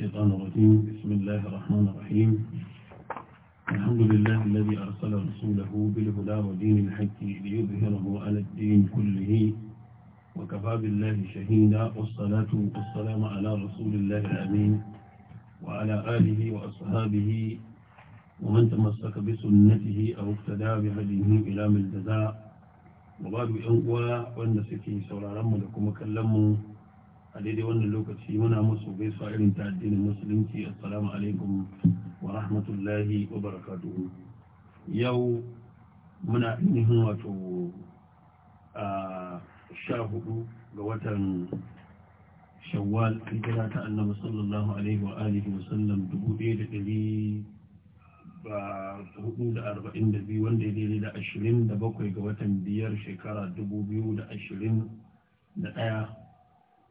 الشيطان الرجيم بسم الله الرحمن الرحيم الحمد لله الذي أرسل رسوله بالهدى ودين الحج ليظهره على الدين كله وكفى بالله شهيدا والصلاة والسلام على رسول الله الأمين وعلى آله وأصحابه ومن تمسك بسنته أو اقتدى بهديه إلى من جزاء وبعد أولى وأن سكي سورا رمضكم وكلمه a daidai wannan lokaci muna musu gaisuwa irin ta addinin musulunci assalamu alaikum wa rahmatullahi wa barakatuhu yau muna ainihin wato a sha hudu ga watan shawwal hijira ta annabi sallallahu alaihi wa alihi wa sallam dubu ɗaya da ɗari ba hudu da arba'in da biyu wanda ya daidai da ashirin da bakwai ga watan biyar shekara dubu biyu da ashirin da ɗaya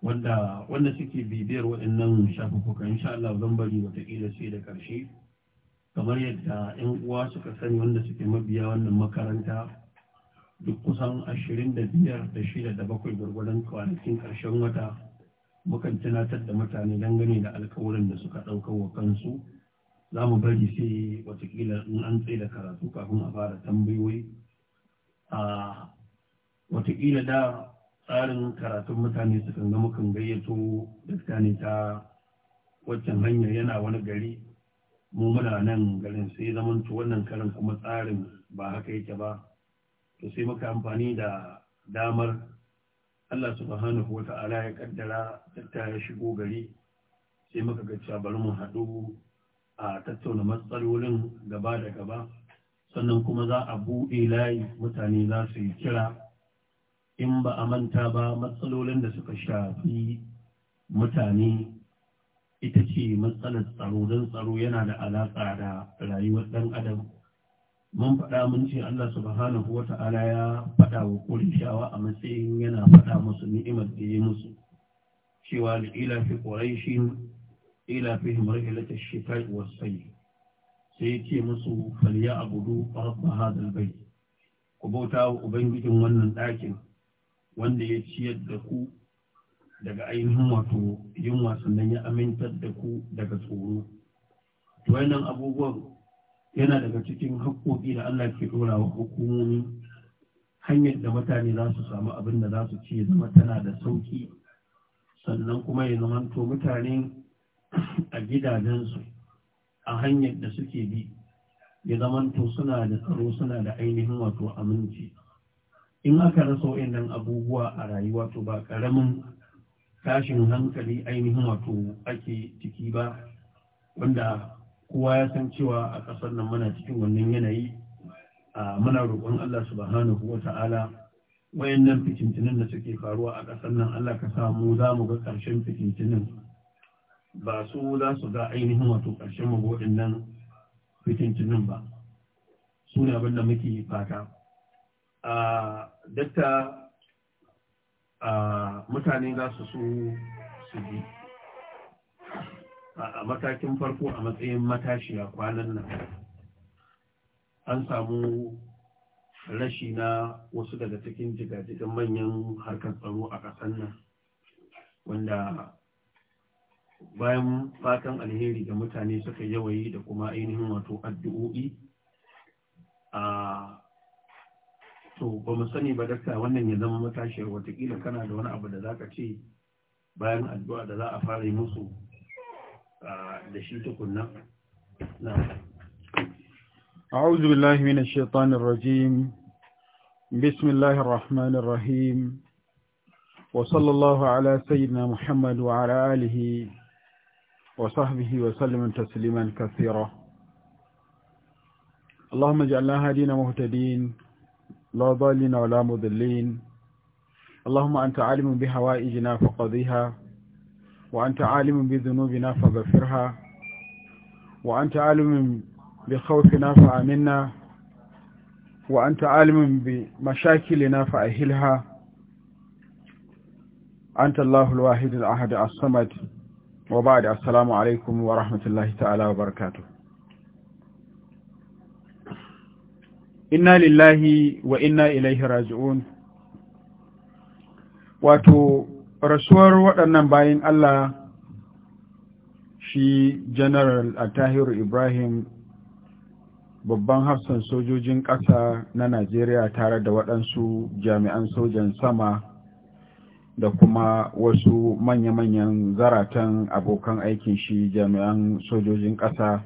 wanda wanda suke bibiyar waɗannan shafukuka insha Allah zan bari wataƙila sai da ƙarshe kamar yadda 'yan uwa suka sani wanda suke mabiya wannan makaranta duk kusan ashirin da biyar da shida da bakwai gwargwadon kwanakin ƙarshen wata mukan tunatar da mutane dangane da alkawarin da suka ɗauka wa kansu za mu bari sai watakila in an tsaye da karatu kafin a fara tambayoyi a ah, watakila da tsarin karatun mutane su kan ga mukan gayyato ne ta waccan hanyar yana wani gari mu muna nan garin sai zaman wannan karin kuma tsarin ba haka yake ba to sai muka amfani da damar Allah subhanahu wa ta'ala ya kaddara tatta ya shigo gari sai muka ga cewa bari mu haɗu a tattauna matsalolin gaba da gaba sannan kuma za a buɗe layi mutane za su yi kira in ba a manta ba matsalolin da suka shafi mutane ita ce matsalar tsaro don tsaro yana da alaƙa da rayuwar ɗan adam mun faɗa mun ce Allah subhanahu wa ta'ala ya faɗa wa ƙurishawa a matsayin yana faɗa musu ni'imar da ya musu cewa ila fi ƙuraishin ila fi himrihilata shikai wasai sai ce musu falya a rabba hadal bai ku bauta wa ubangijin wannan ɗakin wanda ya ciyar da ku daga ainihin wato yunwa sannan ya amintar da ku daga tsoro To wannan abubuwan yana daga cikin haƙƙoƙi da Allah ke ɗora wa hukumomi hanyar da mutane za su samu abin da za su ci zama tana da sauƙi sannan kuma ya to mutane a gidajensu a hanyar da suke bi ya zamanto suna da tsaro suna da ainihin wato aminci in aka rasa wa'annan abubuwa a rayuwa to ba ƙaramin tashin hankali ainihin wato ake ciki ba wanda kowa ya san cewa a ƙasar nan muna cikin wannan yanayi a muna roƙon Allah subhanahu wa ta'ala wayannan fitintinin da suke faruwa a ƙasar nan Allah ka samu za mu ga ƙarshen fitintinin ba su za su ga ainihin wato ƙarshen mu waɗannan fitintinin ba su ne abin da muke fata dakta mutane za su so su ji a matakin farko a matsayin matashi a kwanan nan an samu rashi na wasu daga cikin jigajigan manyan harkar tsaro a ƙasar nan wanda bayan fatan alheri ga mutane suka yawayi da kuma ainihin wato addu'o'i a to ba mu sani ba dakta wannan ya zama matashiyar watakila kana da wani abu da za ka ce bayan addu'a da za a fara yi musu da shi tukunna na أعوذ بالله من الشيطان الرجيم بسم الله الرحمن الرحيم وصلى الله على سيدنا محمد وعلى آله وصحبه وسلم تسليما كثيرا اللهم اجعلنا هادين مهتدين لا ضالين ولا مضلين اللهم أنت عالم بحوائجنا فقضيها وأنت عالم بذنوبنا فغفرها وأنت عالم بخوفنا فآمنا وأنت عالم بمشاكلنا فأهلها أنت الله الواحد الأحد الصمد وبعد السلام عليكم ورحمة الله تعالى وبركاته inna lillahi wa inna ilaihi raji'un wato rasuwar waɗannan bayan Allah shi general atahiru ibrahim babban hafsan sojojin ƙasa na najeriya tare da waɗansu jami'an sojan sama da kuma wasu manya-manyan zaratan abokan aikin shi jami'an sojojin ƙasa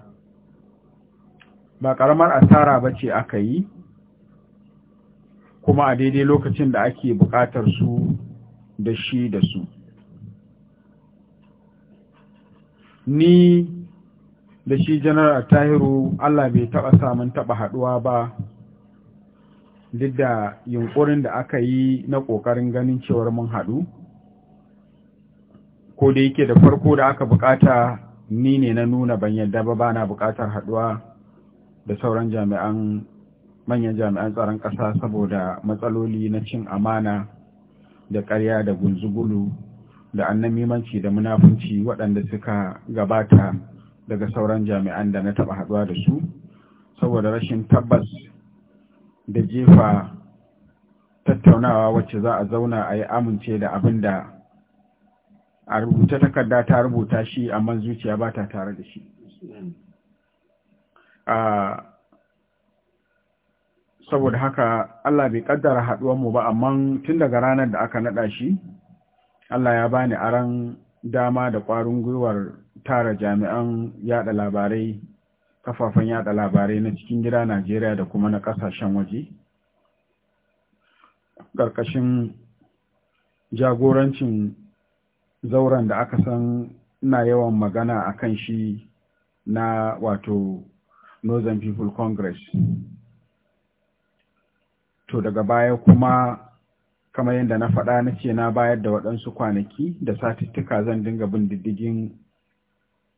ba ƙaramar asara ba ce aka yi kuma a daidai lokacin da ake buƙatar su da shi da su ni da shi janar tahiru Allah bai taɓa samun taɓa haɗuwa ba duk da yunkurin da aka yi na ƙoƙarin ganin cewar mun haɗu ko da yake da farko da aka buƙata ni ne na nuna ban yadda ba ba na buƙatar haɗuwa da sauran jami'an manyan jami'an tsaron ƙasa saboda matsaloli na cin amana da ƙarya da gunzugulu da annamimanci da munafunci waɗanda suka gabata daga sauran jami'an da na taɓa haɗuwa da su saboda rashin tabbas da jefa tattaunawa wacce za a zauna a yi amince da abin da a rubuta takarda ta rubuta shi amma zuciya ba ta tare da shi ah, saboda mm-hmm. haka Allah bai kaddara haɗuwar mu ba amma tun daga ranar da aka nada shi Allah ya bani aran dama da ƙwarin gwiwar tara jami'an yada labarai kafafen yada labarai na cikin gida Najeriya da kuma na kasashen waje karkashin jagorancin zauren da aka san ina yawan magana akan shi na wato Northern People Congress to daga baya kuma kamar yadda na faɗa na ce na bayar da waɗansu kwanaki da satittika zan dinga bin diddigin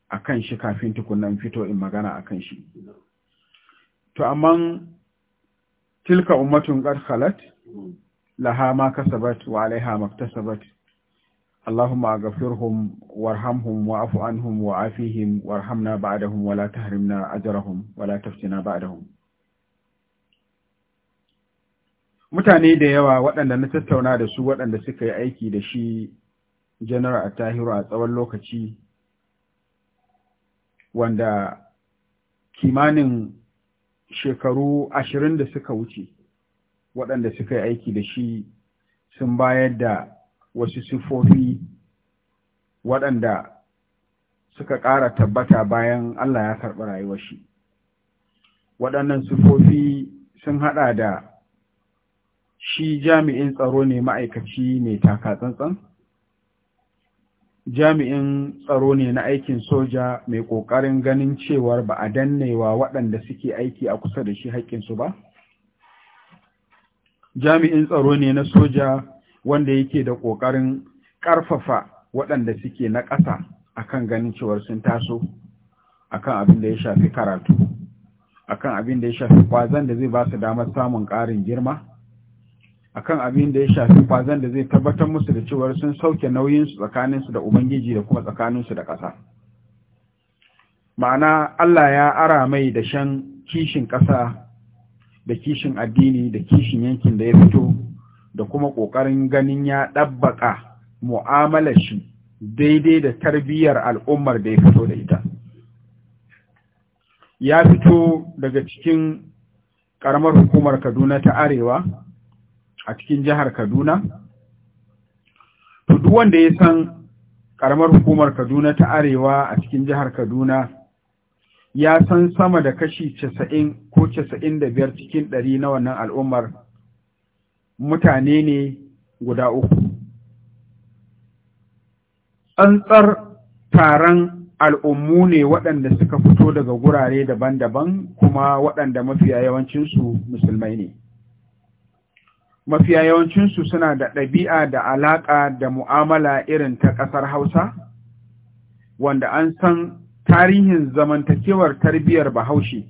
a kan shi kafin tukunan fito in magana a kan shi to amma tilka ummatun qad khalat laha ma kasabat wa alaiha maktasabat اللهم اغفرهم وارحمهم واعف عنهم na وارحمنا بعدهم ولا تحرمنا اجرهم ولا na بعدهم mutane da yawa waɗanda na tattauna da su waɗanda suka yi aiki da shi janar a tahiru a tsawon lokaci wanda kimanin shekaru ashirin da suka wuce waɗanda suka yi aiki da shi sun bayar da wasu sufofi, waɗanda suka ƙara tabbata bayan Allah ya karɓi rayuwar shi. Waɗannan sufofi sun haɗa da shi jami'in tsaro ne ma'aikaci mai taka tsantsan? Jami'in tsaro ne na aikin soja mai ƙoƙarin ganin cewar ba a dannewa waɗanda suke aiki a kusa da shi haƙƙinsu ba? Jami'in tsaro ne na soja wanda yake da ƙoƙarin ƙarfafa waɗanda suke na ƙasa akan ganin cewar sun taso akan abin da ya shafi karatu, kan abin da ya shafi kwazan da zai ba su damar samun ƙarin girma? akan abin da ya shafi kwazon da zai tabbatar musu da cewar sun sauke nauyinsu tsakaninsu da ubangiji da kuma tsakaninsu da ƙasa ma'ana Allah ya ara mai da shan kishin ƙasa da kishin addini da kishin yankin da ya fito da kuma ƙoƙarin ganin ya ɗabbaƙa mu'amalar shi daidai da tarbiyyar al'ummar da ya fito da ita ya fito daga cikin ƙaramar hukumar kaduna ta arewa a cikin jihar Kaduna? To duk wanda ya san karamar hukumar Kaduna ta Arewa a cikin jihar Kaduna ya san sama da kashi casa'in ko casa'in da biyar cikin ɗari na wannan al'ummar mutane ne guda uku. Tsantsar taron al'ummu ne waɗanda suka fito daga gurare daban-daban kuma waɗanda mafiya yawancinsu musulmai ne. mafiya yawancinsu suna da ɗabi'a da alaƙa da mu'amala irin ta ƙasar Hausa, wanda an san tarihin zamantakewar tarbiyyar Bahaushe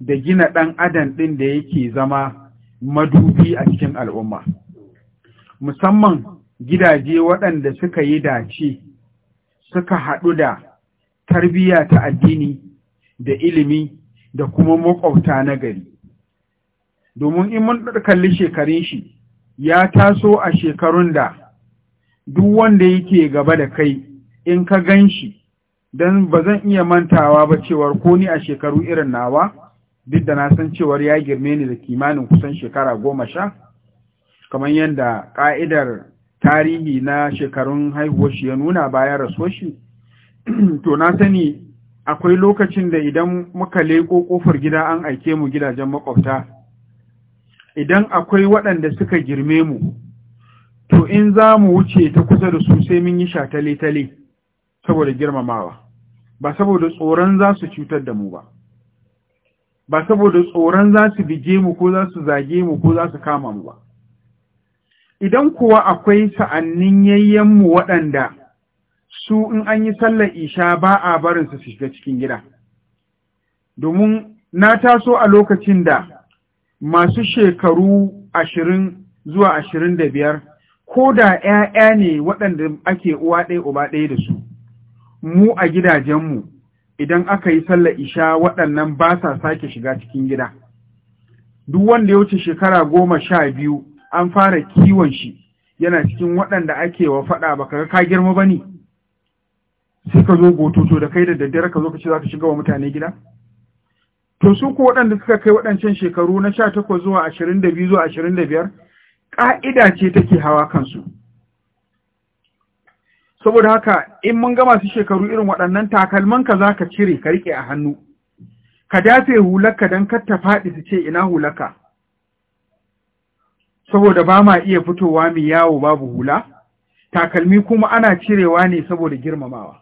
da gina ɗan adam ɗin da yake zama madubi a cikin al'umma. Musamman gidaje waɗanda suka yi dace suka haɗu da tarbiyya ta addini da ilimi da kuma maƙwabta nagari. domin in mun kalli shekarun shi ya taso a shekarun da duk wanda yake gaba da kai in ka gan shi don ba zan iya mantawa ba cewar ko ni a shekaru irin nawa duk da na san cewar ya girme ni da kimanin kusan shekara goma sha kamar yadda ƙa'idar tarihi na shekarun haihuwar shi ya nuna bayan raso shi to na sani akwai lokacin da idan muka leƙo ƙofar gida an aike mu gidajen makwabta idan akwai waɗanda suka girme mu to in za mu wuce ta kusa da su sai mun yi shatale-tale saboda girmamawa ba saboda tsoron za su cutar da mu ba ba saboda tsoron za su bige mu ko za su zage mu ko za su kama mu ba idan kuwa akwai sa'annin yayyenmu waɗanda su in an yi sallar isha ba a barinsu su shiga cikin gida domin na taso a lokacin da masu shekaru ashirin zuwa ashirin da biyar ko da ‘ya'ya ne waɗanda ake uwa ɗaya uba ɗaya da su, mu a gidajenmu idan aka yi sallar isha waɗannan ba sa sake shiga cikin gida. Duk wanda ya wuce shekara goma sha biyu an fara kiwon shi yana cikin waɗanda ake wa faɗa ba ka ka girma ba ne, sai ka zo gototo da kai da daddare ka zo ka ce za ka shiga wa mutane gida? to su ku waɗanda suka kai waɗancan shekaru na sha takwas zuwa ashirin da biyu zuwa ashirin da biyar ƙa'ida ce take hawa kansu saboda haka in mun ga masu shekaru irin waɗannan takalman ka za ka cire ka riƙe a hannu ka dafe hularka don kar ta faɗi su ce ina hularka saboda ba ma iya fitowa mai yawo babu hula takalmi kuma ana cirewa ne saboda girmamawa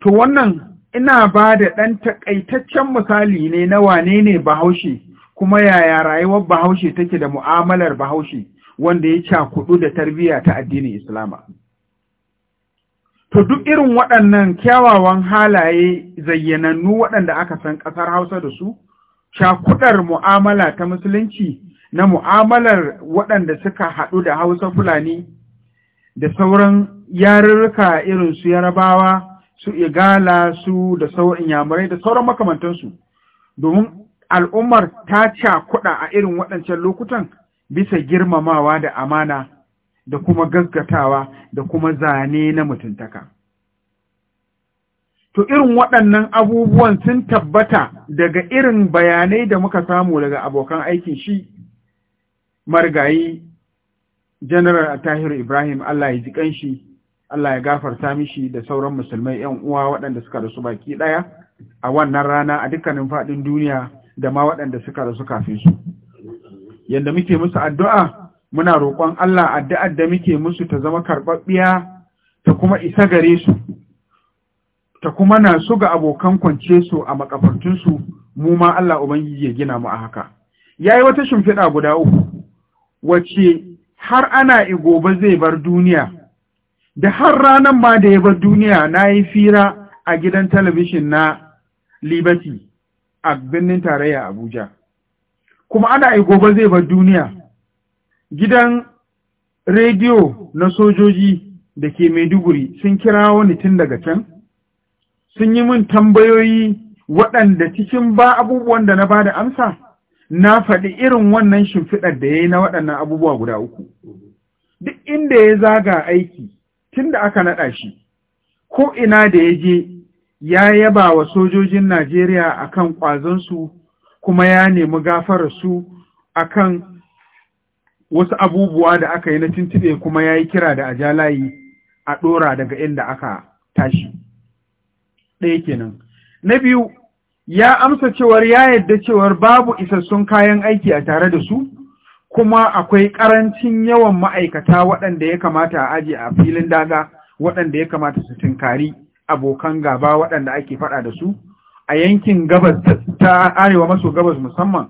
to wannan ina ba da ɗan taƙaitaccen misali ne na wane ne bahaushe kuma yaya rayuwar bahaushe take da mu'amalar bahaushe wanda ya cakudu da tarbiyya ta addinin islama to duk irin waɗannan kyawawan halaye zayyanannu waɗanda aka san ƙasar hausa da su cakudar mu'amala ta musulunci na mu'amalar waɗanda suka haɗu da hausa fulani da sauran yarurruka irin su yarabawa su igala su da sauran yamurai da sauran makamantansu domin al'ummar ta kuɗa a irin waɗancan lokutan bisa girmamawa da amana da kuma gaggatawa, da kuma zane na mutuntaka. To irin waɗannan abubuwan sun tabbata daga irin bayanai da muka samu daga abokan aikin shi marigayi General Tahiru Ibrahim Allah ya ji ƙanshi Allah ya gafarta mishi da sauran musulmai ‘yan uwa waɗanda suka rasu baki ɗaya a wannan rana a dukkanin faɗin duniya da ma waɗanda suka rasu kafin su. Yanda muke musu addu'a, muna roƙon Allah addu'ar da muke musu ta zama karɓaɓɓiya ta kuma isa gare su, ta kuma na su ga abokan kwance su a makafartunsu mu ma Allah Ubangiji ya gina mu a haka. Ya yi wata shimfiɗa guda uku, wacce har ana igoba zai bar duniya. da har ranar ma da ya bar duniya na yi fira a gidan talabishin na liberty a birnin tarayya abuja kuma ana yi gobe zai bar duniya gidan rediyo na sojoji da ke maiduguri sun kira wani tun daga can sun yi min tambayoyi waɗanda cikin ba abubuwan da na ba da amsa na faɗi irin wannan shimfiɗar da ya yi na waɗannan abubuwa guda uku duk inda ya zaga aiki tun da aka naɗa shi ko ina da ya je ya yaba wa sojojin Najeriya a kan ƙwazonsu kuma ya nemi gafararsu a kan wasu abubuwa da aka yi na tuntube kuma ya yi kira da ajalayi a ɗora daga inda aka tashi. Ɗaya kenan. Na biyu, ya amsa cewar ya yadda cewar babu isassun kayan aiki a tare da su, kuma akwai ƙarancin yawan ma'aikata waɗanda ya kamata a aji a filin daga waɗanda ya kamata su tunkari abokan gaba waɗanda ake faɗa da su a yankin gabas ta arewa maso gabas musamman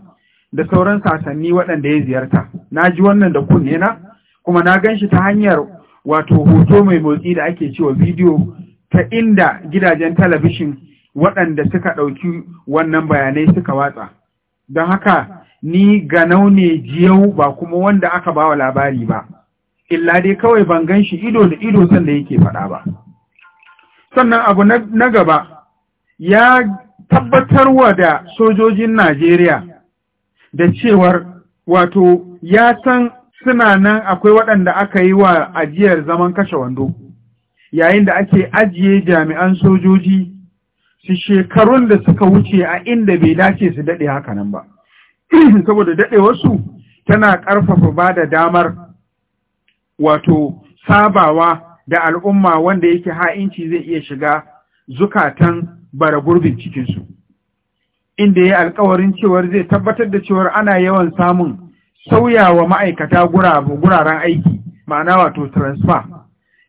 da sauran sasanni waɗanda ya ziyarta na ji wannan da kunne na kuma na gan shi ta hanyar wato hoto mai motsi da ake cewa bidiyo ta inda gidajen talabishin waɗanda suka ɗauki wannan bayanai suka watsa don haka ni ganau ne jiyau ba kuma wanda aka bawa labari ba illa dai kawai ban gan shi ido da ido sanda yake faɗa ba sannan abu na gaba ya tabbatarwa da sojojin Najeriya da cewar wato ya san suna nan akwai waɗanda aka yi wa ajiyar zaman kashe wando yayin da ake ajiye jami'an sojoji su shekarun da suka wuce a inda bai dace su daɗe haka nan ba. saboda daɗewarsu tana ƙarfafa ba da damar wato sabawa da al'umma wanda yake ha'inci zai iya shiga zukatan bara gurbin cikinsu. Inda ya alkawarin cewar zai tabbatar da cewar ana yawan samun sauyawa ma'aikata guraren aiki, ma'ana wato transfer,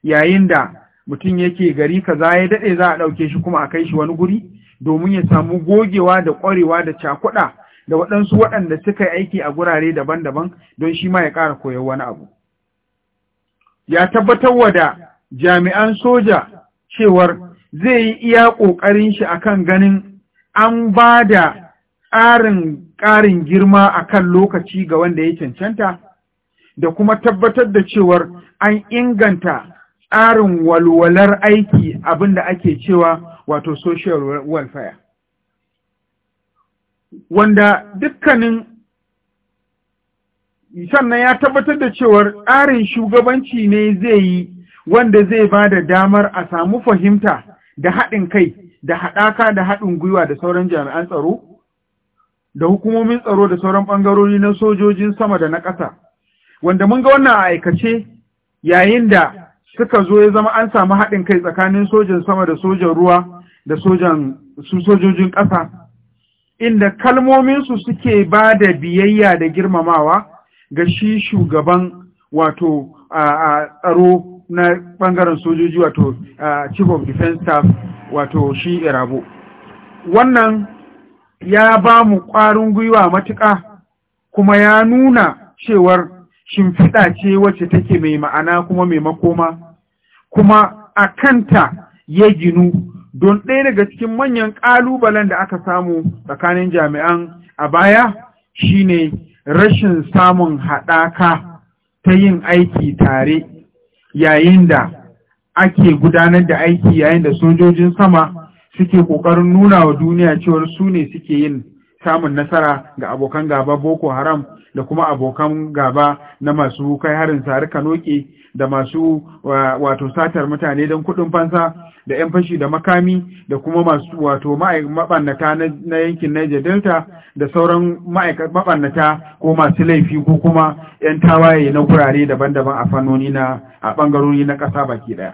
yayin da mutum yake gari kaza ya daɗe za a ɗauke shi kuma a kai shi wani guri domin ya samu gogewa da ƙwarewa da cakuɗa da waɗansu waɗanda suka yi aiki a gurare daban-daban don shi ma ya ƙara koyon wani abu. Ya tabbatar wa da jami'an soja cewar zai yi iya ƙoƙarin shi a kan ganin an ba da tsarin ƙarin girma a kan lokaci ga wanda ya cancanta, da kuma tabbatar da cewar an inganta tsarin walwalar aiki abin da ake cewa wato social welfare. wanda dukkanin sannan ya tabbatar da cewar tsarin shugabanci ne zai yi wanda zai ba da damar a samu fahimta da haɗin kai da haɗaka da haɗin gwiwa da sauran jami'an tsaro da hukumomin tsaro da sauran ɓangarori na sojojin sama da na ƙasa wanda mun ga wannan a aikace yayin da suka zo ya zama an samu haɗin kai tsakanin sojan sama da sojan ruwa da sojan su sojojin ƙasa inda kalmominsu suke ba da biyayya da girmamawa ga shi shugaban wato a tsaro na bangaren sojoji wato chief of defense staff wato shi irabo wannan ya ba mu ƙwarin gwiwa matuƙa kuma ya nuna cewar shimfiɗa ce wacce take mai ma'ana kuma mai makoma kuma a kanta ya ginu don ɗaya daga cikin manyan ƙalubalen da aka samu tsakanin jami'an a baya shine rashin samun haɗaka ta yin aiki tare yayin da ake gudanar da aiki yayin da sojojin sama suke ƙoƙarin nuna wa duniya cewar su ne suke yin samun nasara ga abokan gaba Boko Haram da kuma abokan gaba na masu kai harin sarika kanoke da masu wato satar mutane don kuɗin fansa da 'yan fashi da makami da kuma masu wato ma'aikata na yankin Niger Delta da sauran ma'aikata ko masu laifi ko kuma 'yan tawaye na kurare daban-daban a fannoni na a ɓangarori na ƙasa baki ɗaya.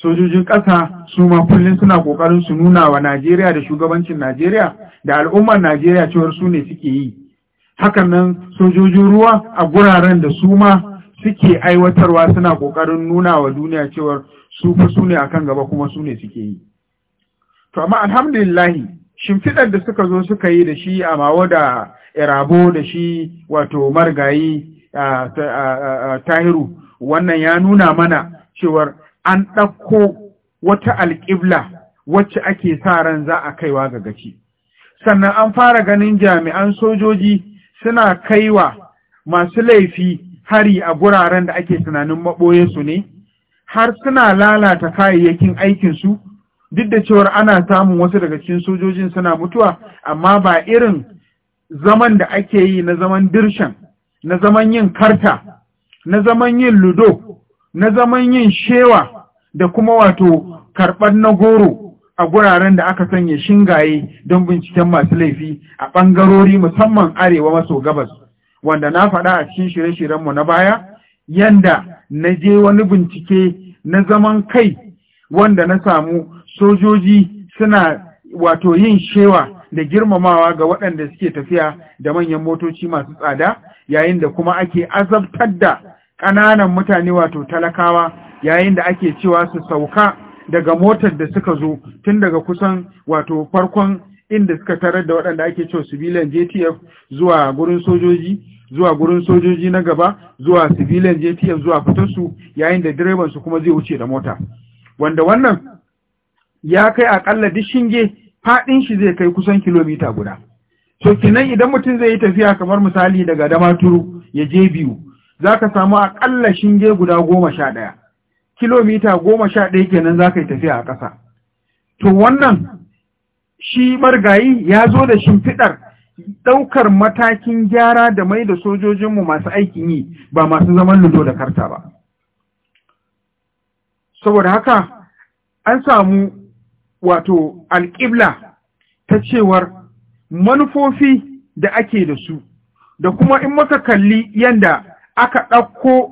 Sojojin ƙasa su ma kullum suna ƙoƙarin su nuna wa Najeriya da shugabancin Najeriya da al'ummar Najeriya cewar su ne suke yi. Hakan nan sojojin ruwa a guraren da su ma suke aiwatarwa suna ƙoƙarin nuna wa duniya cewar su fa su ne akan gaba kuma su ne suke yi to amma alhamdulillahi shimfiɗar da suka zo suka yi da shi a mawo da irabo da shi wato margayi tahiru wannan ya nuna mana cewar an ɗauko wata alƙibla wacce ake sa ran za a kaiwa ga gaci sannan an fara ganin jami'an sojoji suna kaiwa masu laifi hari a guraren da ake tunanin maɓoye su ne har suna lalata kayayyakin aikinsu duk da cewar ana samun wasu daga cikin sojojin suna mutuwa amma ba irin zaman da ake yi na zaman dirshan na zaman yin karta na zaman yin ludo na zaman yin shewa da kuma wato karɓar na goro a guraren da aka sanya shingaye don binciken masu laifi a ɓangarori musamman arewa maso gabas wanda na faɗa a cikin shirye-shiryenmu na baya yanda na je wani bincike na zaman kai wanda na samu sojoji suna wato yin shewa da girmamawa ga waɗanda suke tafiya da manyan motoci masu tsada yayin da kuma ake azabtar da ƙananan mutane wato talakawa yayin da ake cewa su sauka daga motar da suka zo tun daga kusan wato farkon inda suka tarar da waɗanda ake cewa su bilan JTF zuwa gurin sojoji zuwa gurin sojoji na gaba zuwa civilian JTF zuwa fitar su yayin da direban su kuma zai wuce da mota wanda wannan ya kai akalla duk shinge fadin shi zai kai kusan kilomita guda To kenan idan mutum zai yi tafiya kamar misali daga damaturu ya je biyu zaka samu akalla shinge guda goma sha ɗaya kilomita goma sha ɗaya kenan zaka yi tafiya a ƙasa to wannan shi margayi ya zo da shimfiɗar ɗaukar matakin gyara da mai da sojojinmu masu aikin yi ba masu zaman ludo da karta ba. Saboda haka an samu wato alƙibla ta cewar manufofi da ake da su, da kuma in maka kalli yanda aka ɗauko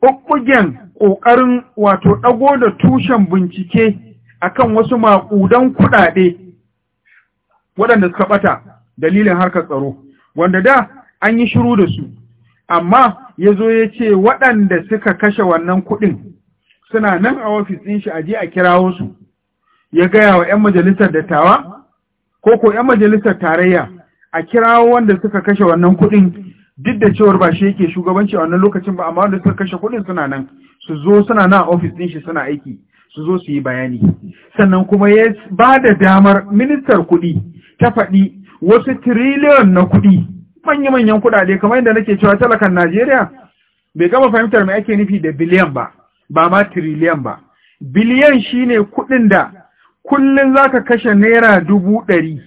ɓuɓɓugen ƙoƙarin wato ɗago da tushen bincike akan wasu maƙudan kuɗaɗe waɗanda suka ɓata. dalilin harkar tsaro wanda da an yi shiru da su amma ya zo ya ce waɗanda suka kashe wannan kuɗin suna nan a ofis ɗin shi aje a kirawo su ya gaya wa ‘yan majalisar dattawa ko ko ‘yan majalisar tarayya a kirawo wanda suka kashe wannan kuɗin duk da cewar ba shi yake shugabanci a wannan lokacin ba amma wanda suka kashe kuɗin suna nan su zo suna nan a ofis shi suna aiki su zo su yi bayani sannan kuma ya ba da damar ministar kuɗi ta faɗi wasu tiriliyon na kuɗi manya-manyan kuɗaɗe kamar yadda nake cewa talakan Najeriya bai gama fahimtar mai ake nufi da biliyan ba ba ma tiriliyan ba biliyan shine kuɗin da kullum zaka kashe naira dubu ɗari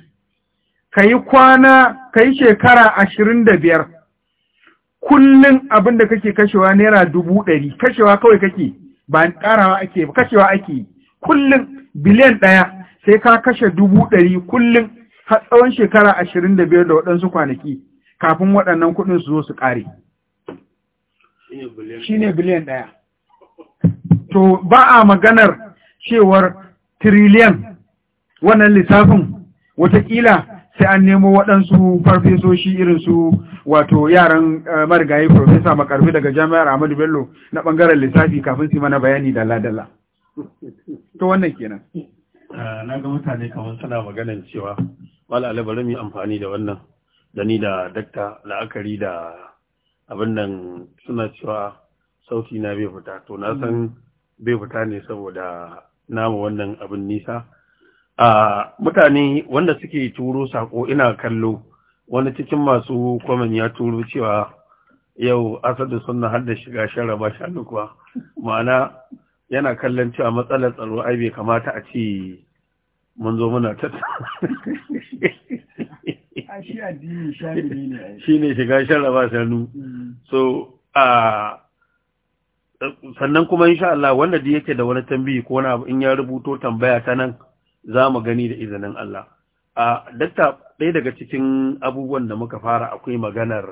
ka yi kwana ka yi shekara ashirin da biyar kullum abin da kake kashewa naira dubu ɗari kashewa kawai kake ba ƙarawa ake ba kashewa ake kullum biliyan ɗaya sai ka kashe dubu ɗari kullum har tsawon shekara ashirin da biyar da waɗansu kwanaki kafin waɗannan kuɗin su zo su ƙare. Shi ne biliyan ɗaya. To ba a maganar cewar tiriliyan wannan lissafin watakila sai an nemo waɗansu farfesoshi irinsu wato yaran eh, marigayi farfesa makarfi daga jami'ar Ahmadu Bello na ɓangaren lissafi kafin su mana bayani dala-dala. To wannan kenan. Eh, na ga mutane kamar suna maganar cewa malala bari mu amfani da wannan da ni da dakta la'akari da abin nan suna cewa sauti na bai fita to na san mm. bai fita ne saboda namu wannan abin nisa a mutane wanda suke turo sako ina kallo wani cikin masu kwamen ya turo cewa yau asadu sunna har da shiga sharaba kuwa. ma'ana yana kallon cewa matsalar tsaro ai bai kamata a ce mun zo muna tattara shi ne shiga sharaba sanu mm. so a sannan kuma insha Allah wanda da yake da wani tambayi ko wani in ya rubuto tambaya ta nan za mu gani da izinin Allah a dakta ɗaya daga cikin abubuwan da muka fara akwai maganar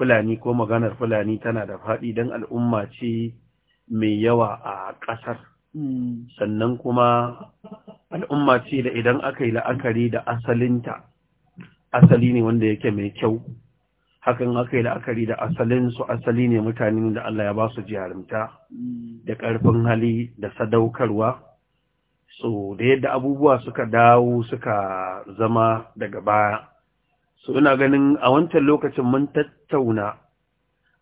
fulani ko maganar fulani tana da faɗi don al'umma ce mai yawa a ƙasar mm. sannan kuma al'umma ce da idan aka yi la'akari da asalinta asali ne wanda yake mai kyau hakan aka yi la'akari da asalin su asali ne mutane da Allah ya ba su jarumta da ƙarfin hali da sadaukarwa so da yadda abubuwa suka dawo suka zama daga baya so ina ganin a wancan lokacin mun tattauna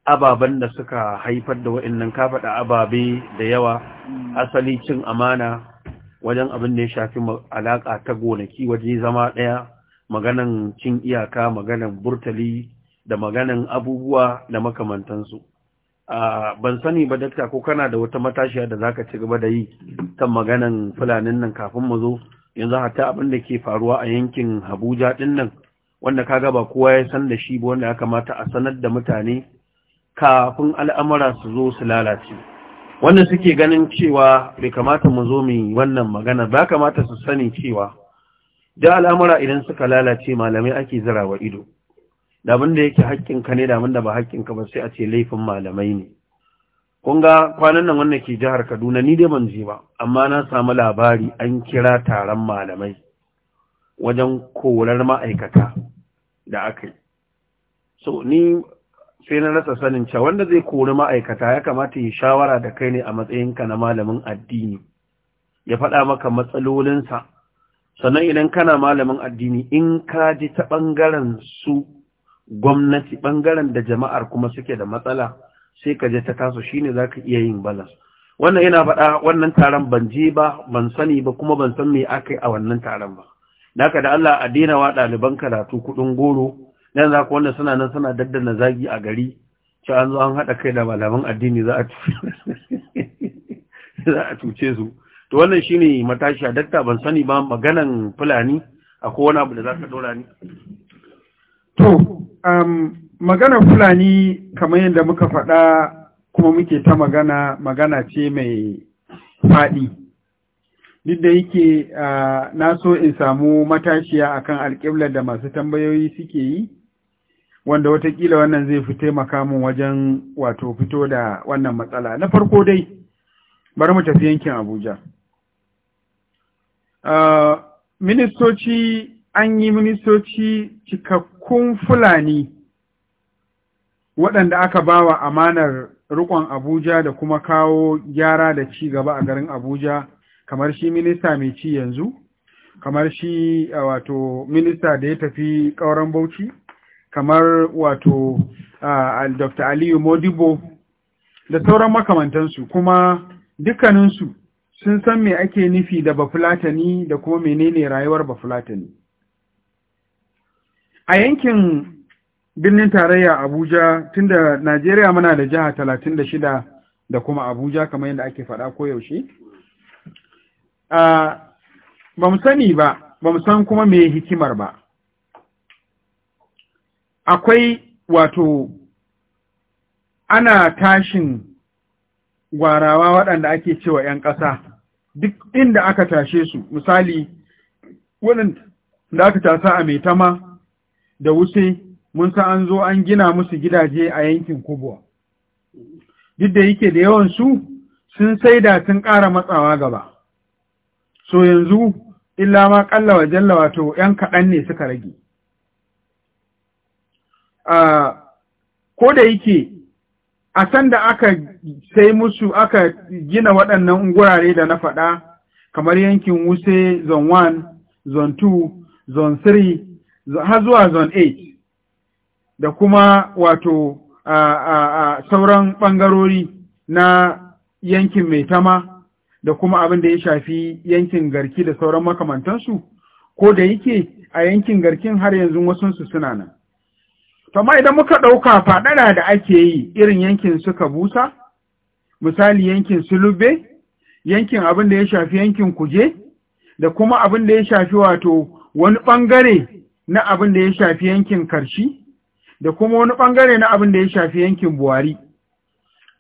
ababen da suka haifar da wa'annan kafaɗa ababe da yawa mm. asali cin amana wajen abin da ya shafi alaƙa ta gonaki waje zama ɗaya maganan cin iyaka maganan burtali da maganan abubuwa da makamantansu ban sani ba dakta ko kana da wata matashiya da zaka ci gaba da yi kan maganan fulanin nan kafin mu zo yanzu hatta abin da ke faruwa a yankin Habuja din nan wanda ka gaba kowa ya san da shi ba wanda ya kamata a sanar da mutane kafin al'amura su zo su lalace wannan suke ganin cewa bai kamata mu zo mu yi wannan magana ba kamata su sani cewa da al'amura idan suka lalace malamai ake zira wa ido da abin da yake haƙƙinka ne da abin da ba haƙƙinka ba sai a ce laifin malamai ne kun ga kwanan nan wannan ke jihar Kaduna ni dai ban je ba amma na samu labari an kira taron malamai wajen korar ma'aikata da aka yi so ni sai na rasa sanin cewa wanda zai kori ma'aikata ya kamata ya shawara da kai ne a matsayinka na malamin addini ya faɗa maka matsalolinsa sannan idan kana malamin addini in ka ji ta ɓangaren su gwamnati ɓangaren da jama'ar kuma suke da matsala sai ka je ta taso shine za ka iya yin balas wannan yana faɗa wannan taron ban je ba ban sani ba kuma ban san me aka yi a wannan taron ba naka da Allah a daina wa ɗaliban karatu kuɗin goro yanzu haka wanda suna nan suna daddana zagi a gari ci an zo an haɗa kai da malaman addini za a cuce su to wannan ne matashi a dakta ban sani ba maganan fulani a wani abu da za ka dora ni to um, maganar fulani kamar yadda muka faɗa kuma muke ta magana magana ce mai faɗi duk da yake uh, na so in samu matashiya akan alƙiblar da masu tambayoyi suke yi wanda watakila wannan zai fi taimaka mun wajen wato fito da wannan matsala na farko dai bari mu tafi yankin abuja ministoci an yi ministoci cikakkun fulani waɗanda aka bawa amanar rikon abuja da kuma kawo gyara da ci gaba a garin abuja kamar shi minista mai ci yanzu kamar shi wato minista da ya tafi ƙauren bauchi kamar wato dr aliyu modibo da sauran makamantansu kuma dukkaninsu sun san me ake nufi da bafulatani da kuma menene rayuwar bafulatani a yankin birnin tarayya abuja tunda najeriya muna da jiha talatin da shida da kuma abuja kamar yadda ake faɗa koyaushe ba mu sani ba ba mu san kuma me hikimar ba akwai wato ana tashin gwarawa waɗanda ake cewa ‘yan ƙasa duk inda aka tashe su misali waɗanda aka tasa a maitama da wuce mun sa an zo an gina musu gidaje a yankin kubuwa duk da yake da yawan su sun saida sun ƙara matsawa gaba so yanzu illa ma ƙalla wa jalla wato ‘yan kaɗan ne suka rage ko da yake a sanda aka sai musu aka gina waɗannan gurare da na faɗa kamar yankin wuse zon 1 zon 2 zon 3 har zuwa zon 8 da kuma wato a, a, a sauran ɓangarori na yankin mai tama da kuma abin da ya shafi yankin garki da sauran makamantansu ko da yake a yankin garkin har yanzu wasunsu suna nan Tama idan muka ɗauka faɗaɗa da ake yi irin yankin suka busa, misali yankin sulube, yankin abin da ya shafi yankin kuje, da kuma abin da ya shafi wato wani ɓangare na abin da ya shafi yankin karshi, da kuma wani ɓangare na abin da ya shafi yankin buwari.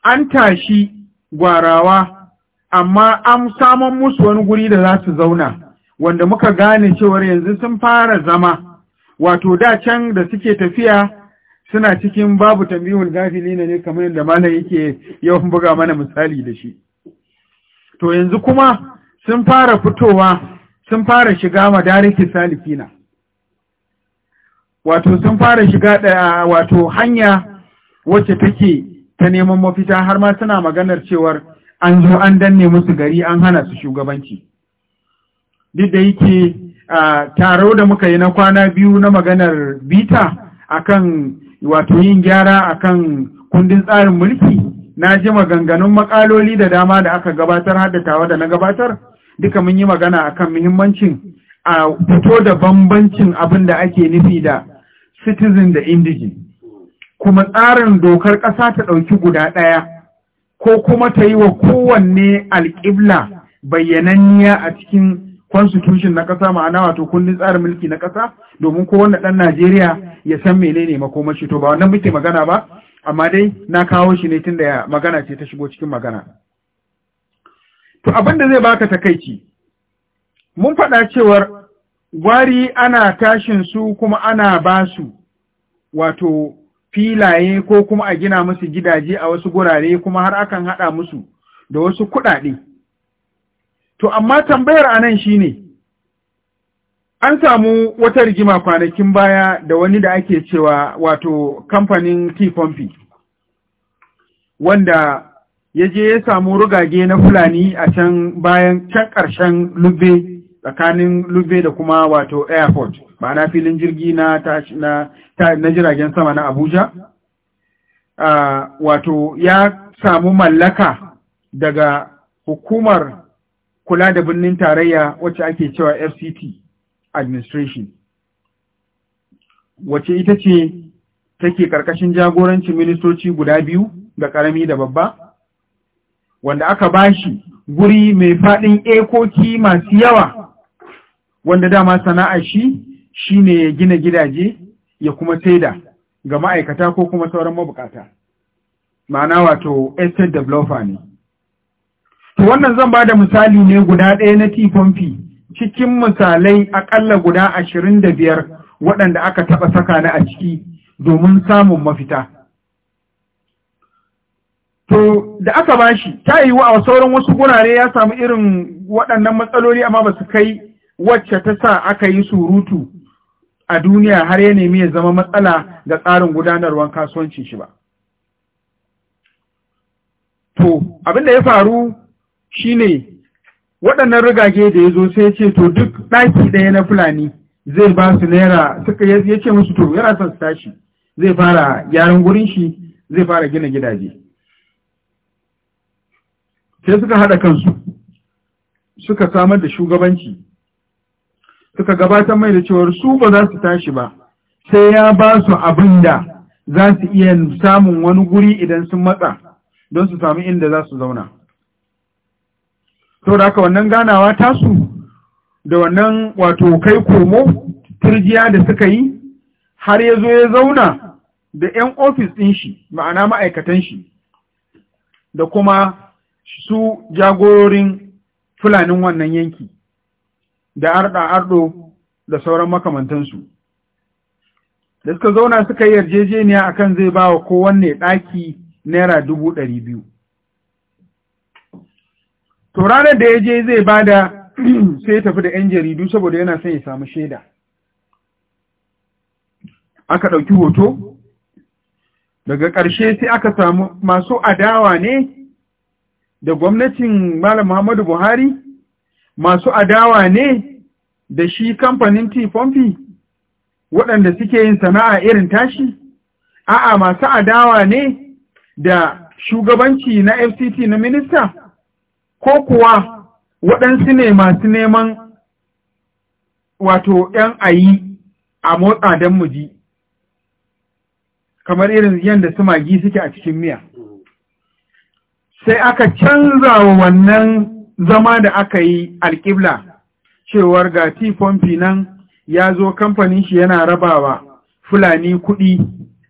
An tashi gwarawa, amma an saman musu wani guri da za su zauna, wanda muka gane cewar yanzu sun fara zama. wato da can da suke tafiya suna cikin babu tambihul gafili ne kamar yadda malam yake yawan buga mana misali da shi to yanzu kuma sun fara fitowa sun fara shiga madariki salifina. wato sun fara shiga da wato hanya wacce take ta neman mafita har ma suna maganar cewar an zo an danne musu gari an hana su shugabanci duk da yake taro da muka yi na kwana biyu na maganar bita akan wato yin gyara akan kundin tsarin mulki na ji maganganun makaloli da dama da aka gabatar haddatawa da na gabatar duka mun yi magana akan muhimmancin a fito da bambancin abin da ake nufi da citizen da indigin kuma tsarin dokar ƙasa ta ɗauki guda ɗaya ko kuma ta yi wa kowanne alƙibla bayyananniya a cikin constitution na ƙasa ma'ana wato kundin tsarin mulki na ƙasa domin kowanne ɗan Najeriya ya san menene makomashi to ba wannan muke magana ba amma dai na kawo shi ne tunda magana ce ta shigo cikin magana to abin da zai baka takaici mun faɗa cewar gwari ana tashin su kuma ana ba su wato filaye ko kuma a gina musu gidaje a wasu gurare kuma har akan haɗa musu da wasu kuɗaɗe to amma tambayar a nan shi ne. an samu wata rigima kwanakin baya da wani da ake cewa wato kamfanin T-Pompi wanda ya je ya samu rugage na Fulani a can bayan can ƙarshen lube tsakanin lube da kuma wato airport na filin jirgi na na na jiragen sama na Abuja ah, wato ya samu mallaka daga hukumar kula da birnin tarayya wacce ake cewa FCT administration wacce ita ce take karkashin jagorancin ministoci guda biyu ga karami da babba wanda aka bashi guri mai faɗin ekoki masu yawa wanda dama sana'a shi shine ya gina gidaje ya kuma saida ga ma'aikata ko kuma sauran mabukata ma'ana wato estate developer ne wannan zan ba da misali ne guda ɗaya na tifonfi cikin misalai aƙalla guda ashirin da biyar waɗanda aka taɓa saka ni a ciki domin samun mafita. To, da aka ba shi ta yi wa sauran wasu gurare ya samu irin waɗannan matsaloli amma ba su kai wacce ta sa aka yi surutu a duniya har ya nemi ya zama matsala ga tsarin gudanarwar kasuwancin shi ba. To, abin da ya faru shine waɗannan rigage da ya zo sai ya ce to duk ɗaki ɗaya na fulani zai ba su naira suka ya ce musu to yana son su tashi zai fara gyaran gurin shi zai fara gina gidaje sai suka haɗa kansu suka samar da shugabanci suka gabatar mai da cewar su ba za su tashi ba sai ya ba su abin da za su iya samun wani guri idan sun matsa don su samu inda za su zauna da aka wannan ganawa tasu da wannan wato kai komo turjiya da suka yi har ya zo ya zauna da 'yan ofis ɗin shi ma'ana ma'aikatan shi da kuma su jagororin fulanin wannan yanki da arɗa-arɗo da sauran makamantansu da suka zauna suka yi yarjejeniya akan zai ba wa kowanne ɗaki naira dubu ɗari biyu to ranar da ya je zai ba da sai ya tafi da 'yan jaridu saboda yana son ya samu shaida aka ɗauki hoto daga ƙarshe sai aka samu masu adawa ne da gwamnatin malam muhammadu buhari masu adawa ne da shi kamfanin tifomfi waɗanda suke yin sana'a irin tashi a'a masu adawa ne da shugabanci na fct na minista ko kuwa waɗansu ne masu neman wato ‘yan ayi a motsa don muji, kamar irin yadda su magi suke a cikin miya. Sai aka canza wa wannan zama da aka yi alƙibla, cewar ga pompi nan ya zo kamfanin shi yana rabawa Fulani kuɗi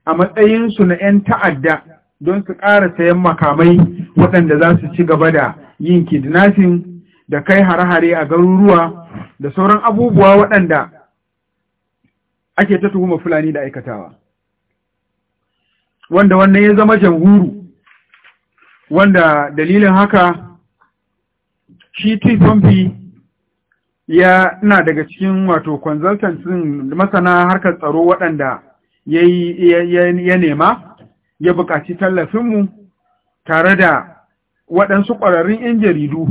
a matsayinsu na ‘yan ta'adda. don su ƙara sayan makamai waɗanda za su ci gaba da yin kidnapping da kai hare-hare a garuruwa da sauran abubuwa waɗanda ake ta tuhuma fulani da aikatawa wanda wannan ya zama jamhuru wanda dalilin haka shi tifamfi ya na daga cikin wato consultants masana harkar tsaro waɗanda ya nema ya buƙaci tallafinmu tare da waɗansu ƙwararrun 'yan jaridu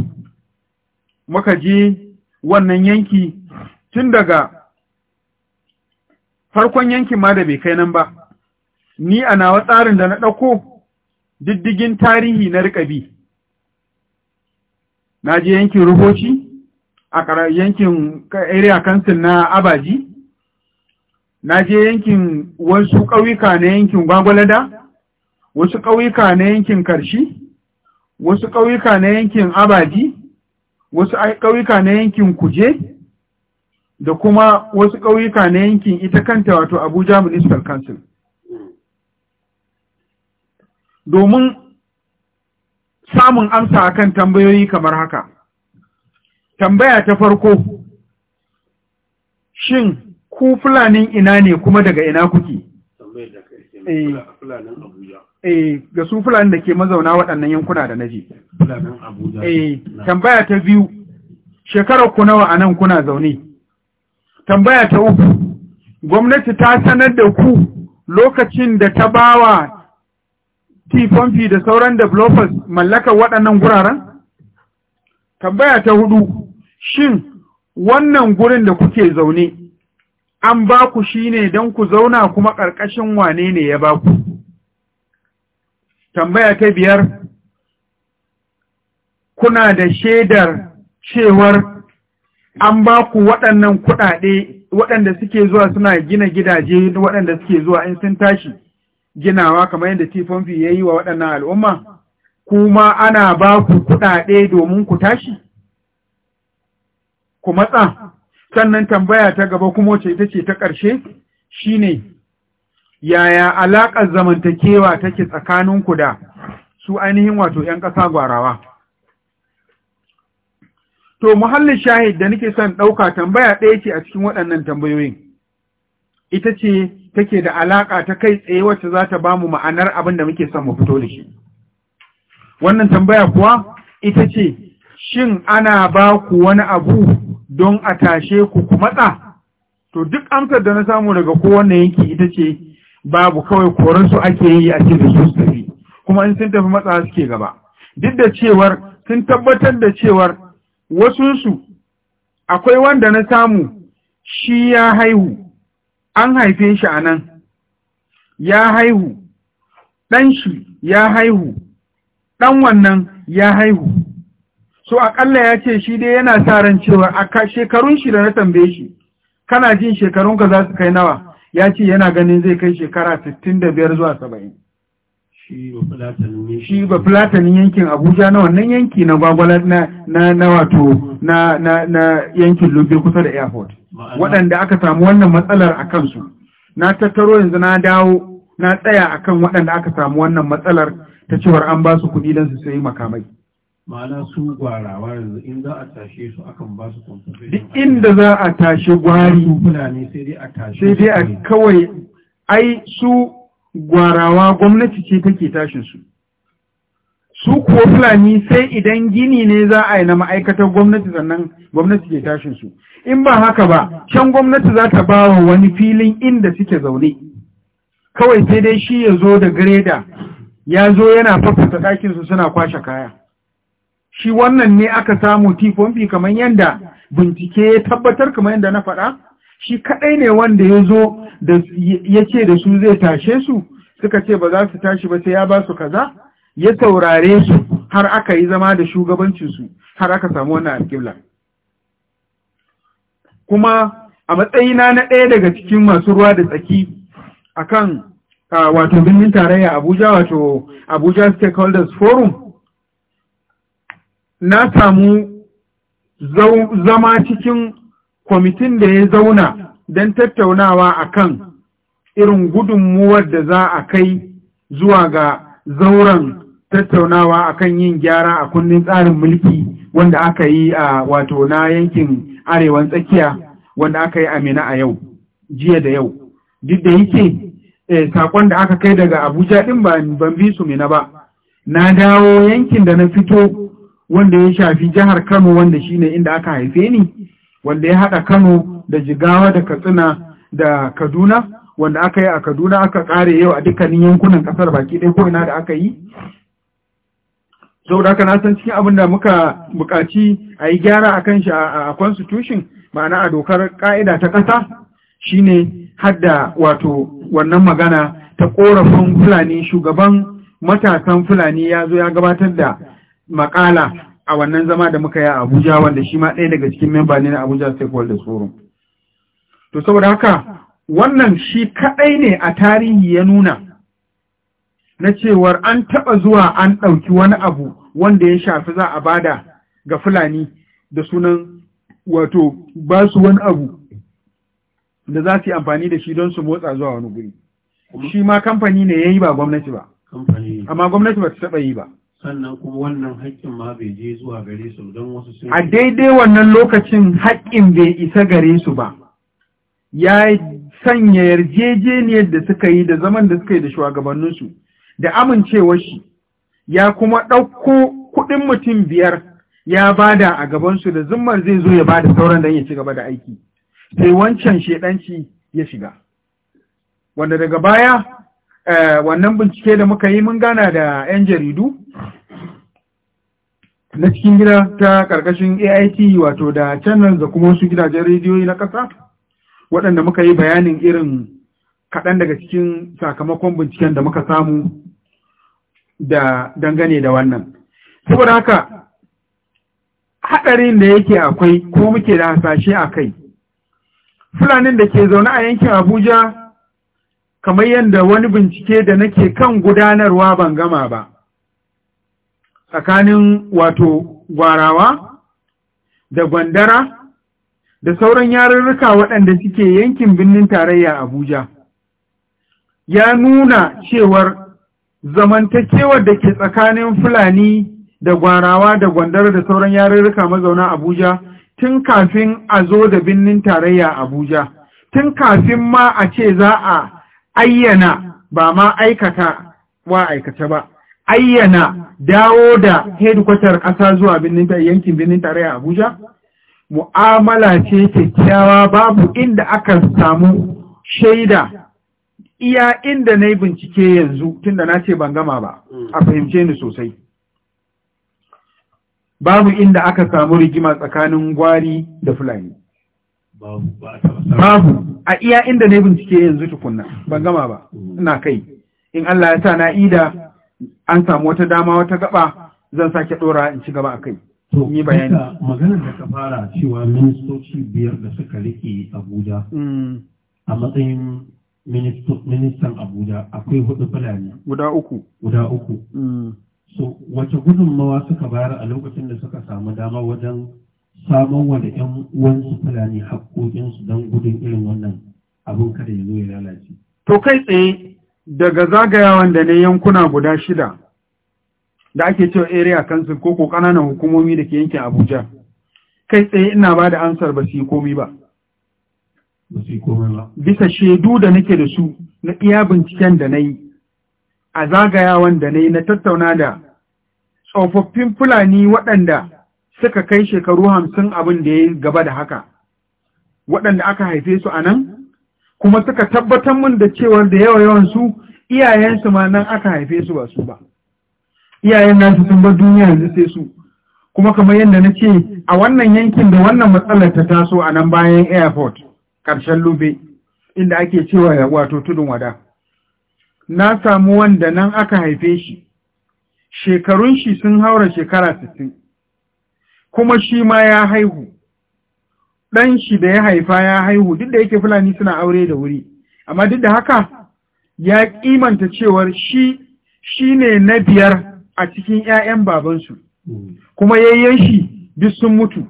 muka je wannan yanki tun daga farkon yankin ma da bai kai nan ba ni a nawa tsarin da na ɗauko diddigin tarihi na riƙabi na je yankin ruhoci a yankin area council na abaji na je yankin wasu ƙauyuka na yankin gwagwalada wasu ƙauyuka na yankin karshi wasu ƙauyuka na yankin abadi, wasu ƙauyuka na yankin kuje da kuma wasu ƙauyuka na yankin ita kanta wato abuja municipal council domin samun amsa akan tambayoyi kamar haka tambaya ta farko shin ku fulanin ina ne kuma daga ina kuke? Tambayar da kai, fulanin Abuja. Eh, ga su fulani da ke mazauna waɗannan yankuna da na eh tambaya ta biyu shekarar ku nawa a anan kuna zaune tambaya ta uku gwamnati ta sanar da ku lokacin da ta bawa T-Pompi da sauran developers mallakar waɗannan guraren? Tambaya ta hudu, shin wannan gurin da kuke zaune, an ba ku shi ne don ku zauna kuma ƙarƙashin wane ne ya ba ku? tambaya ta biyar kuna da shaidar cewar an ba ku waɗannan kuɗaɗe waɗanda suke zuwa suna gina gidaje waɗanda suke zuwa in sun tashi ginawa kamar yadda tifonfi ya yi wa waɗannan al'umma kuma ana ba ku kuɗaɗe domin ku tashi ku matsa sannan tambaya ta gaba kuma wace ita ce ta ƙarshe shine yaya alaƙar zamantakewa take tsakaninku da su ainihin wato ‘yan ƙasa gwarawa. To, muhallin shahid da nake son ɗauka tambaya ɗaya ce a cikin waɗannan tambayoyin, ita ce take da alaƙa ta kai tsaye wacce za ta ba mu ma'anar abin da muke son mu fito da shi. Wannan tambaya kuwa ita ce, Shin ana ba ku wani abu don a tashe ku ku matsa? To, duk amsar da na samu daga kowane yanki ita ce, babu kawai koran su ake yi a cikin su tafi kuma in sun tafi matsawa suke gaba duk da cewar sun tabbatar da cewar wasunsu akwai wanda na samu shi ya haihu an haife shi anan ya haihu dan shi ya haihu ɗan wannan ya haihu so Akalla ya ce shi dai yana sa ran cewa a shekarun shi da na tambaye shi kana jin shekarunka za su kai nawa ya ce yana ganin zai kai shekara 65 zuwa 70 shi ba fulatanin yankin abuja na wannan yanki na gwagwala na wato na yankin lobe kusa da airport waɗanda aka samu wannan matsalar a kansu na tattaro yanzu na dawo na tsaya akan waɗanda aka samu wannan matsalar ta cewar an ba su kuɗi don su sayi makamai ma'ana su gwarawa yanzu in za a tashe su akan ba su compensation inda za a tashe gwari fulani sai dai a tashi sai dai a kawai ai su gwarawa gwamnati ce take tashin su su kuwa fulani sai idan gini ne za a yi na ma'aikatar gwamnati sannan gwamnati ke tashin su in ba haka ba can gwamnati za ta ba wa wani filin inda suke zaune kawai sai dai shi ya zo da greda ya zo yana fafata ɗakinsu suna kwashe kaya shi wannan ne aka samu tifonfi kamar yadda bincike ya tabbatar kamar yadda na faɗa shi kaɗai ne wanda ya zo ya ce da su zai tashe su suka ce ba za su tashi ba sai ya ba su kaza ya taurare su har aka yi zama da shugabancinsu har aka samu wannan alƙibla kuma a matsayina na ɗaya daga cikin masu ruwa da tsaki akan wato birnin tarayya abuja wato abuja stakeholders forum na samu zama cikin kwamitin da ya zauna don tattaunawa a kan irin gudunmuwar da za a kai zuwa ga zauren tattaunawa a kan yin gyara a kundin tsarin mulki wanda aka yi a wato na yankin arewan tsakiya wanda aka yi amina a yau jiya da yau duk da yake eh, sakon da aka kai daga abuja din ban bi su mina ba na dawo yankin da na fito wanda ya shafi jihar Kano wanda shine inda aka haife ni wanda ya haɗa Kano da Jigawa da Katsina da Kaduna wanda aka yi a Kaduna aka ƙare yau a dukkanin yankunan ƙasar baki ɗaya ko ina da aka yi saboda haka na san cikin abin da muka buƙaci a yi gyara a kan shi a constitution ma'ana a dokar ƙa'ida ta ƙasa shine hadda wato wannan magana ta ƙorafin fulani shugaban matasan fulani ya zo ya gabatar da makala a wannan zama da muka yi a Abuja wanda shi ma ɗaya daga cikin memba ne na Abuja Stakeholders Forum. To saboda haka wannan shi kaɗai ne a tarihi ya nuna na cewar an taɓa zuwa an ɗauki wani abu wanda ya shafi za a bada ga Fulani da sunan wato ba su wani abu da za su yi amfani da shi don su motsa zuwa wani guri. Shi ma kamfani ne ya yi ba gwamnati ba, amma gwamnati ba ta taɓa yi ba. sannan kuma wannan haƙƙin ma bai je zuwa gare su don wasu sun a daidai wannan lokacin haƙƙin bai isa gare su ba ya sanya yarjejeniyar da suka yi da zaman da suka yi da shugabanninsu da amincewar shi ya kuma ɗauko kuɗin mutum biyar ya bada a gabansu da zummar zai zo ya bada sauran dan ya ci gaba da aiki sai wancan shedanci ya shiga wanda daga baya Eh, wannan bincike da muka yi mun gana da 'yan jaridu na cikin gida ta ƙarƙashin AIT wato da channel da kuma wasu gidajen rediyoyi na ƙasa waɗanda muka yi bayanin irin kaɗan daga cikin sakamakon binciken da muka samu da dangane da wannan. Saboda haka, haɗarin da yake akwai ko muke da hasashe a kai. Fulanin da ke zaune a yankin Abuja kamar yadda wani bincike da nake kan gudanarwa ban gama ba tsakanin wato gwarawa da gwandara da sauran yarurruka waɗanda suke yankin birnin tarayya abuja ya nuna cewar zamantakewar da ke tsakanin fulani da gwarawa da gwandara da sauran yarurruka mazauna abuja tun kafin a zo da birnin tarayya abuja tun kafin ma a ce za a ayyana ba ma aikata wa aikata ba ayyana dawo da hedikwatar ƙasa zuwa birnin yankin birnin tarayya Abuja mu'amala ce kyakkyawa babu inda aka samu shaida iya inda na yi bincike yanzu tun da na ce ban gama ba a fahimce ni sosai babu inda aka samu rigima tsakanin gwari da fulani babu a iya inda ne bincike yanzu tukunna ban gama ba mm. ina kai in Allah ya sa na ida an samu wata dama wata gaba zan sake dora in ci gaba a kai to ni bayani maganar da ka fara cewa ministoci biyar da suka rike Abuja mm. a matsayin ministan Abuja akwai hudu fulani guda uku guda uku mm. so wace gudunmawa suka bayar a lokacin da suka samu dama wajen samun wa da ‘yan uwansu fulani haƙoƙinsu don gudun irin wannan abin kada ya zo ya lalace. To kai tsaye daga zagayawan da ne yankuna guda shida da ake cewa area council ko ƙananan hukumomi da ke yankin Abuja. Kai tsaye ina ba da ansar ba su yi komi ba. Ba su yi komi ba. Bisa shaidu da nake da su na iya binciken da na yi a zagayawan da na yi na tattauna da tsofaffin fulani waɗanda suka kai shekaru hamsin abin da ya yi gaba da haka waɗanda aka haife su a nan kuma suka tabbatar min da cewar da yawa yawan su iyayensu ma nan aka haife su ba su ba iyayen nasu sun bar duniya yanzu sai su kuma kamar yadda na ce a wannan yankin da wannan matsalar ta taso a nan bayan airport ƙarshen lube inda ake cewa wato tudun wada na samu wanda nan aka haife shi shekarun shi sun haura shekara sittin. kuma shi ma ya haihu ɗan shi da ya haifa ya haihu duk da yake fulani suna aure da wuri amma duk da haka ya kimanta cewar shi shi ne na biyar a cikin 'ya'yan babansu kuma yayyen shi duk sun mutu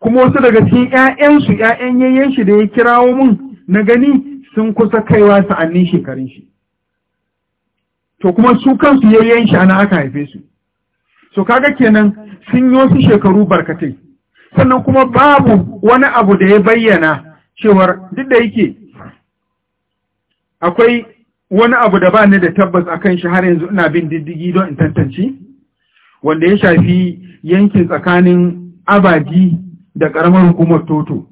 kuma wasu daga cikin 'ya'yansu 'ya'yan yayyen shi da ya kirawo mun na gani sun kusa kaiwa sa'annin shekarun shi to kuma su kansu yayyen shi ana aka haife su so kaga kenan sun yi wasu shekaru barkatai sannan kuma babu wani abu da ya bayyana cewar duk da yake akwai wani abu da ba ni da tabbas akan shi har yanzu ina bin diddigi don in tantance wanda ya shafi yankin tsakanin abaji da ƙaramar hukumar toto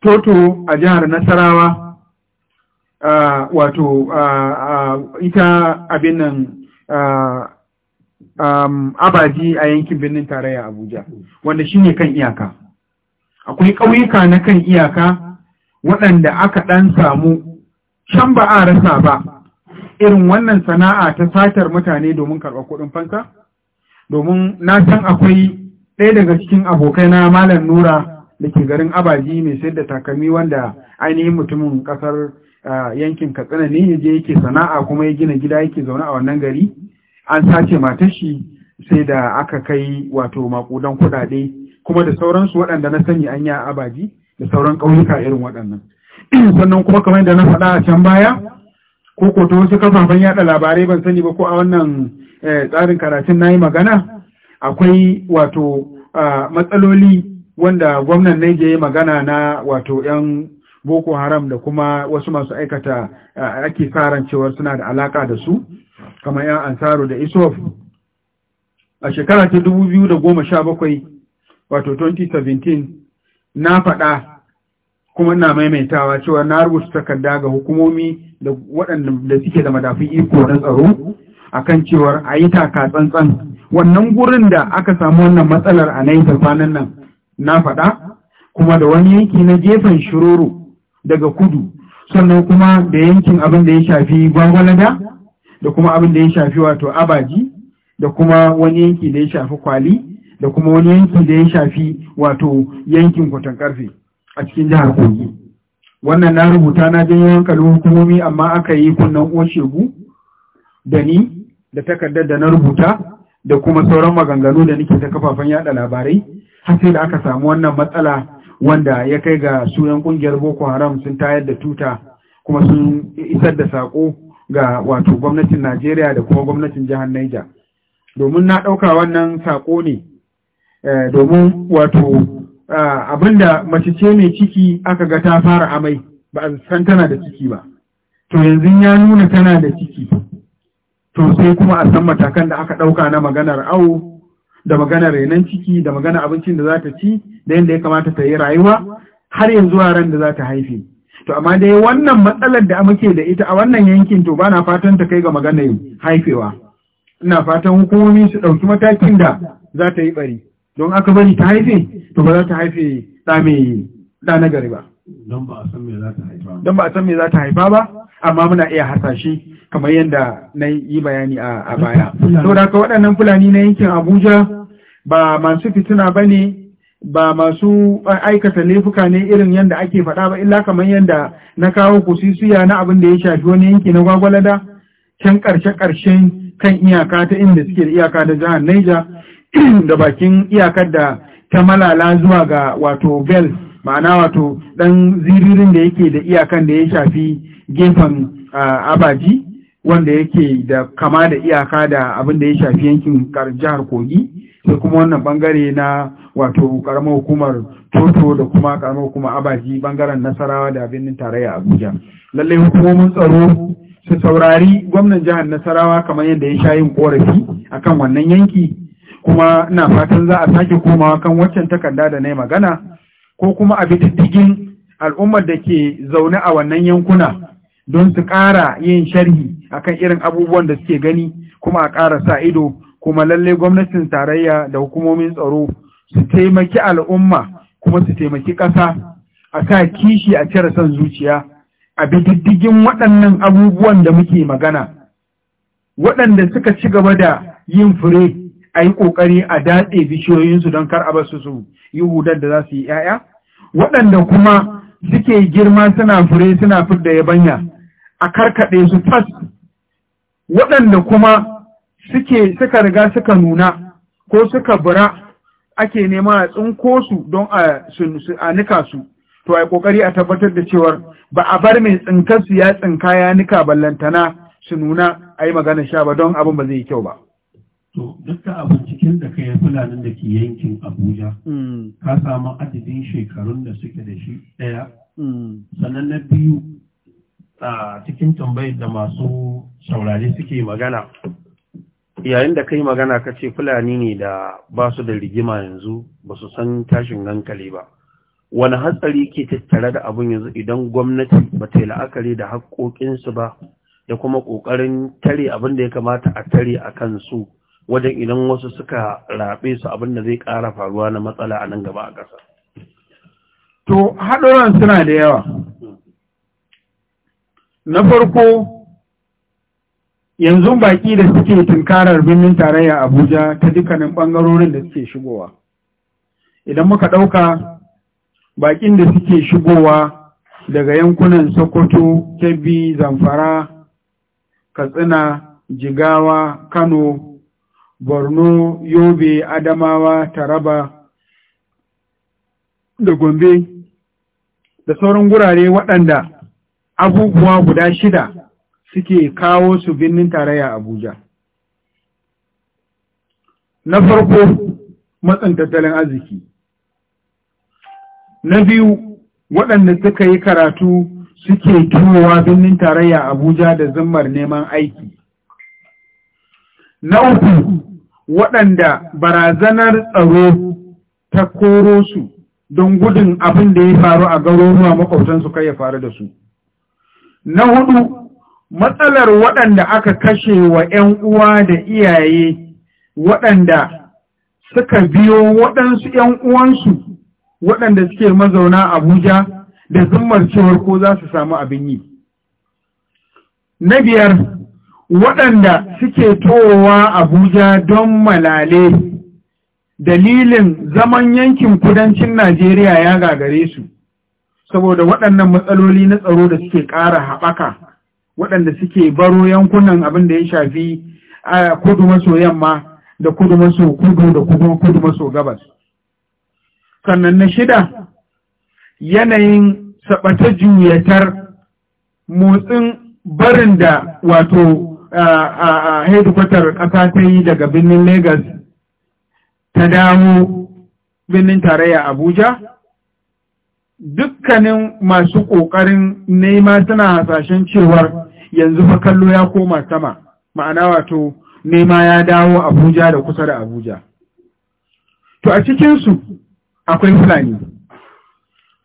toto a jihar nasarawa wato ita abin nan Um, abaji a yankin birnin tarayya Abuja, wanda shi ne kan iyaka. Akwai ƙauyuka na kan iyaka waɗanda aka ɗan samu can ba a rasa ba, irin wannan sana'a ta satar mutane domin karɓar kuɗin fansa? Domin na san akwai ɗaya daga cikin abokai na Malam Nura da ke garin abaji mai sayar da takalmi wanda ainihin mutumin ƙasar uh, yankin Katsina ne ya je yake sana'a kuma ya gina gida yake zaune a wannan gari. an sace matar shi sai da aka kai wato makudan kudade, kuma da sauransu waɗanda na sani an yi a abaji da sauran ƙauyuka irin waɗannan sannan kuma kamar da na faɗa a can baya ko ko ta wasu kafafen yaɗa labarai ban sani ba ko a wannan eh, tsarin karatun na yi magana akwai wato matsaloli wanda gwamnan Naija ya magana na wato 'yan Boko Haram da kuma wasu masu aikata ake karan cewar suna da alaka da su kamar yan ansaru da isof a shekara ta 2017 wato 2017 na faɗa kuma na maimaitawa cewa na rubuta takarda ga hukumomi da waɗanda da suke da madafi iko na tsaro a kan cewar a yi taka tsantsan wannan gurin da aka samu wannan matsalar a nan kwanan nan na faɗa kuma da wani yanki na gefen shiroro daga kudu sannan kuma da yankin abin da ya shafi gwangwalada da kuma abin da ya shafi wato abaji da kuma wani yanki da ya shafi kwali da kuma wani yanki da ya shafi wato yankin kwatan karfe a cikin jihar kogi wannan na rubuta na janyo hankalin hukumomi amma aka yi kunnan oshegu da ni da takardar da na rubuta da kuma sauran maganganu da nake ta kafafen yada labarai har sai da aka samu wannan matsala wanda ya kai ga su yan kungiyar boko haram sun tayar da tuta kuma sun isar da sako ga wato gwamnatin Najeriya da kuma gwamnatin jihar Niger domin na ɗauka wannan saƙo ne eh, domin wato eh, abinda mace ce mai ciki aka ga ta fara amai ba a san tana da ciki ba to yanzu ya nuna tana da ciki to sai kuma a san matakan da aka ɗauka na maganar awo da maganar renon ciki da maganar abincin da za ta ci da yadda ya kamata ta yi rayuwa har yanzu ran da za ta haife to amma dai wannan matsalar da muke da ita a wannan yankin to bana fatan ta kai ga maganar haifewa ina fatan hukumomi su ɗauki matakin da za ta yi bari don aka bari ta haife to ba za ta haife ɗa mai ɗa na gari ba don ba a san me za ta haifa ba amma muna iya hasashe kamar yadda na yi bayani a baya. Saboda haka waɗannan fulani na yankin Abuja ba masu fituna ba ne ba masu aikata laifuka ne irin yadda ake faɗa ba illa kamar yadda na kawo kusisiya na abin da ya shafi wani yanki na gwagwalada can ƙarshe-ƙarshen kan iyaka ta inda suke da iyaka da jihar Naija da bakin iyakar da ta malala zuwa ga wato bel ma'ana wato ɗan ziririn da yake da iyakan da ya shafi gefen abaji wanda yake da kama da iyaka da abin da ya shafi yankin jihar kogi sai kuma wannan bangare na wato karamar hukumar toto da kuma karamar hukumar abaji bangaren nasarawa da birnin tarayya abuja lallai hukumomin tsaro su saurari gwamnan jihar nasarawa kamar yadda ya sha yin korafi akan wannan yanki kuma na fatan za a sake komawa kan waccan takarda da na magana ko kuma a bididdigin al'ummar da ke zaune a wannan yankuna don su ƙara yin sharhi akan irin abubuwan da suke gani kuma a ƙara sa ido kuma lalle gwamnatin tarayya da hukumomin tsaro su taimaki al'umma kuma su taimaki ƙasa a sa kishi a cire son zuciya a bididdigin waɗannan abubuwan da muke magana waɗanda suka ci gaba da yin fure a yi ƙoƙari a datse bishiyoyinsu don kar a basu su yi hudar da za su yi ‘ya'ya waɗanda kuma suke girma suna fure suna fidda yabanya a karkaɗe su fas waɗanda kuma suke suka riga suka nuna ko suka bura ake nema a tsinko su don a nika su to a kokari a tabbatar da cewar ba a bar mai tsinkar su ya tsinka ya nika ballantana su nuna a yi magana sha ba don abin ba zai yi kyau ba to dukkan abincikin da yi fulanin da ke yankin abuja hmm. ka samu adadin shekarun da suke da shi ɗaya hmm. sannan na biyu a cikin tambayar da masu saurari suke magana yayin da kai magana ka ce fulani ne da ba su da rigima yanzu ba su san tashin hankali ba wani hatsari ke tattare da abin yanzu idan gwamnati ba ta yi la'akari da haƙoƙinsu ba da kuma ƙoƙarin tare abin da ya kamata a tare a kansu wajen idan wasu suka raɓe su abin da zai ƙara faruwa na matsala a nan gaba a ƙasa. To, haɗuran suna da yawa. Na farko, yanzu baƙi da suke tunkarar birnin tarayya abuja ta dukkanin ɓangarorin da suke shigowa idan muka ɗauka baƙin da suke shigowa daga yankunan sokoto kebbi zamfara katsina jigawa kano borno yobe adamawa taraba da gombe da sauran gurare waɗanda abubuwa guda shida suke kawo su birnin tarayya Abuja. Na farko matsan tattalin arziki. Na biyu waɗanda suka yi karatu suke turowa birnin tarayya Abuja da zammar neman aiki. Na uku waɗanda barazanar tsaro ta koro su don gudun abin da ya faru a garuruwa makwabtansu kai ya faru da su. Na hudu matsalar waɗanda aka kashe wa ‘yan uwa da iyaye waɗanda suka biyo waɗansu ‘yan uwansu waɗanda suke mazauna Abuja da zummar cewar ko za su samu abin yi. Na biyar, waɗanda suke towa Abuja don malale dalilin zaman yankin kudancin Najeriya ya gagare su, saboda waɗannan matsaloli na tsaro da suke ƙara haɓaka. waɗanda suke baro yankunan abin da ya shafi a kudu maso yamma da kudu maso kudu da kuma kudu maso gabas sannan na shida yanayin saɓata juyatar motsin barin da wato a hedikwatar ƙasa ta yi daga birnin Legas ta dawo birnin tarayya Abuja dukkanin masu ƙoƙarin nema suna hasashen cewar yanzu fa kallo ya koma sama ma'ana wato nema ya dawo Abuja da kusa da Abuja to a cikin akwai fulani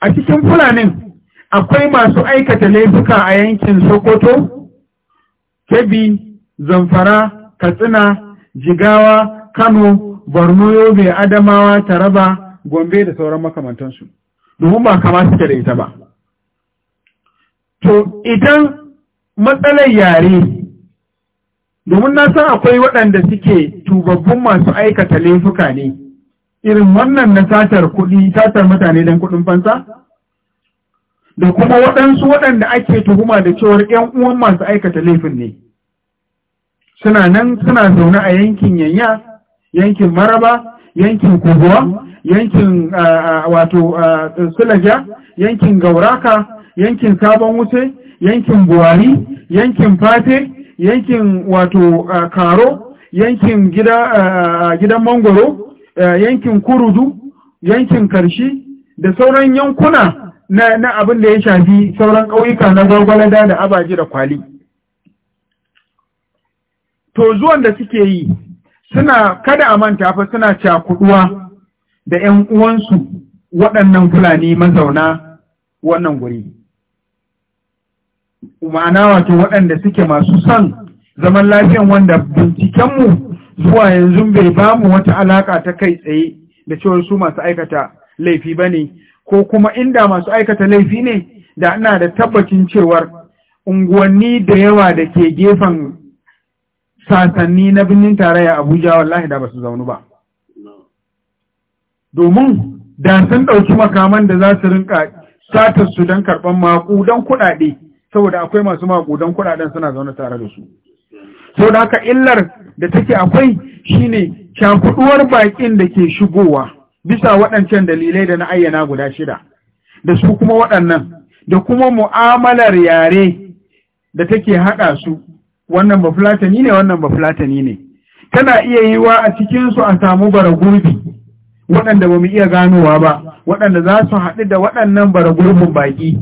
a cikin fulanin akwai masu aikata laifuka a yankin Sokoto Kebbi Zamfara Katsina Jigawa Kano Borno Yobe Adamawa Taraba Gombe da sauran makamantansu domin ba kama suke da ita ba to idan matsalar yare domin na san akwai waɗanda suke tubabbun masu aikata laifuka ne irin wannan na satar kuɗi satar mutane don kuɗin fansa da kuma waɗansu waɗanda ake tuhuma da cewar 'yan uwan masu aikata laifin ne suna nan suna zaune a yankin yanya yankin maraba yankin kubuwa yankin wato sulaja yankin gauraka yankin sabon wuce yankin buwari yankin fate yankin wato karo yankin gidan mangoro yankin kurudu yankin karshi da sauran yankuna na abin da ya shafi sauran ƙauyuka na gwagwalada da abaji da kwali to zuwan da suke yi suna kada a manta fa suna cakuduwa da 'yan uwansu waɗannan fulani mazauna wannan guri ma'ana wato waɗanda suke masu son zaman lafiyan wanda bincikenmu zuwa yanzu bai ba mu wata alaƙa ta kai tsaye da cewar su masu aikata laifi ba ne ko kuma inda masu aikata laifi ne da ina da tabbacin cewar unguwanni da yawa da ke gefen sasanni na birnin tarayya abuja wallahi da ba su zaunu ba domin da sun ɗauki makaman da za su rinka satar su don karɓar maku don kuɗaɗe saboda akwai masu maƙudan kuɗaɗen suna zaune tare da su sau da haka illar da take akwai shine cakuɗuwar baƙin da ke shigowa bisa waɗancan dalilai da na ayyana guda shida da su kuma waɗannan da kuma mu'amalar yare da take haɗa su wannan ba fulatani ne wannan ba fulatani ne tana iya yiwa a cikinsu a samu bara gurbi waɗanda ba mu iya ganowa ba waɗanda za su haɗu da waɗannan bara baƙi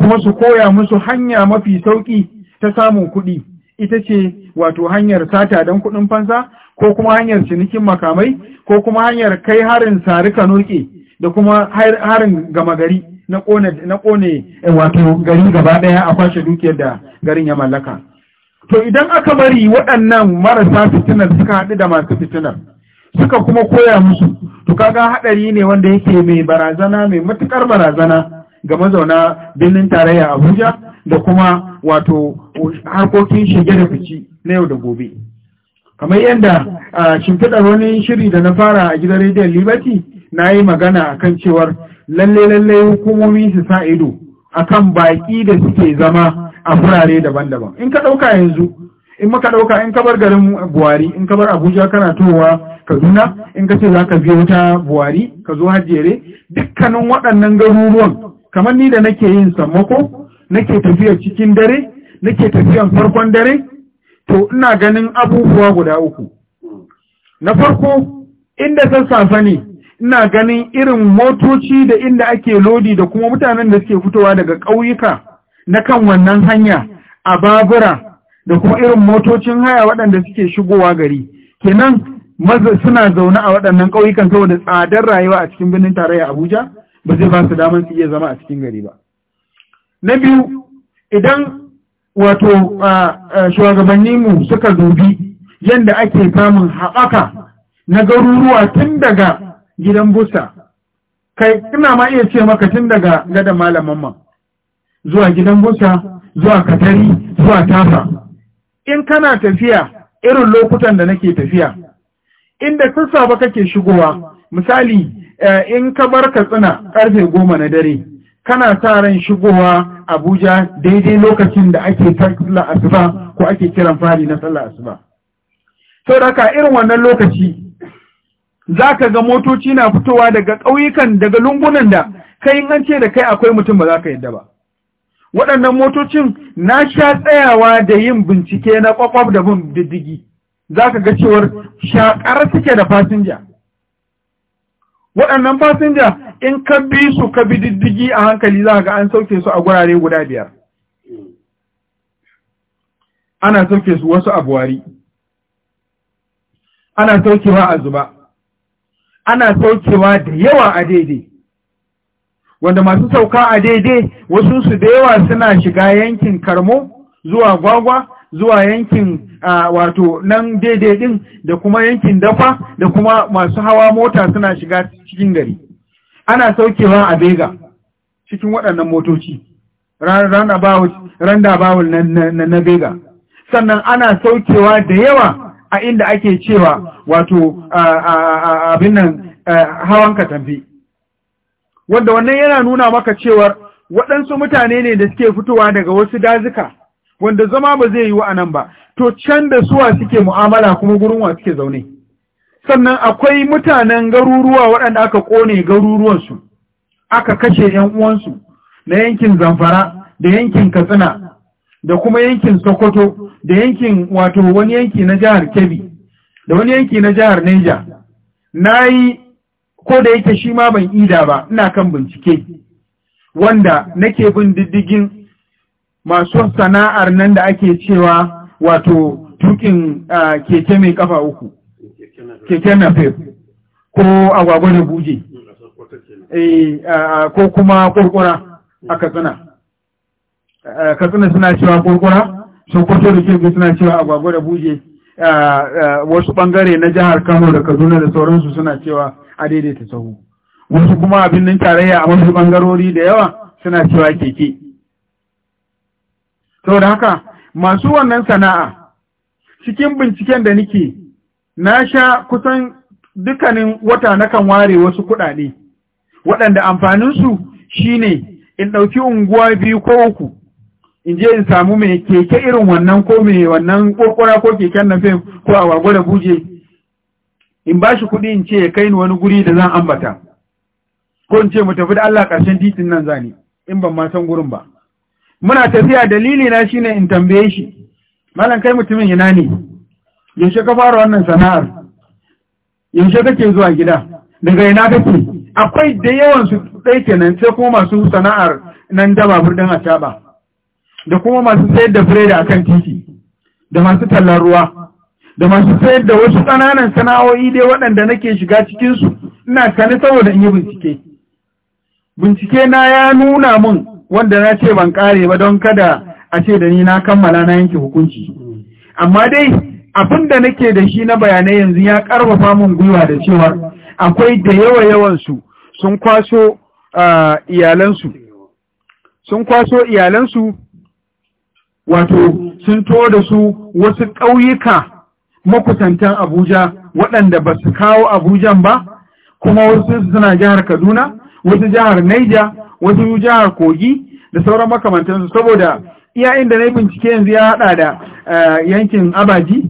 kuma su koya musu hanya mafi sauƙi ta samun kuɗi ita ce wato hanyar sata don kuɗin fansa ko kuma hanyar cinikin makamai ko kuma hanyar kai harin sarika nurƙe, da kuma harin gama gari na ƙone eh, wato gari gaba ɗaya a kwashe dukiyar da garin ya mallaka to idan aka bari waɗannan marasa fitinar suka haɗu da masu fitinar suka kuma koya musu to kaga haɗari ne wanda yake mai barazana mai matuƙar barazana ga mazauna birnin tarayya Abuja da kuma wato harkokin shige da fici na yau da gobe. Kamar yadda a shimfiɗar wani shiri da na fara a gidan rediyon Libati, na yi magana a kan cewar lalle-lalle hukumomi su sa ido a kan baƙi da suke zama a wurare daban-daban. In ka ɗauka yanzu, in maka ɗauka in kabar garin Buhari, in kabar Abuja kana towa Kaduna, in ka ce za ka biyo ta Buhari, ka zo Hajjere, dukkanin waɗannan garuruwan kamar ni da nake yin sammako nake tafiya cikin dare nake tafiyan farkon dare to ina ganin abubuwa guda uku na farko inda sassafe ne ina ganin irin motoci da inda ake lodi da kuma mutanen da suke fitowa daga ƙauyuka na kan wannan hanya a babura da kuma irin motocin haya waɗanda suke shigowa gari kenan suna zaune a waɗannan ƙauyukan saboda tsadar rayuwa a cikin birnin tarayya abuja ba zai ba su daman su iya zama a cikin gari ba na biyu idan wato shugabanninmu suka dubi yadda ake samun haɓaka na garuruwa tun daga gidan busa kai ina ma iya ce maka tun daga gada malaman ma zuwa gidan busa zuwa katari zuwa tafa in kana tafiya irin lokutan da nake tafiya inda sassa ba kake shigowa misali Eh, in ka bar katsina karfe goma na dare kana sa ran shigowa abuja daidai lokacin da ake sallah asuba ko ake kiran fari na sallar asuba sau da ka irin wannan lokaci za ka ga motoci na fitowa daga ƙauyukan daga lungunan da kai an ce da kai akwai mutum ba za ka yadda ba waɗannan motocin na sha tsayawa da yin bincike na ƙwaƙwaf da bin diddigi za ka ga cewar shaƙar suke da fasinja waɗannan fasinja in ka bi su ka bi diddigi a hankali za ga an sauke su a gurare guda biyar ana sauke su wasu a buwari ana saukewa a zuba ana saukewa da yawa a daidai wanda masu sauka a daidai wasu su da yawa suna shiga yankin karmo zuwa gwagwa zuwa yankin wato nan daidai din da kuma yankin dafa da kuma masu hawa mota suna shiga cikin gari ana saukewa a bega cikin waɗannan motoci randa bawul na bega sannan ana saukewa da yawa a inda ake cewa wato abin nan hawan katambe wanda wannan yana nuna maka cewar waɗansu mutane ne da suke fitowa daga wasu dazuka wanda zama ba zai yi wa anan ba to can da suwa suke mu'amala kuma gurin wa suke zaune sannan akwai mutanen garuruwa waɗanda aka ƙone garuruwansu aka kashe ‘yan uwansu na yankin zamfara da yankin katsina da kuma yankin sokoto da yankin wato wani yanki na jihar kebbi da wani yanki na jihar neja na yi ko da yake shi ma ban ida ba ina kan bincike wanda nake bin diddigin masu sana'ar nan da ake cewa wato tukin keke mai kafa uku keke na fef ko agwagwa na buje eh, ko kuma kurkura a katsina katsina suna cewa kurkura sun da suna cewa agwagwa da buje wasu bangare na jihar kano da kaduna da sauransu suna cewa a daidaita sahu wasu kuma abin nan tarayya a wasu bangarori da yawa suna cewa keke da haka masu wannan sana'a cikin binciken da nake na sha kusan dukkanin wata na kan ware wasu kuɗaɗe waɗanda amfaninsu ne, in ɗauki unguwa biyu ko uku in je in samu mai keke irin wannan ko mai wannan ƙorƙora ko keken na fim ko a da buje in ba shi kuɗi in ce ya kai ni wani guri da zan ambata ko in ce mu tafi da Allah ƙarshen titin nan zani in ban ma san gurin ba muna tafiya dalili na shine in tambaye shi malam kai mutumin ina ne yaushe ka fara wannan sana'ar yaushe kake zuwa gida daga ina kake akwai da yawan su dai kenan sai kuma masu sana'ar nan da babur dan acaba da kuma masu sayar da biredi akan titi da masu tallar ruwa da masu sayar da wasu ƙananan sana'o'i dai waɗanda nake shiga cikinsu ina sani saboda in yi bincike bincike na ya nuna mun wanda na ce ban kare ba don kada a ce da ni na kammala na yanke hukunci amma dai abin da nake da shi na bayanai yanzu ya karfafa min gwiwa da cewa akwai da yawa yawansu sun kwaso iyalansu sun kwaso iyalansu wato sun to da su wasu ƙauyuka makusantan Abuja waɗanda ba su kawo Abujan ba kuma wasu suna jihar Kaduna wasu jihar Naija wasu jihar kogi da sauran makamantansu saboda iya inda na yi bincike yanzu ya haɗa da eh, yankin abaji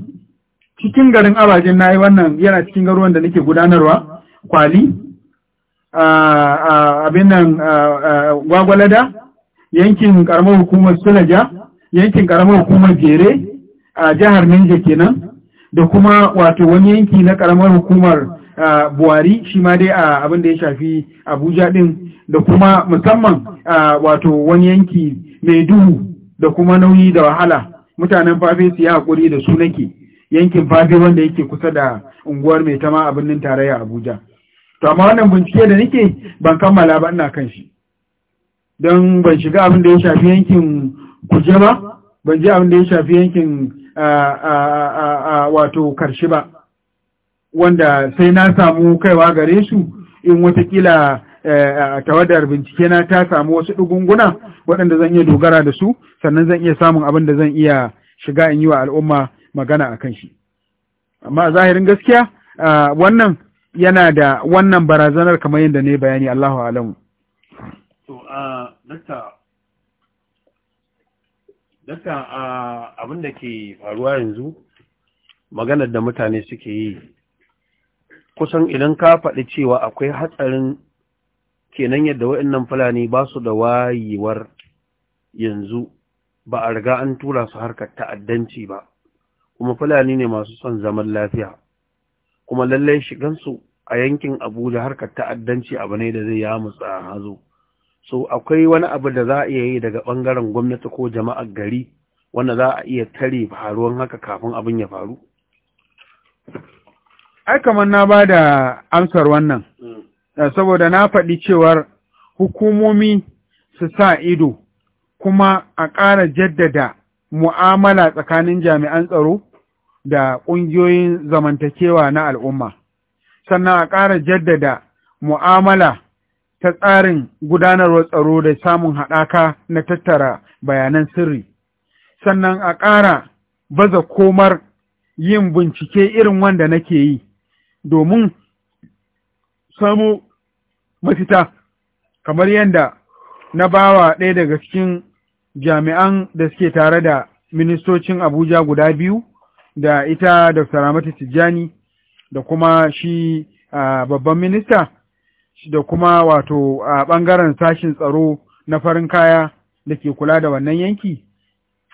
cikin garin abajin na yi wannan yana cikin garuwan da nake gudanarwa kwali abin nan gwagwalada yankin karamar hukumar sulaja yankin karamar hukumar jere a jihar ninja kenan da kuma wato wani yanki na ƙaramar hukumar buwari shi ma dai a abin da ya shafi abuja ɗin, da kuma musamman wato wani yanki mai duhu da kuma nauyi da wahala mutanen fafe su yi haƙuri da su nake yankin fafe wanda yake kusa da unguwar mai tama a birnin tarayya abuja to amma wannan bincike da nake ban kammala ba ina kan shi don ban shiga abin da ya shafi yankin kuje ban je abin da ya shafi yankin wato karshe ba wanda sai na samu kaiwa gare su in watakila eh, a tawadar bincike na ta samu wasu ɗugunguna waɗanda zan iya dogara da su sannan zan iya samun abin da zan iya shiga in yi wa al'umma magana a kan shi amma a zahirin gaskiya wannan yana da wannan barazanar kamar yadda ne bayani Allahu alamu to a dakta abin da ke faruwa yanzu maganar da mutane suke yi kusan idan ka faɗi cewa akwai hatsarin kenan yadda waɗannan fulani ba su da wayewar yanzu ba a riga an tura su harkar ta'addanci ba kuma fulani ne masu son zaman lafiya kuma lallai shigansu a yankin abuja harkar ta'addanci abu ne da zai ya a hazo so akwai wani abu da za a iya yi daga bangaren gwamnati ko jama'ar gari wanda za a iya tare faruwan haka kafin abin ya faru ai kamar na ba da amsar wannan, mm. eh, saboda na faɗi cewar hukumomi su sa ido kuma a ƙara jaddada mu'amala tsakanin jami'an tsaro da ƙungiyoyin zamantakewa na al'umma, sannan a ƙara jaddada mu'amala ta tsarin gudanarwar tsaro da samun haɗaka na tattara bayanan sirri, sannan a ƙara baza komar yin bincike irin wanda nake yi. domin samu mafita kamar yadda na bawa ɗaya daga cikin jami'an da suke tare da ministocin Abuja guda biyu da ita Dr. Ramatu Tijjani da kuma shi babban minista da kuma wato a ɓangaren sashin tsaro na farin kaya da ke kula da wannan yanki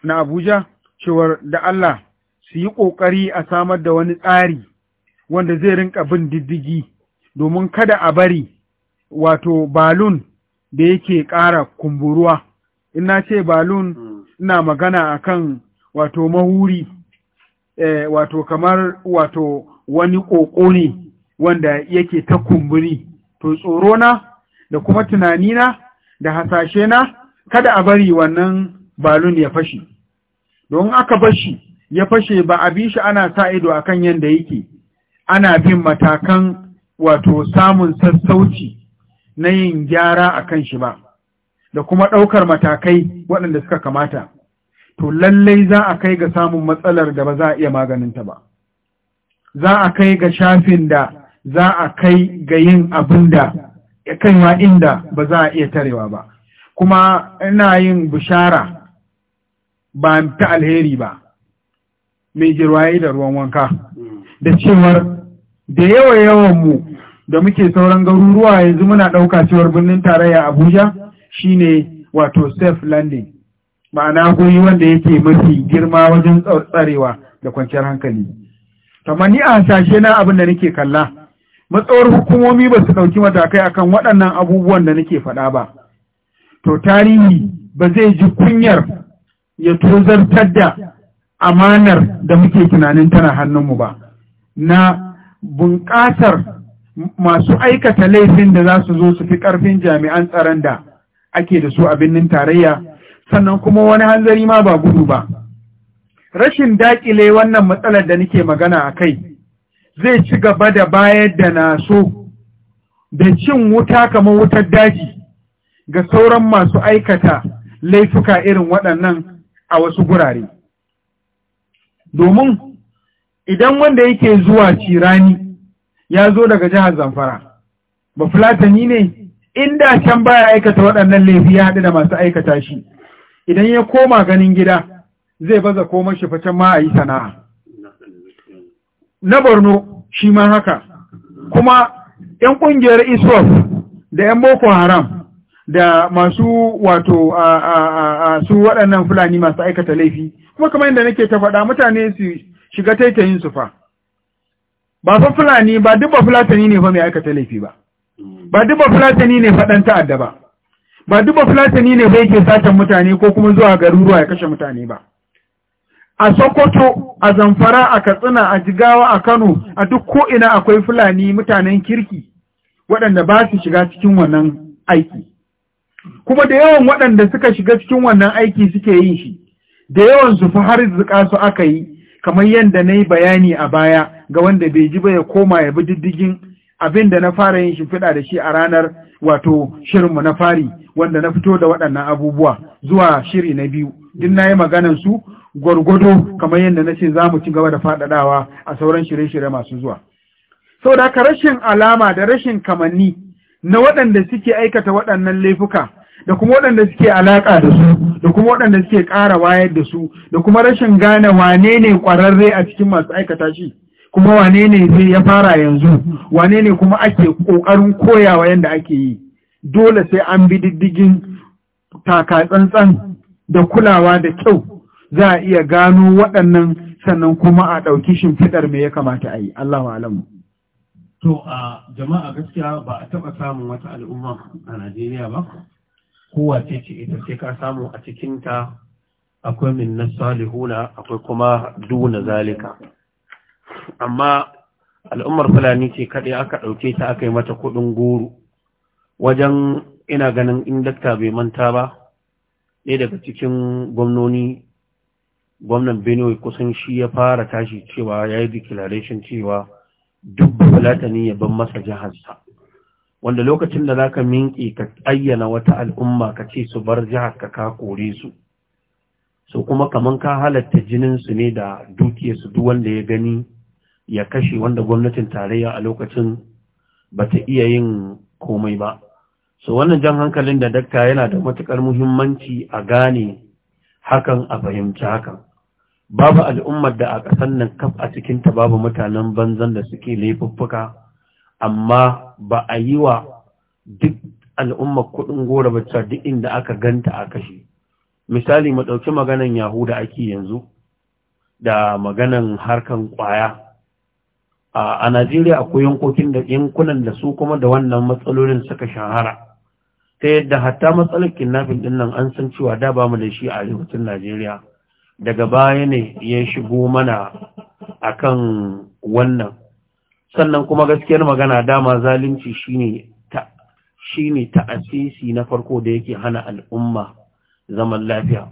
na Abuja cewar da Allah su yi ƙoƙari a samar da wani tsari wanda zai rinka bin diddigi domin kada a bari wato balun da yake ƙara kumburuwa ina ce balun hmm. ina magana akan wato mahuri eh, wato kamar wato wani ƙoƙo ne wanda yake ta kumburi to tsoro na, da kuma tunanina da hasashe na kada a bari wannan balun ya fashe don aka bashi ya fashe ba a bi shi ana sa ido akan yadda yake ana bin matakan wato samun sassauci na yin gyara a kan shi ba, da kuma ɗaukar matakai waɗanda suka kamata, to lallai za a kai ga samun matsalar da ba za a iya maganinta ba. Za a kai ga shafin da za a kai ga yin abin da ya kaiwa inda ba za a iya tarewa ba. Kuma ina yin bishara ba ta alheri ba, mai jirwaye da ruwan wanka, da cewar da yawa yawan mu da muke sauran garuruwa yanzu muna ɗauka cewar birnin tarayya abuja shine wato safe landing ma'ana guri wanda yake mafi girma wajen tsarewa da kwanciyar hankali kamar ni a hasashe na abin da nake kalla matsawar hukumomi ba su ɗauki matakai akan waɗannan abubuwan da nake faɗa ba to tarihi ba zai ji kunyar ya tozartar da amanar da muke tunanin tana hannunmu ba na bunƙasar masu aikata laifin da za su zo su fi ƙarfin jami'an tsaron da ake da su a birnin tarayya sannan kuma wani hanzari ma ba gudu ba rashin daƙile wannan matsalar da nake magana a kai zai ci gaba da bayar da na so da cin wuta kamar wutar daji ga sauran masu aikata laifuka irin waɗannan a wasu gurare domin idan wanda yake zuwa cirani ya zo daga jihar zamfara ba fulatani ne inda can baya aikata waɗannan laifi ya haɗu da masu aikata shi idan ya koma ganin gida zai baza koma shi facen ma a yi sana'a na borno shi ma haka kuma 'yan ƙungiyar isof da 'yan boko haram da masu wato a su waɗannan fulani masu aikata laifi kuma kamar yadda nake ta faɗa mutane su shiga taitayin su fa ba fa fulani ba duk ba fulatani ne fa mai aikata laifi ba ba duk ba fulatani ne faɗan ta'adda ba ba duk ba fulatani ne ba yake satan mutane ko kuma zuwa garuruwa ya kashe mutane ba a Sokoto a Zamfara a Katsina a Jigawa a Kano a duk ko ina akwai fulani mutanen kirki waɗanda ba su shiga cikin wannan aiki kuma da yawan waɗanda suka shiga cikin wannan aiki suke yin shi da yawan su fa har zuƙa su aka yi kamar yadda na yi bayani a baya ga wanda bai ji ba ya koma ya bi diddigin abin da na fara yin shimfiɗa da shi a ranar wato shirinmu na fari wanda na fito da waɗannan abubuwa zuwa shiri na biyu duk na yi maganan su gwargwado kamar yadda na ce za mu ci gaba da faɗaɗawa a sauran shirye-shirye masu zuwa sau da haka rashin alama da rashin kamanni na waɗanda suke aikata waɗannan laifuka da kuma waɗanda suke alaƙa da su da kuma waɗanda suke ƙara wayar da su da kuma rashin gane wane ne ƙwararre a cikin masu aikata shi kuma wane ne zai ya fara yanzu wane ne kuma ake ƙoƙarin koyawa yadda ake yi dole sai an bi diddigin taka tsantsan da kulawa da kyau za a iya gano waɗannan sannan kuma a ɗauki shimfiɗar me ya kamata a yi Allah alamu. To a jama'a gaskiya ba a taɓa samun wata al'umma a Najeriya ba kowa ce ce ita sai ka samu a cikinta akwai min na salihuna akwai kuma duna zalika amma al'ummar fulani ce kaɗai aka ɗauke ta aka yi mata kuɗin goro wajen ina ganin indakta bai manta ba ɗaya daga cikin gwamnoni gwamnan benue kusan shi ya fara tashi cewa ya yi declaration cewa duk bulatani ya ban masa jihar sa wanda lokacin da zaka minki ka ayyana wata al'umma ka ce su bar jihar ka ka kore su so kuma kaman ka halatta jinin su ne da dukiyarsu su duk wanda ya gani ya kashe wanda gwamnatin tarayya a lokacin bata iya yin komai ba so wannan jan hankalin da dakta yana da matukar muhimmanci a gane hakan a fahimci hakan babu al'ummar da a ƙasar nan kaf a cikinta babu mutanen banzan da suke laifuffuka amma ba a yi wa duk al'umma kuɗin gora ba cewa duk inda aka ganta a kashe misali mu ɗauki maganan yahuda ake yanzu da maganan harkan kwaya. a najeriya akwai yankokin da yankunan da su kuma da wannan matsalolin suka shahara ta yadda hatta matsalar kinnafin ɗinnan nan an san cewa da bamu da shi a arewacin najeriya daga baya ne ya shigo mana akan wannan sannan kuma gaskiyar magana dama zalunci shine ta shine ta'asisi na farko da yake hana al'umma zaman lafiya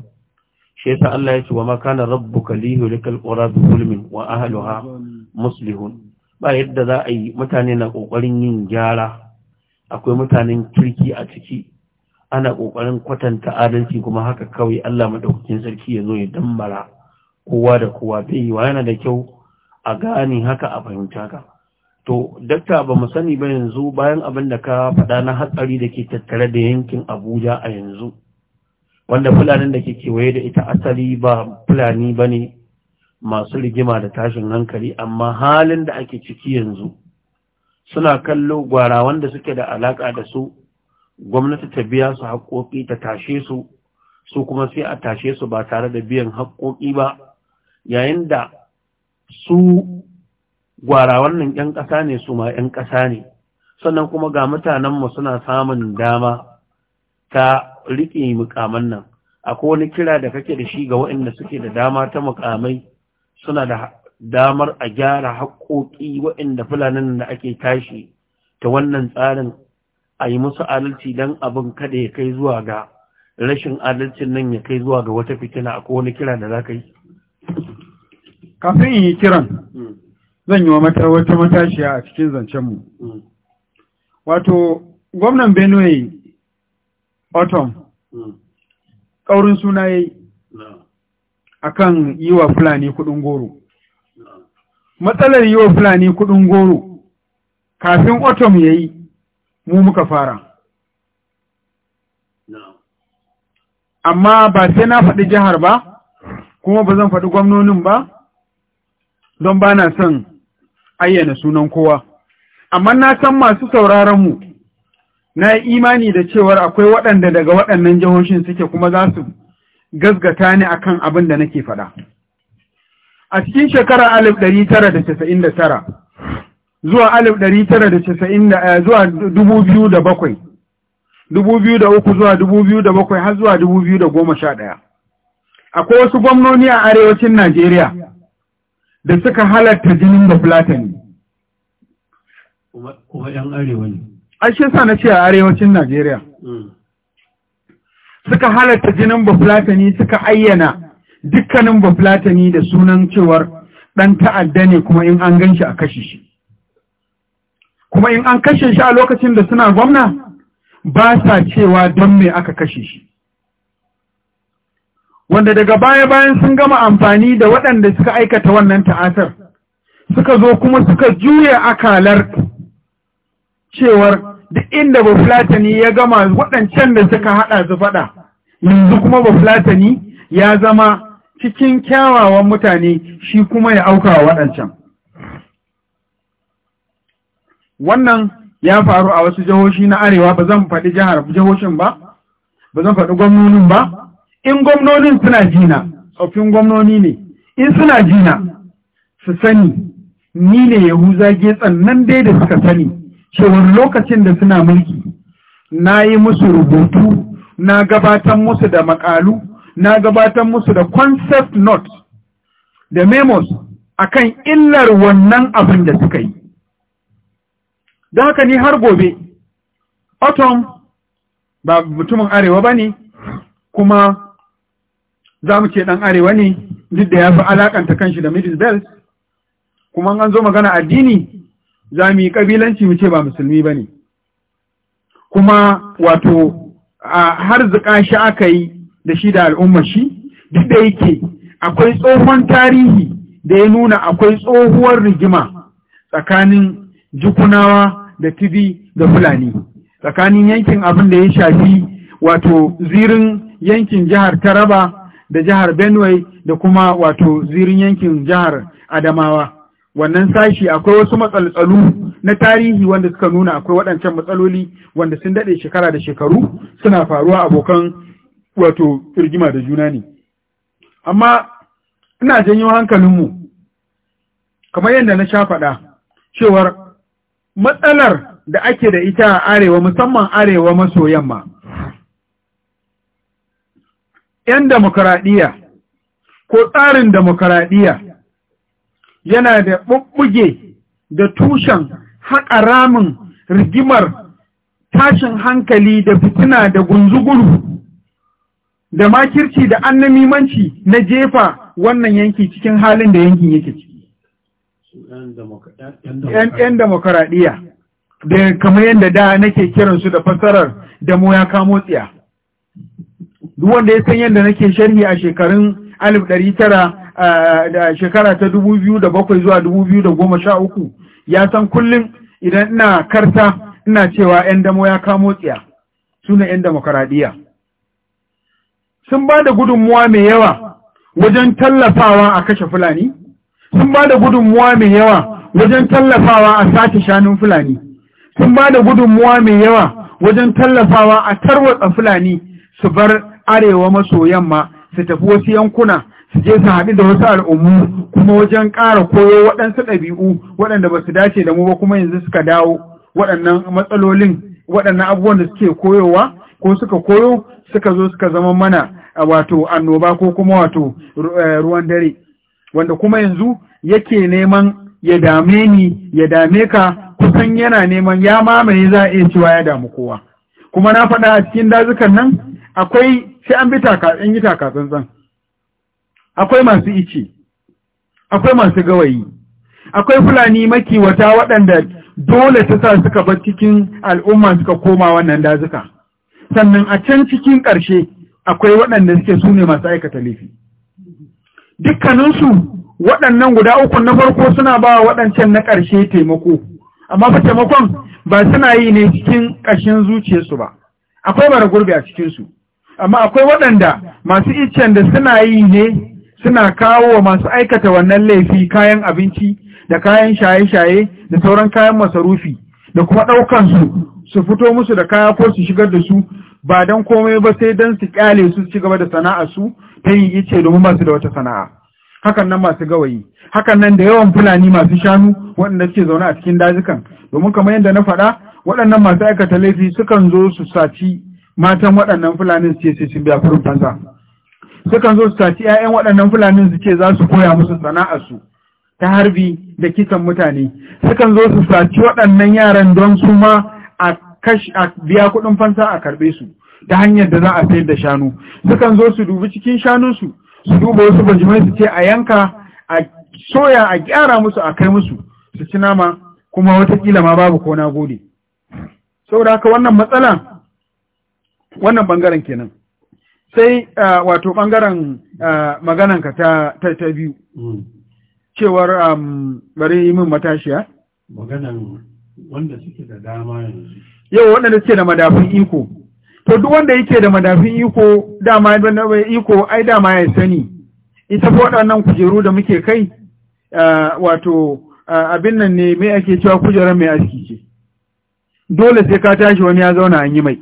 shi yasa Allah ya ce wa makanar kana rabbuka liyulikal qura bi zulmin wa ahliha muslihun ba yadda za a yi mutane na kokarin yin gyara akwai mutanen kirki a ciki ana kokarin kwatanta adalci kuma haka kawai Allah madaukakin sarki ya zo ya dambara kowa da kowa bai yana da kyau a gane haka a fahimta ka to dakta ba mu sani ba yanzu bayan abin da ka faɗa na hatsari da ke tattare da yankin abuja a yanzu wanda fulanin da ke kewaye da ita asali ba fulani ba ne masu rigima da tashin hankali amma halin da ake ciki yanzu suna kallo gwara wanda suke da alaƙa da su gwamnati ta biya su haƙoƙi ta tashe su su kuma sai a tashe su ba tare da biyan haƙoƙi ba yayin da su gwara wannan 'yan ƙasa ne su ma 'yan ƙasa ne sannan kuma ga mutanenmu suna samun dama ta riƙe mukaman nan akwai wani kira da kake da shi ga waɗanda suke da dama ta mukamai suna da damar a gyara haƙoƙi waɗanda fulanin da ake tashi ta wannan tsarin a yi musu adalci don abin kada ya kai zuwa ga rashin adalcin nan ya kai zuwa ga wata fitina akwai wani kira da za ka yi kafin yi kiran hmm. zan yi wa wata matashiya a cikin zancenmu. Mm. Wato, gwamnan Benue Autumn, mm. ƙaurin suna yi a kan yi wa Fulani kudin goro. Matsalar yi wa Fulani kudin goro, kafin Autumn ya yi, mu muka fara. Amma ba sai na faɗi jihar ba, kuma ba zan faɗi gwamnonin ba, don ba na son ayyana sunan kowa amma na san masu sauraron mu na imani da cewar akwai waɗanda daga waɗannan jihohin suke kuma za su gasgata ni kan abin da nake faɗa a cikin shekara 1999 zuwa 1990 eh, zuwa 2007 2003 zuwa 2007 har zuwa 2011 akwai wasu gwamnoni a arewacin Najeriya da suka halatta jinin da Kuma arewa ne. Ashe sa na ce a arewacin Najeriya. Mm. Suka halarta jinin Bafulatani suka ayyana dukkanin Bafulatani da sunan cewar ɗan ta'adda ne kuma in an gan shi a kashe shi. Kuma in an kashe shi a lokacin da suna gwamna ba sa cewa don me aka kashe shi. wanda daga baya bayan sun gama amfani da waɗanda suka aikata wannan ta'asar suka zo kuma suka juya akalar cewar duk inda bafulatani ya gama waɗancan da suka haɗa su faɗa yanzu kuma bafulatani ya zama cikin kyawawan mutane shi kuma ya auka wa waɗancan wannan ya faru a wasu jihohi na arewa ba zan faɗi jihar jihohin ba ba zan faɗi gwamnonin ba in gwamnonin suna jina tsofin gwamnoni ne in suna jina su sani ni ne yahuza getsan nan dai da suka sani cewar lokacin da suna mulki na yi musu rubutu na gabatar musu da makalu na gabatar musu da concept note da memos akan illar wannan abin da suka yi da haka ni har gobe autumn ba mutumin arewa ba ne kuma za mu ce ɗan arewa ne duk da ya fi alaƙanta kanshi da middle belt kuma an zo magana addini za mu yi ƙabilanci mu ce ba musulmi ba ne kuma wato har zuƙa shi aka yi da shi da al'ummar shi duk da yake akwai tsohon tarihi da ya nuna akwai tsohuwar rigima tsakanin jikunawa da tibi da fulani tsakanin yankin abin da ya shafi wato zirin yankin jihar taraba da jihar Benue da kuma wato zirin yankin jihar Adamawa. Wannan sashi akwai wasu matsaltsalu na tarihi wanda suka nuna akwai waɗancan matsaloli wanda sun daɗe shekara da shekaru suna faruwa abokan wato firgima da juna ne. Amma ina janyo hankalinmu, kamar yadda na sha faɗa, cewar matsalar da ake da ita a arewa musamman arewa maso yamma. ‘yan demokaraɗiyya ko tsarin demokaraɗiyya yana da ɓuɓɓuge da tushen haƙa ramin rigimar tashin hankali da fitina da gunzuguru da makirci da annamimanci na jefa wannan yanki cikin halin da yankin yake ciki. ‘Yan demokaraɗiyya, da kamar yadda da nake kiransu da fasarar da mu ya kamo tsiya. duk wanda ya san yadda nake sharhi a shekarun alif ɗari tara da shekara ta dubu biyu da bakwai zuwa dubu biyu da goma sha uku ya san kullum idan ina karta ina cewa 'yan damo ya kamo tsiya suna 'yan demokaraɗiyya. sun ba da gudunmuwa mai yawa wajen tallafawa a kashe fulani sun ba da gudunmuwa mai yawa wajen tallafawa a sace shanun fulani sun ba da gudunmuwa mai yawa wajen tallafawa a tarwatsa fulani su bar arewa maso yamma su tafi wasu yankuna su je su haɗu da wasu al'ummu kuma wajen ƙara koyo waɗansu ɗabi'u waɗanda ba su dace da mu ba kuma yanzu suka dawo waɗannan matsalolin waɗannan abubuwan da suke koyowa ko suka koyo suka zo suka zama mana wato annoba ko kuma wato eh, ruwan dare wanda kuma yanzu yake neman ya dame ni ya dame ka kusan yana neman ya mamaye za a iya cewa ya damu kowa kuma na faɗa a cikin dazukan nan akwai sai an bi taka in yi taka tsantsan akwai masu ice akwai masu gawayi akwai fulani makiwata waɗanda dole ta sa suka bar cikin al'umma suka koma wannan dazuka sannan a can cikin ƙarshe akwai waɗanda suke su ne masu aikata laifi dukkaninsu waɗannan guda uku na farko suna ba waɗancan na ƙarshe taimako amma fa taimakon ba suna yi ne cikin ƙashin zuciyarsu ba akwai bara gurbi a cikinsu amma akwai waɗanda masu iccen da suna yi ne suna kawo wa masu aikata wannan laifi kayan abinci da kayan shaye-shaye da sauran kayan masarufi da kuma ɗaukansu su fito musu da kaya ko su shigar da su ba don komai ba sai don su kyale su ci gaba da sana'a su ta yi ice domin masu da wata sana'a hakan nan masu gawayi hakan nan da yawan fulani masu shanu waɗanda suke zaune a cikin dazukan domin kamar yadda na faɗa waɗannan masu aikata laifi sukan zo su saci matan waɗannan fulanin ce sai sun biya kurin fansa sukan zo su taci 'ya'yan waɗannan fulani su ce za su koya musu su ta harbi da kisan mutane sukan zo su saci waɗannan yaran don su ma a biya kuɗin fansa a karɓe su ta hanyar da za a sayar da shanu sukan zo su dubi cikin shanunsu su su duba wasu bajimai su ce a yanka a soya a gyara musu a kai musu su ci nama kuma watakila ma babu ko na gode saboda haka wannan matsala wannan bangaren kenan sai wato bangaren magananka ta ta biyu hmm. cewar bari min matashiya maganan wanda suke da dama yau waɗanda suke da madafin iko to duk wanda yake da madafin iko dama iko ai dama ya sani ita fa waɗannan kujeru da muke kai wato abin nan ne mai ake cewa kujerar mai aski ce dole sai ka tashi wani ya zauna an yi mai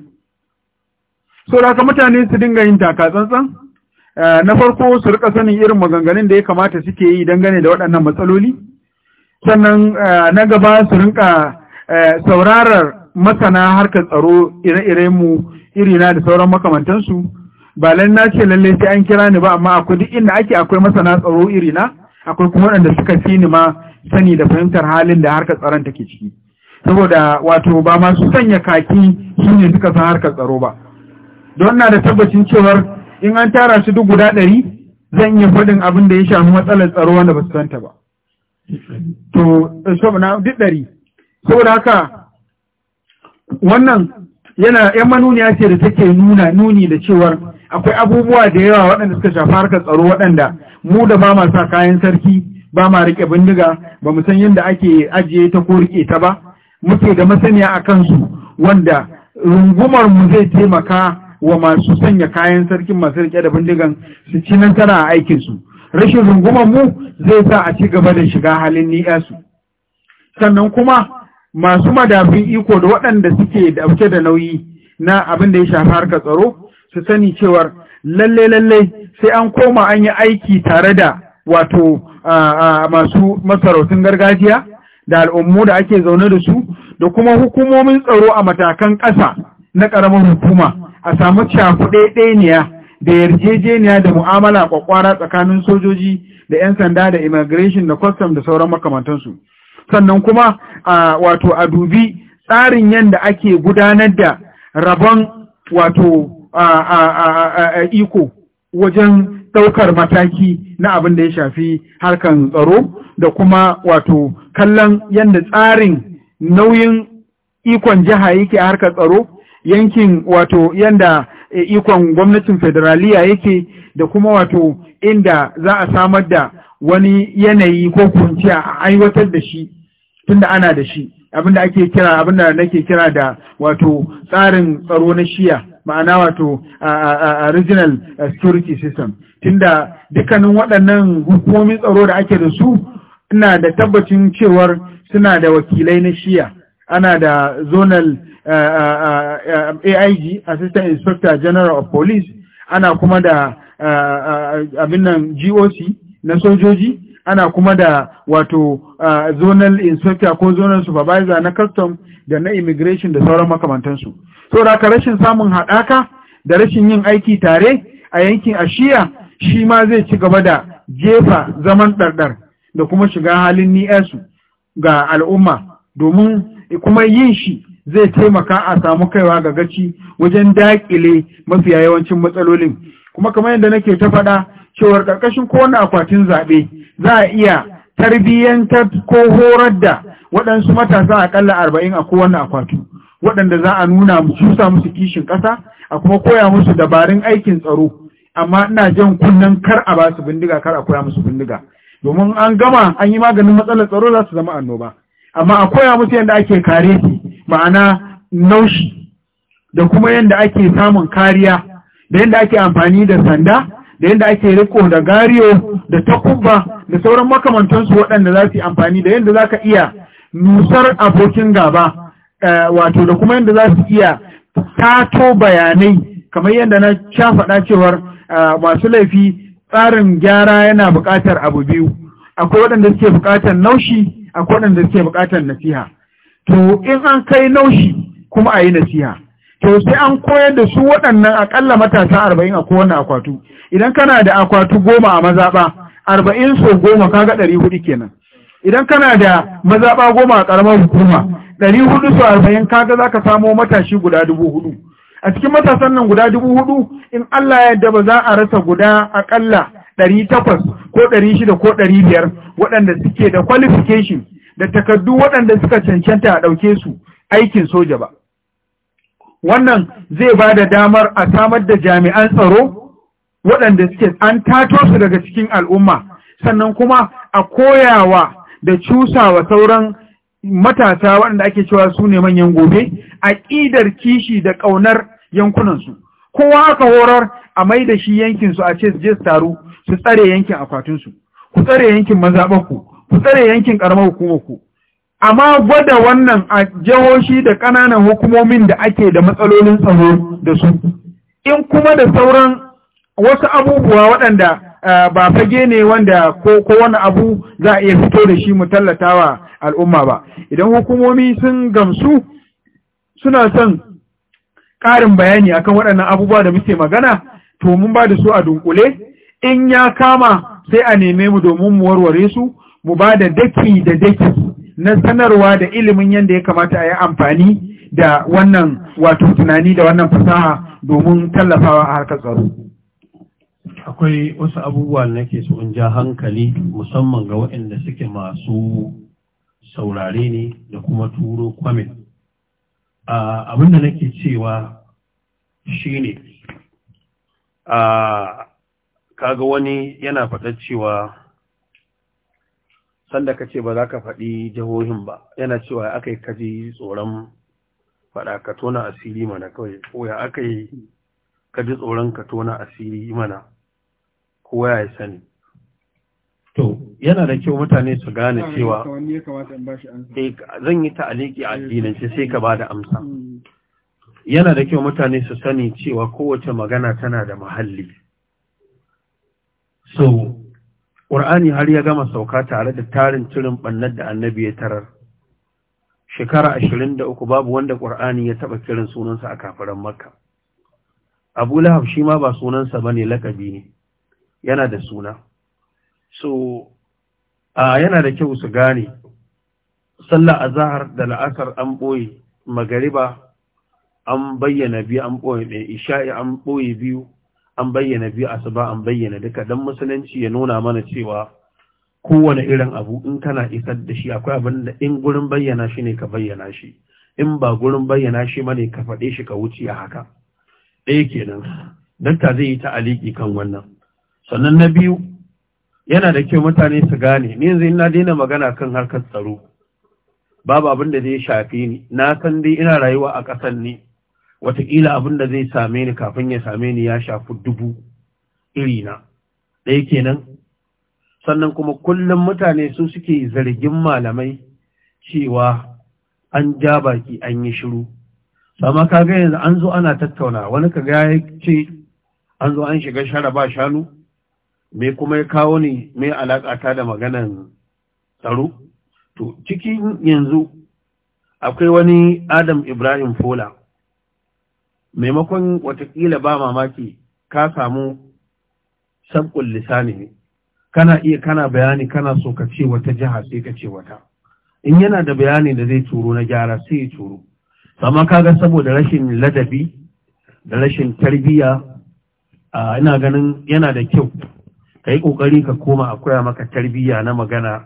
so da ka mutane su dinga yin taka tsantsan eh, na farko su rika sanin irin maganganun da ya kamata suke yi dangane da waɗannan matsaloli sannan eh, na gaba su rinka eh, saurarar masana harkar tsaro ire-ire mu irina da sauran makamantansu ba lan na ce lalle sai an kira ni ba amma akwai duk inda ake akwai masana tsaro irina akwai kuma waɗanda suka fi ni ma sani da fahimtar halin da harkar tsaron take ciki saboda wato ba masu sanya kaki su ne suka san harkar tsaro ba don na da tabbacin cewar in an tara su duk guda ɗari zan iya faɗin abin da ya shafi matsalar tsaro wanda ba su santa ba to eh, saboda duk ɗari saboda haka wannan yana yan manuniya ce da take nuna nuni da cewar akwai abubuwa da yawa waɗanda suka shafi harkar tsaro waɗanda mu da ba ma sa kayan sarki ba ma rike bindiga ba mu san yadda ake ajiye ta ko rike ta ba muke da masaniya a kansu wanda rungumar mu zai taimaka wa masu sanya kayan sarkin masu rike da bindigan su ci nasara a aikinsu rashin rungumar mu zai sa a ci gaba da shiga halin ni'yasu sannan kuma masu madafin iko da waɗanda suke dauke da nauyi na abin da ya shafi harkar tsaro su sani cewar lalle lalle sai an koma an yi aiki tare da wato masu masarautun gargajiya da al'ummu da ake zaune da su da kuma hukumomin tsaro a matakan ƙasa na ƙaramin hukuma a samu cakuɗeɗeniya da yarjejeniya da mu'amala kwakwara tsakanin sojoji da 'yan sanda da immigration da custom da sauran makamantansu sannan kuma a wato a dubi tsarin yadda ake gudanar da rabon wato a iko wajen ɗaukar mataki na abin da ya shafi harkan tsaro da kuma wato kallon yadda tsarin nauyin ikon jiha yake a harkar tsaro yankin wato yanda e, ikon gwamnatin federaliya yake da kuma wato inda za a samar da wani yanayi ko kunci a aiwatar da shi tunda ana da shi abinda ake kira abinda nake kira da wato tsarin tsaro na shiya ma'ana wato original security system tunda dukkanin waɗannan hukumomin tsaro da ake da su ina da tabbacin cewar suna da wakilai na shiya ana da zonal eh, eh, eh, AIG Assistant Inspector General of Police ana kuma da abin nan GOC na sojoji ana kuma da wato zonal inspector ko zonal supervisor na custom da na immigration da sauran makamantansu so raka rashin samun haɗaka da rashin yin aiki tare a yankin ashiya shi ma zai ci gaba da jefa zaman ɗarɗar da kuma shiga halin ni'arsu ga al'umma domin kuma yin shi zai taimaka a samu kaiwa ga gaci wajen daƙile mafiya yawancin matsalolin kuma kamar yadda nake ta faɗa cewar ƙarƙashin kowane akwatin zaɓe za a iya tarbiyyantar ko horar da waɗansu matasa aƙalla arba'in a kowane akwatu waɗanda za a nuna cusa musu kishin ƙasa a kuma koya musu dabarun aikin tsaro amma ina jan kunnen kar a basu bindiga kar a koya musu bindiga domin an gama an yi maganin matsalar tsaro za su zama annoba amma a koya musu yadda ake kare shi ma'ana naushi da kuma yadda ake samun kariya da yadda ake amfani da sanda da yadda ake riko da gariyo da takubba da sauran makamantansu waɗanda za su yi amfani da yadda za ka iya nusar abokin gaba eh, wato da kuma yadda za su iya tato bayanai kamar yadda na sha cewar eh, masu laifi tsarin gyara yana buƙatar abu biyu akwai waɗanda suke buƙatar naushi akwai waɗanda suke buƙatar nasiha to in an kai naushi kuma a yi nasiha to sai an koyar da su waɗannan aƙalla matasa arba'in a kowane akwatu idan kana da akwatu goma a mazaɓa arba'in so goma kaga ɗari hudu kenan idan kana da mazaɓa goma a ƙaramar hukuma ɗari hudu so arba'in kaga zaka samo matashi guda dubu hudu a cikin matasan nan guda dubu hudu in Allah ya yarda ba za a rasa guda aƙalla ɗari takwas ko ɗari shida ko ɗari biyar waɗanda suke da kwalifikashin da takardu waɗanda suka cancanta a ɗauke su aikin soja ba. Wannan zai ba da damar a samar da jami'an tsaro waɗanda suke an tato su daga cikin al'umma, sannan kuma a koyawa da cusawa sauran matasa waɗanda ake cewa su ne manyan gobe, a ƙidar kishi da ƙaunar yankunansu. Kowa aka horar a mai da shi yankinsu a ce su je su taru su tsare yankin akwatinsu ku tsare yankin mazaɓarku ku tsare yankin ƙaramar hukumarku amma gwada wannan a jihohi da ƙananan hukumomin da ake da matsalolin tsaro da su in kuma da sauran wasu abubuwa waɗanda eh, ba fage ne wanda ko wani abu za a iya fito da shi mu tallatawa al'umma ba idan hukumomi sun gamsu suna son ƙarin bayani akan waɗannan abubuwa da muke magana to mun ba da su a dunkule in ya kama sai a neme mu domin mu warware su mu ba da daki da daki na sanarwa da ilimin yadda ya kamata a yi amfani da wannan wato tunani da wannan fasaha domin tallafawa a harkar tsaro. Akwai wasu abubuwa da nake so in ja hankali musamman ga waɗanda suke masu saurare ne da kuma turo kwamin. Abin da nake cewa shi ne, kaga wani yana faɗa cewa sanda ka ce ba za ka faɗi jihohin ba yana cewa aka yi kaji tsoron faɗa ka tona asiri mana kawai ko ya aka yi kaji tsoron ka tona asiri mana ko ya sani to yana da kyau mutane su gane cewa eh, zan yi ta'aliki addinance sai ka ba da amsa mm. yana da kyau mutane su sani cewa kowace magana tana da muhalli so ƙur'ani har ya gama sauka tare da tarin cirin ɓannar da annabi ya tarar shekara ashirin da uku babu wanda ƙur'ani ya taɓa kirin sunansa a kafiran makka abu lahab shi ma ba sunansa ba ne lakabi ne yana da suna so a yana da kyau su gane sallah a da la'asar an ɓoye magariba an bayyana biyu an ɓoye ɗaya isha'i an ɓoye biyu an bayyana biyu a asuba an bayyana duka dan musulunci ya nuna mana cewa kowane irin abu in kana isar da shi akwai abin da in gurin bayyana shi ne ka bayyana shi in ba gurin bayyana shi ma ne ka faɗe shi ka wuce a haka ɗaya kenan dakta zai yi ta aliki kan wannan sannan na biyu yana da kyau mutane su gane ni yanzu ina daina magana kan harkar tsaro babu abin da zai shafi ni na san dai ina rayuwa a ƙasar ne wataƙila abin da zai same ni kafin ya same ni ya shafi dubu iri irina ɗaya kenan sannan kuma kullum mutane su suke zargin malamai cewa an ja baki an yi shiru sama ga yanzu an zo ana tattauna wani ka ga ya ce an zo an shiga shara ba shanu me kuma ya kawo ni me alaƙata da maganan tsaro to cikin yanzu akwai wani adam ibrahim fola maimakon watakila ba mamaki ka samu sabkun lisani ne kana iya kana bayani kana so ka ce wata jiha sai ka ce wata in yana da bayani da zai turo na gyara sai ya turo amma kaga saboda rashin ladabi da rashin tarbiyya ina ganin yana da kyau ka yi ƙoƙari ka koma a koya maka tarbiyya na magana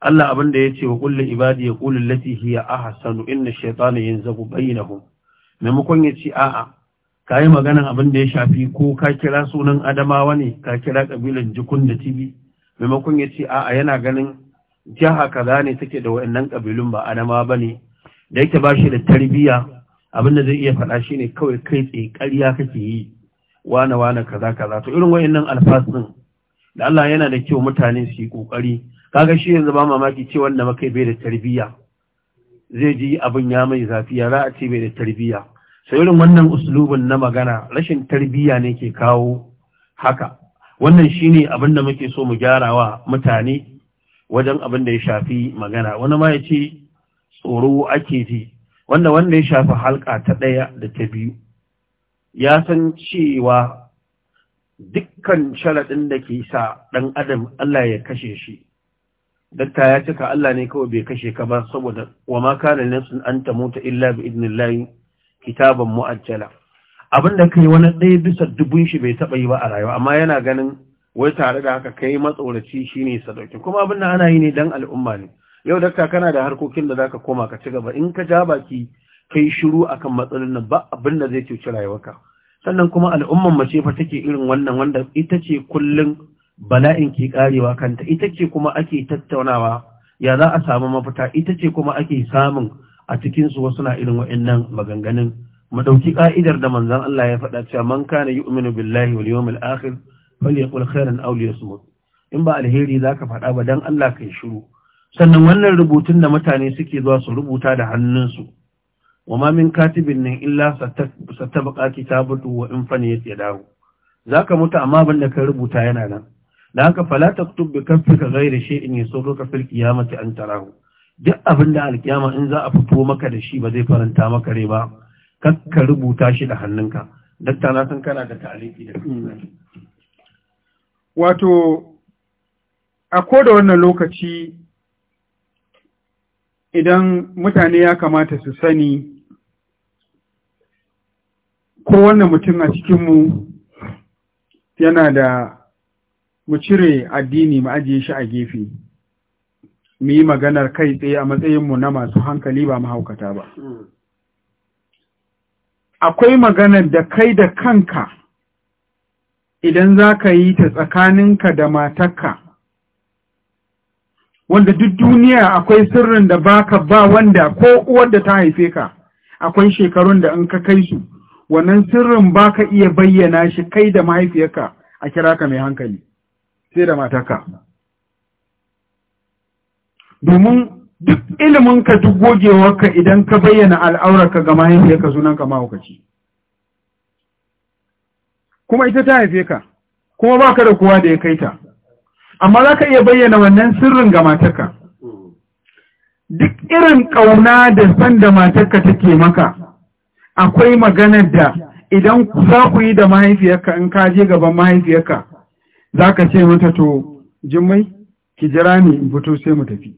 Allah abin da ya ce wa ƙulla ibadi ya kullu lati hiya ahsanu inna shaytana yanzabu bainahum maimakon ya ce a'a ka yi maganan abin da ya shafi ko ka kira sunan adamawa ne ka kira ƙabilan jikun da tibi maimakon ya ce a'a yana ganin jiha kaza ne take da waannan ƙabilun ba adama ba ne da yake ba shi da tarbiyya abin da zai iya faɗa shi ne kawai kai tsaye ƙarya kake yi wane wane kaza kaza to irin waɗannan alfas da Allah yana da kyau mutane su yi ƙoƙari kaga shi yanzu ba mamaki ce wanda makai bai da tarbiyya zai ji abin ya mai zafi ya za a ce bai da tarbiyya sai irin wannan uslubin na magana rashin tarbiyya ne ke kawo haka wannan shine abin da muke so mu gyara wa mutane wajen abin da ya shafi magana wani ma ya ce tsoro ake ji wanda wanda ya shafi halka ta ɗaya da ta biyu ya san cewa dukkan sharaɗin da ke sa ɗan adam Allah ya kashe shi dakta ya cika Allah ne kawai bai kashe ka ba saboda wa ma kana nafsin an tamuta illa bi idnillahi kitaban mu'ajjala abin da kai wani ɗaya bisa dubun shi bai taɓa yi ba a rayuwa amma yana ganin wai tare da haka kai matsoraci shine sadauki kuma abin da ana yi ne dan al'umma ne yau ka kana da harkokin da za ka koma ka ci gaba in ka ja baki kai shiru akan matsalolin nan ba abin da zai cuci rayuwarka sannan kuma al'ummar mace fa take irin wannan wanda ita ce kullun bala'in ke karewa kanta ita ce kuma ake tattaunawa ya za a samu mafita ita ce kuma ake samun a cikinsu wasu na irin wa'annan maganganun mu ɗauki ƙa'idar da manzon Allah ya faɗa cewa man kana yu'minu billahi wal yawmil akhir falyaqul khairan aw liyasmut in ba alheri zaka faɗa ba dan Allah kai shiru sannan wannan rubutun da mutane suke zuwa su rubuta da hannunsu wa ma min katibin nan illa satabqa kitabatu wa in faniyat yadahu zaka mutu amma ban da ka rubuta yana nan da haka fala taktub bi kaffika ghairi shay'in yasurruka fil qiyamati an tarahu duk abin da alkiyama in za a fito maka da shi ba zai faranta maka rai ba ka rubuta shi da hannunka dakta na san kana da ta'aliki da wato a koda wannan lokaci idan mutane ya kamata su sani ko wannan mutum a cikinmu yana da mu cire addini mu ajiye shi a gefe mu yi maganar kai tsaye a matsayinmu na masu hankali ba mahaukata ba. Akwai maganar da kai da kanka idan za ka yi ta tsakaninka da matakka? wanda duk duniya akwai sirrin da baka ba wanda ko uwar da ta haife ka, akwai shekarun da in ka kai su, wannan sirrin baka iya bayyana shi kai da mahaifiyarka a kira ka mai hankali, sai da matakka. domin duk ka duk gogewarka idan ka bayyana al'aurarka ga mahaifiyarka sunan ka mahaukaci kuma ita ta haife ka kuma ba ka da kowa da ya kai ta amma za ka iya bayyana wannan sirrin ga matarka duk irin ƙauna da san da matarka take maka akwai maganar da idan za ku yi da mahaifiyarka in ka je gaban mahaifiyarka za ka ce mata to Jummai, ki jira ni in fito sai mu tafi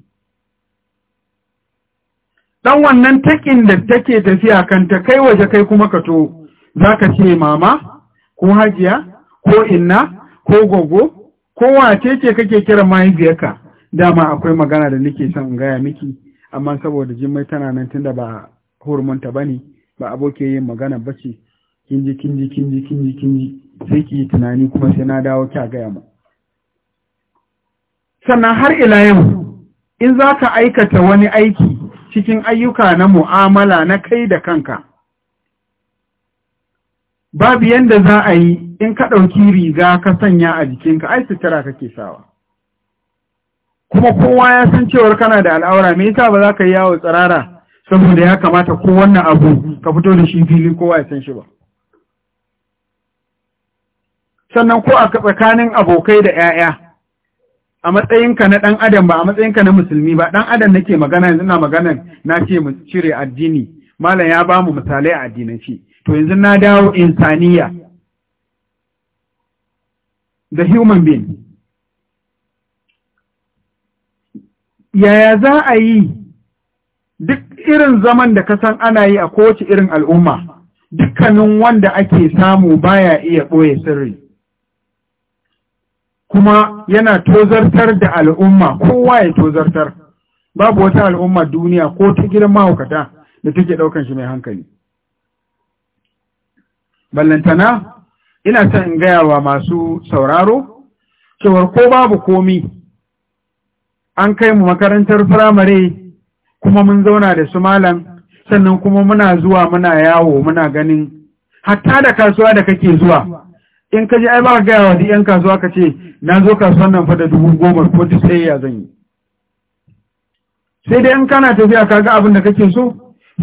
Ɗan wannan takin da take tafiya kanta kai waje kai kuma ka to za ka ce mama ko hajiya ko inna ko gogo ko wace ce kake kira mahaifiyarka dama akwai magana da nake son gaya miki amma saboda jimai tana nan tunda ba ba ne ba aboke yin magana ba ce kinji kinji kinji kinji kinji sai ki tunani kuma sai na dawo kya gaya mu sannan har ila yau in za ka aikata wani aiki cikin ayyuka na mu'amala na kai da kanka babu yadda za a yi in ka ɗauki riga ka sanya a jikinka ai sutura kake sawa kuma kowa ya san cewar kana da al'aura me yasa ba za ka yi yawo tsirara saboda ya kamata ko wannan abu ka fito da shi fili kowa ya san shi ba sannan ko a tsakanin abokai da 'ya'ya a matsayinka na ɗan adam ba a matsayinka na musulmi ba ɗan adam nake magana yanzu na magana na ce mu cire addini malam ya bamu misalai a addinance to yanzu na dawo insaniya da human being yaya za a yi duk irin zaman da ka san ana yi a kowace irin al'umma dukkanin wanda ake samu baya iya ɓoye sirri kuma yana tozartar da al'umma kowa ya tozartar babu wata al'umma duniya ko ta gidan mahaukata da take ɗaukan shi mai hankali ballantana ina son in gaya wa masu sauraro cewar ko babu komi an kai mu makarantar firamare kuma mun zauna da su malam sannan kuma muna zuwa muna yawo muna ganin hatta da kasuwa da kake zuwa in ka je ai ba ka gaya wa 'yan kasuwa ka ce na zo kasuwan nan fa da dubu goma ko ta sai ya zan yi sai dai in kana tafiya ka ga abin da kake so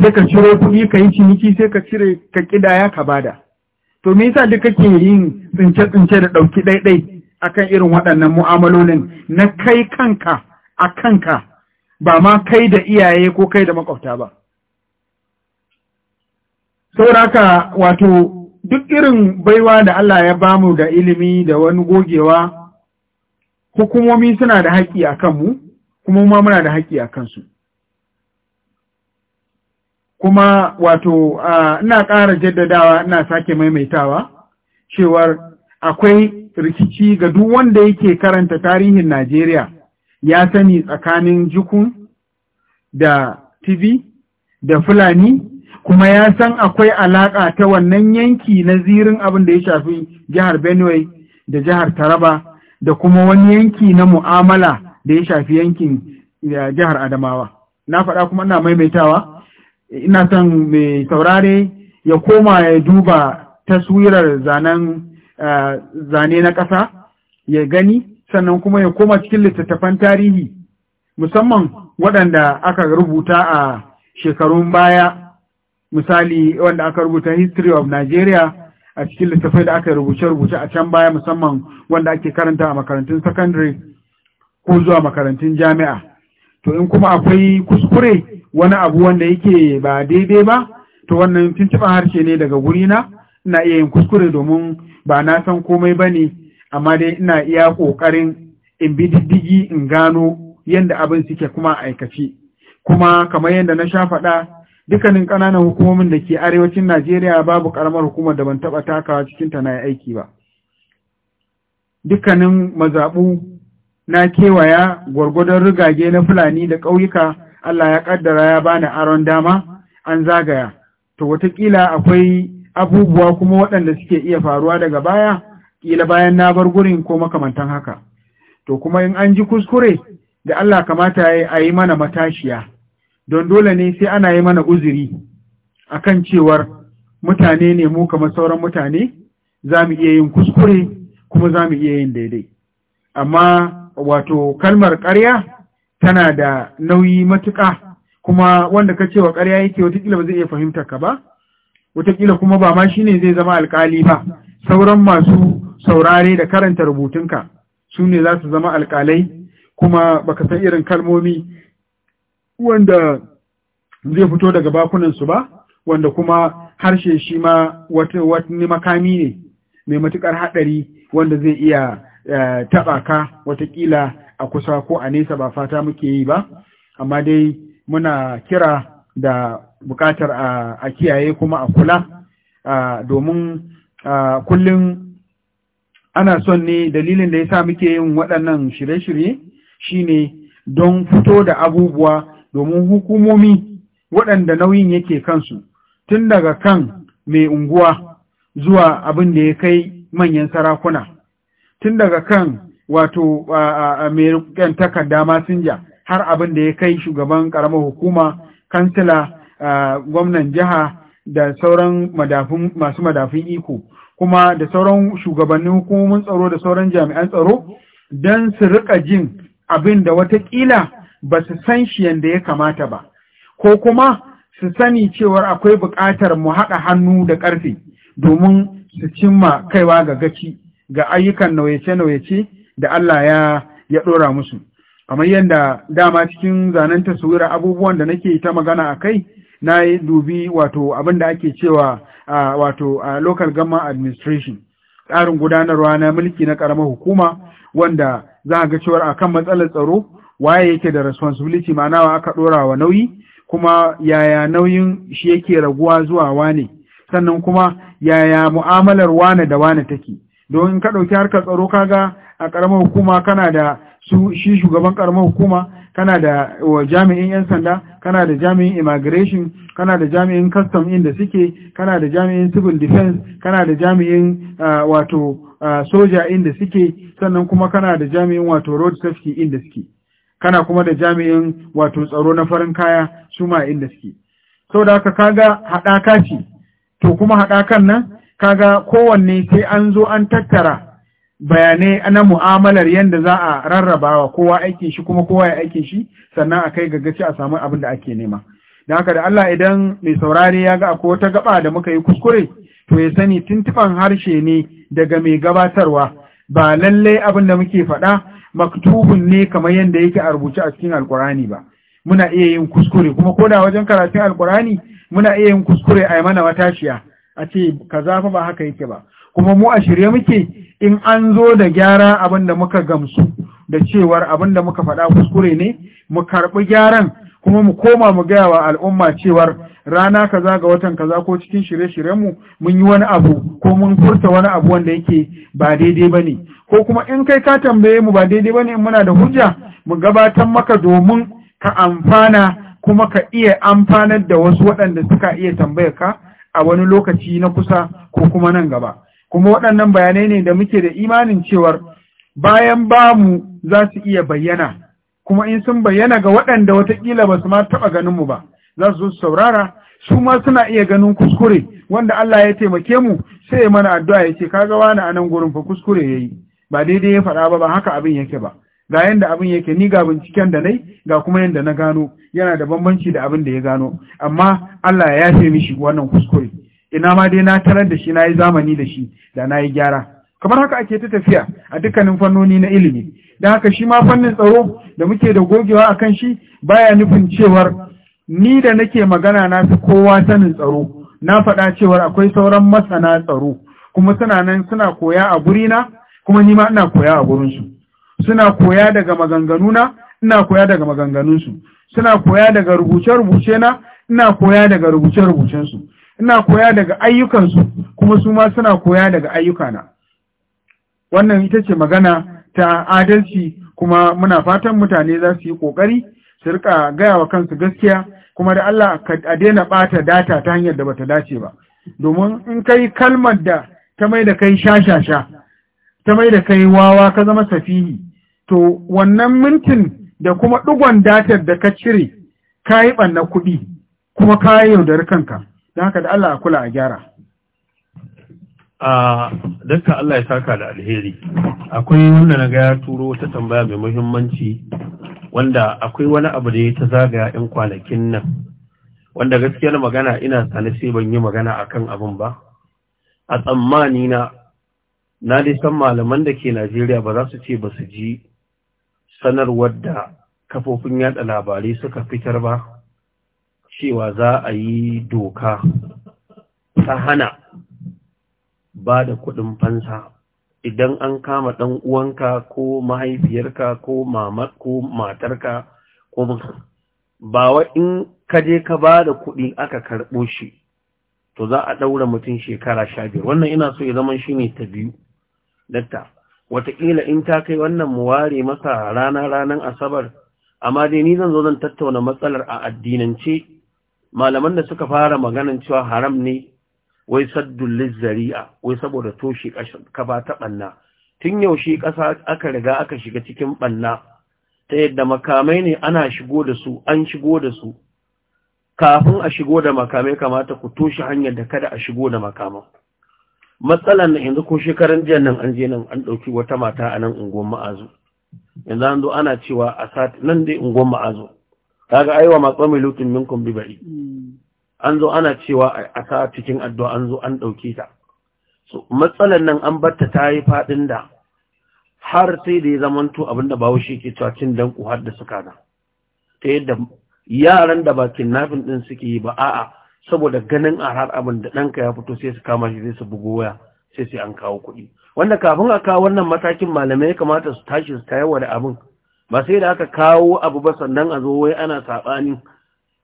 sai ka ciro kuɗi ka yi ciniki sai ka cire ka kidaya ka bada to me yasa duk kake yin tsince-tsince da ɗauki ɗaiɗai akan irin waɗannan mu'amalolin na kai kanka a kanka ba ma kai da iyaye ko kai da makwabta ba saboda haka wato duk irin baiwa da Allah ya bamu da ilimi da wani gogewa hukumomi suna da haƙƙi a kanmu kuma ma muna da haƙƙi a kansu kuma wato ina ƙara jaddadawa ina sake maimaitawa cewar akwai rikici ga duk wanda yake karanta tarihin Najeriya ya sani tsakanin jukun da TV da Fulani kuma ya san akwai alaƙa ta wannan yanki na zirin abin da ya shafi jihar Benue da jihar Taraba da kuma wani yanki na mu'amala da ya shafi yankin jihar Adamawa. Na faɗa kuma ina maimaitawa, ina son mai saurare ya koma ya duba taswirar zanen eh, zane na ƙasa ya gani sannan kuma ya koma cikin littattafan tarihi musamman waɗanda aka rubuta a shekarun baya misali wanda aka rubuta history of Nigeria a cikin littafai da aka rubuce-rubuce a can baya musamman wanda ake karanta a makarantun secondary ko zuwa makarantun jami'a to in kuma akwai kuskure wani abu wanda yake ba daidai ba to wannan tuntuɓa harshe ne daga gurina ina iya yin kuskure domin ba na san komai ba ne amma dai ina iya ƙoƙarin in bi diddigi in gano yadda abin suke kuma aikace kuma kamar yadda na sha faɗa Dukanin ƙananan hukumomin da ke arewacin Najeriya babu ƙaramar hukumar da ban taɓa takawa cikin ta na aiki ba. Dukanin mazaɓu na kewaya gwargwadon rigage na Fulani da ƙauyuka Allah ya ƙaddara ya bani aron dama an zagaya. To wataƙila akwai abubuwa kuma waɗanda suke iya faruwa daga baya, ƙila bayan na bar gurin ko makamantan haka. To kuma in an ji kuskure da Allah kamata ya yi mana matashiya. don dole ne sai ana yi mana uzuri akan cewar mutane ne mu kamar sauran mutane za mu iya yin kuskure kuma za mu iya yin daidai amma wato kalmar ƙarya tana da nauyi matuƙa kuma wanda ka cewa ƙarya yake watakila ba zai iya fahimtar ka ba Wataƙila kuma ba ma shi ne zai zama alƙali ba sauran masu saurare da karanta rubutunka su ne za su zama alƙalai kuma baka san irin kalmomi wanda zai fito daga su ba wanda kuma harshe shi ma wani makami ne mai matuƙar haɗari wanda zai iya eh, taɓa ka watakila a kusa ko a nesa ba fata muke yi ba amma dai muna kira da buƙatar a kiyaye kuma a kula domin kullum ana son ne dalilin da ya sa muke yin waɗannan shirye-shirye shine don fito da abubuwa domin hukumomi waɗanda nauyin yake kansu tun daga kan mai unguwa zuwa abin da ya kai manyan sarakuna tun daga kan wato mai rikin takarda masinja har abin da ya kai shugaban ƙaramar hukuma kansila gwamnan jiha da sauran masu madafin iko kuma da sauran shugabannin hukumomin tsaro da sauran jami'an tsaro don su riƙa jin abin da watakila ba su san shi yadda ya kamata ba, ko kuma su sani cewar akwai buƙatar mu haɗa hannu da ƙarfe domin su cimma kaiwa ga gaci ga ayyukan nauyace-nauyace da Allah ya ya ɗora musu. Kamar yadda dama cikin zanen taswira abubuwan da nake ta magana a kai, na yi dubi wato abin da ake cewa a wato a local government administration, tsarin gudanarwa na mulki na ƙaramar hukuma wanda za a ga cewar kan matsalar tsaro waye yake da responsibility ma'ana wa aka ɗora wa nauyi kuma yaya nauyin shi yake raguwa zuwa wane sannan kuma yaya mu'amalar wane da wane take don ka ɗauki harkar tsaro kaga a ƙaramar hukuma kana da su shi shugaban ƙaramar hukuma kana da jami'in 'yan sanda kana da jami'in immigration kana da jami'in custom inda suke kana da jami'in civil defense kana da jami'in wato soja inda suke sannan kuma kana da jami'in wato road safety inda suke kana kuma da jami'in wato tsaro na farin kaya su ma inda suke Sau da haka kaga haɗaka ce to kuma haɗakan nan ka ga kowanne sai an zo an tattara bayanai na mu'amalar yadda za a rarrabawa kowa aikin shi kuma kowa ya aikin shi sannan a kai gaggaci a samu abin da ake nema da haka da Allah idan mai saurari ya ga akwai wata gaba da muka yi kuskure to ya sani tuntuɓan harshe ne daga mai gabatarwa ba lallai abin da muke faɗa maktubun ne kamar yadda yake a rubuce a cikin alkurani ba muna iya yin kuskure kuma koda wajen karatun alkurani muna iya yin kuskure a mana matashiya a ce ka fa ba haka yake ba kuma mu a shirye muke in an zo da gyara abin da muka gamsu da cewar abin da muka faɗa kuskure ne mu karɓi gyaran kuma mu koma mu gaya wa al'umma cewar rana kaza ga watan kaza ko cikin shirye-shiryenmu mun yi wani abu ko mun furta wani abu wanda yake ba daidai ba ne ko kuma in kai ka tambaye mu ba daidai ba ne muna da hujja mu gabatar maka domin ka amfana kuma ka iya amfanar da wasu waɗanda suka iya tambayar ka a wani lokaci na kusa ko kuma nan gaba kuma waɗannan bayanai ne da muke da imanin cewar bayan ba mu za su iya bayyana kuma in sun bayyana ga waɗanda watakila ba su ma taɓa ganinmu ba za saurara su ma suna iya ganin kuskure wanda Allah ya taimake mu sai mana addu'a ya ce kaga wani anan gurin fa kuskure yayi ba daidai ya faɗa ba ba haka abin yake ba ga yanda abin yake ni ga binciken da nai ga kuma yanda na gano yana da bambanci da abin da ya gano amma Allah ya yafe mishi wannan kuskure ina ma dai na tarar da shi na yi zamani da shi da nayi gyara kamar haka ake ta tafiya a dukkanin fannoni na ilimi da haka shi ma fannin tsaro da muke da gogewa akan shi baya nufin cewar ni da nake magana na fi kowa sanin tsaro na faɗa cewar akwai sauran masana tsaro kuma suna nan suna koya a gurina kuma ni ma ina koya a gurinsu suna koya daga maganganuna ina koya daga maganganunsu suna koya daga rubuce-rubuce na ina koya daga rubuce-rubucensu ina koya daga ayyukansu kuma su ma suna koya daga ayyukana wannan ita ce magana ta adalci kuma muna fatan mutane za su yi ƙoƙari su rika gaya wa kansu gaskiya kuma da Allah a daina ɓata data ta hanyar da bata dace ba domin in kai kalmar da ta mai da kai sha ta mai da kai wawa ka zama safihi to wannan mintin da kuma ɗigon datar da ka cire ka yi ɓanna kuɗi kuma ka yaudari kanka don haka da Allah a kula a gyara a dukkan Allah ya saka da alheri akwai wanda na ga turo ta tambaya mai muhimmanci wanda akwai wani abu da ya ta zagaya yan kwanakin nan wanda gaskiyar magana ina sani sai ban yi magana akan abin ba a tsammani na na dai san malaman da ke Najeriya ba za su ce ba su ji sanarwar da kafofin yada labarai suka fitar ba cewa za a yi doka ta hana ba da kuɗin fansa idan an kama ɗan uwanka ko mahaifiyarka ko mamat ko matarka ko ba wa in ka je ka ba da kuɗi aka karɓo shi to za a ɗaura mutum shekara sha biyar wannan ina so ya zama shi ne ta biyu datta wataƙila in ta kai wannan mu ware masa rana ranar asabar amma dai ni zan zo zan tattauna matsalar a addinance malaman da suka fara maganan cewa haram ne wai saddun lizzari'a wai saboda toshe kaba ta ɓanna tun yaushe ƙasa aka riga aka shiga cikin ɓanna ta yadda makamai ne ana shigo da su an shigo da su kafin a shigo da makamai kamata ku toshe hanyar da kada a shigo da makaman matsalan na yanzu ko shekaran jiya nan an je nan an ɗauki wata mata a nan unguwar ma'azu yanzu an zo ana cewa a sati nan dai unguwar ma'azu kaga aiwa matsa mai lutin minkum bi an zo ana cewa a sa cikin addu'a an zo an ɗauke ta so matsalan nan an batta ta yi faɗin da har sai da ya zamanto abinda ba wushe ke cewa cin danku har da suka da ta yadda yaran da ba kinnafin ɗin suke yi ba a'a saboda ganin a har abin da ɗanka ya fito sai su kama shi zai su bugo waya sai sai an kawo kuɗi wanda kafin a kawo wannan matakin malamai ya kamata su tashi su tayarwa da abin ba sai da aka kawo abu ba sannan a zo wai ana saɓani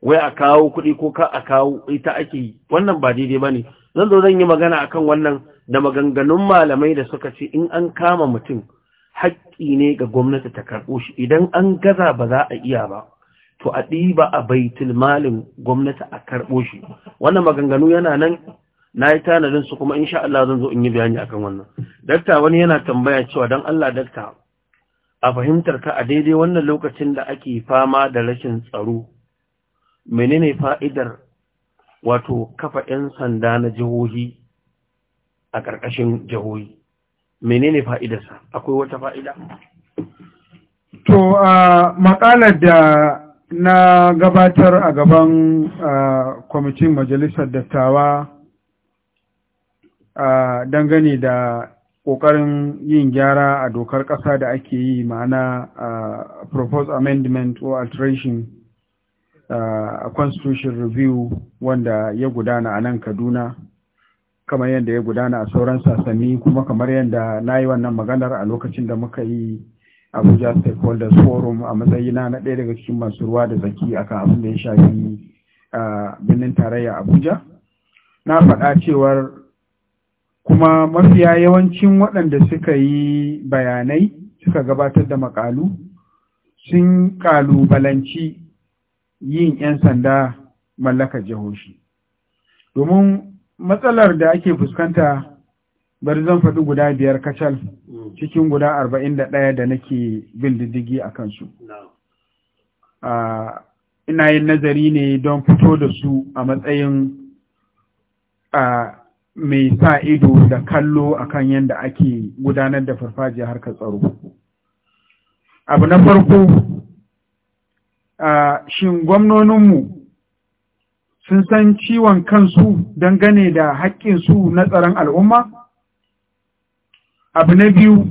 wai a kawo kuɗi ko ka a kawo ita ake yi wannan ba daidai ba ne zan zo zan yi magana akan wannan da maganganun malamai da suka ce in an kama mutum haƙƙi ne ga gwamnati ta karɓo shi idan an gaza ba za a iya ba to a ɗiba a baitul malin gwamnati a karɓo shi wannan maganganu yana nan na yi tanadin su kuma insha Allah zan zo in yi bayani akan wannan dakta wani yana tambaya cewa dan Allah dakta a fahimtar ka a daidai wannan lokacin da ake fama da rashin tsaro menene fa'idar wato kafa 'yan sanda na jihohi a ƙarƙashin jihohi menene fa'idarsa akwai wata fa'ida to a makalar da na gabatar a gaban kwamitin majalisar dattawa dangane da ƙoƙarin yin gyara a dokar ƙasa da ake yi ma'ana proposed amendment or alteration a constitution review wanda ya gudana a nan kaduna kamar yadda ya gudana a sauran sasani kuma kamar yadda na yi wannan maganar a lokacin da muka yi abuja stakeholders forum a matsayina na ɗaya daga cikin masu ruwa da zaki kan abin da ya shafi a birnin tarayya abuja na faɗa cewar kuma mafiya yawancin waɗanda suka yi bayanai suka gabatar da makalu sun kalubalanci yin 'yan sanda mallakar jihohi domin matsalar da ake fuskanta bari zan faɗi guda biyar kacal mm. cikin guda arba'in da ɗaya da nake bin diddigi a kansu ina yin nazari ne don fito da su a matsayin mai sa ido da kallo akan yadda ake gudanar da farfajiyar harkar tsaro abu na farko shin gwamnoninmu sun san ciwon kansu dangane da haƙƙinsu na tsaron al'umma? Abu na biyu,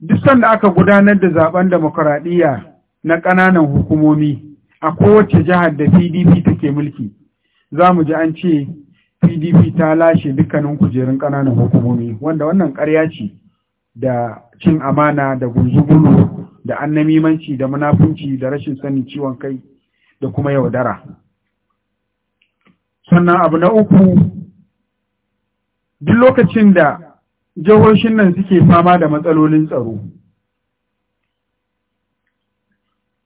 duk sanda aka gudanar da zaben demokuraɗiyya na ƙananan hukumomi a kowace jihar da PDP take mulki, za mu ji an ce PDP ta lashe dukkanin kujerun ƙananan hukumomi, wanda wannan ƙarya ce da cin amana da gunzugulu da annamimanci da munafunci da rashin sanin ciwon kai da kuma yaudara sannan abu na uku duk lokacin da jihohin nan suke fama da matsalolin tsaro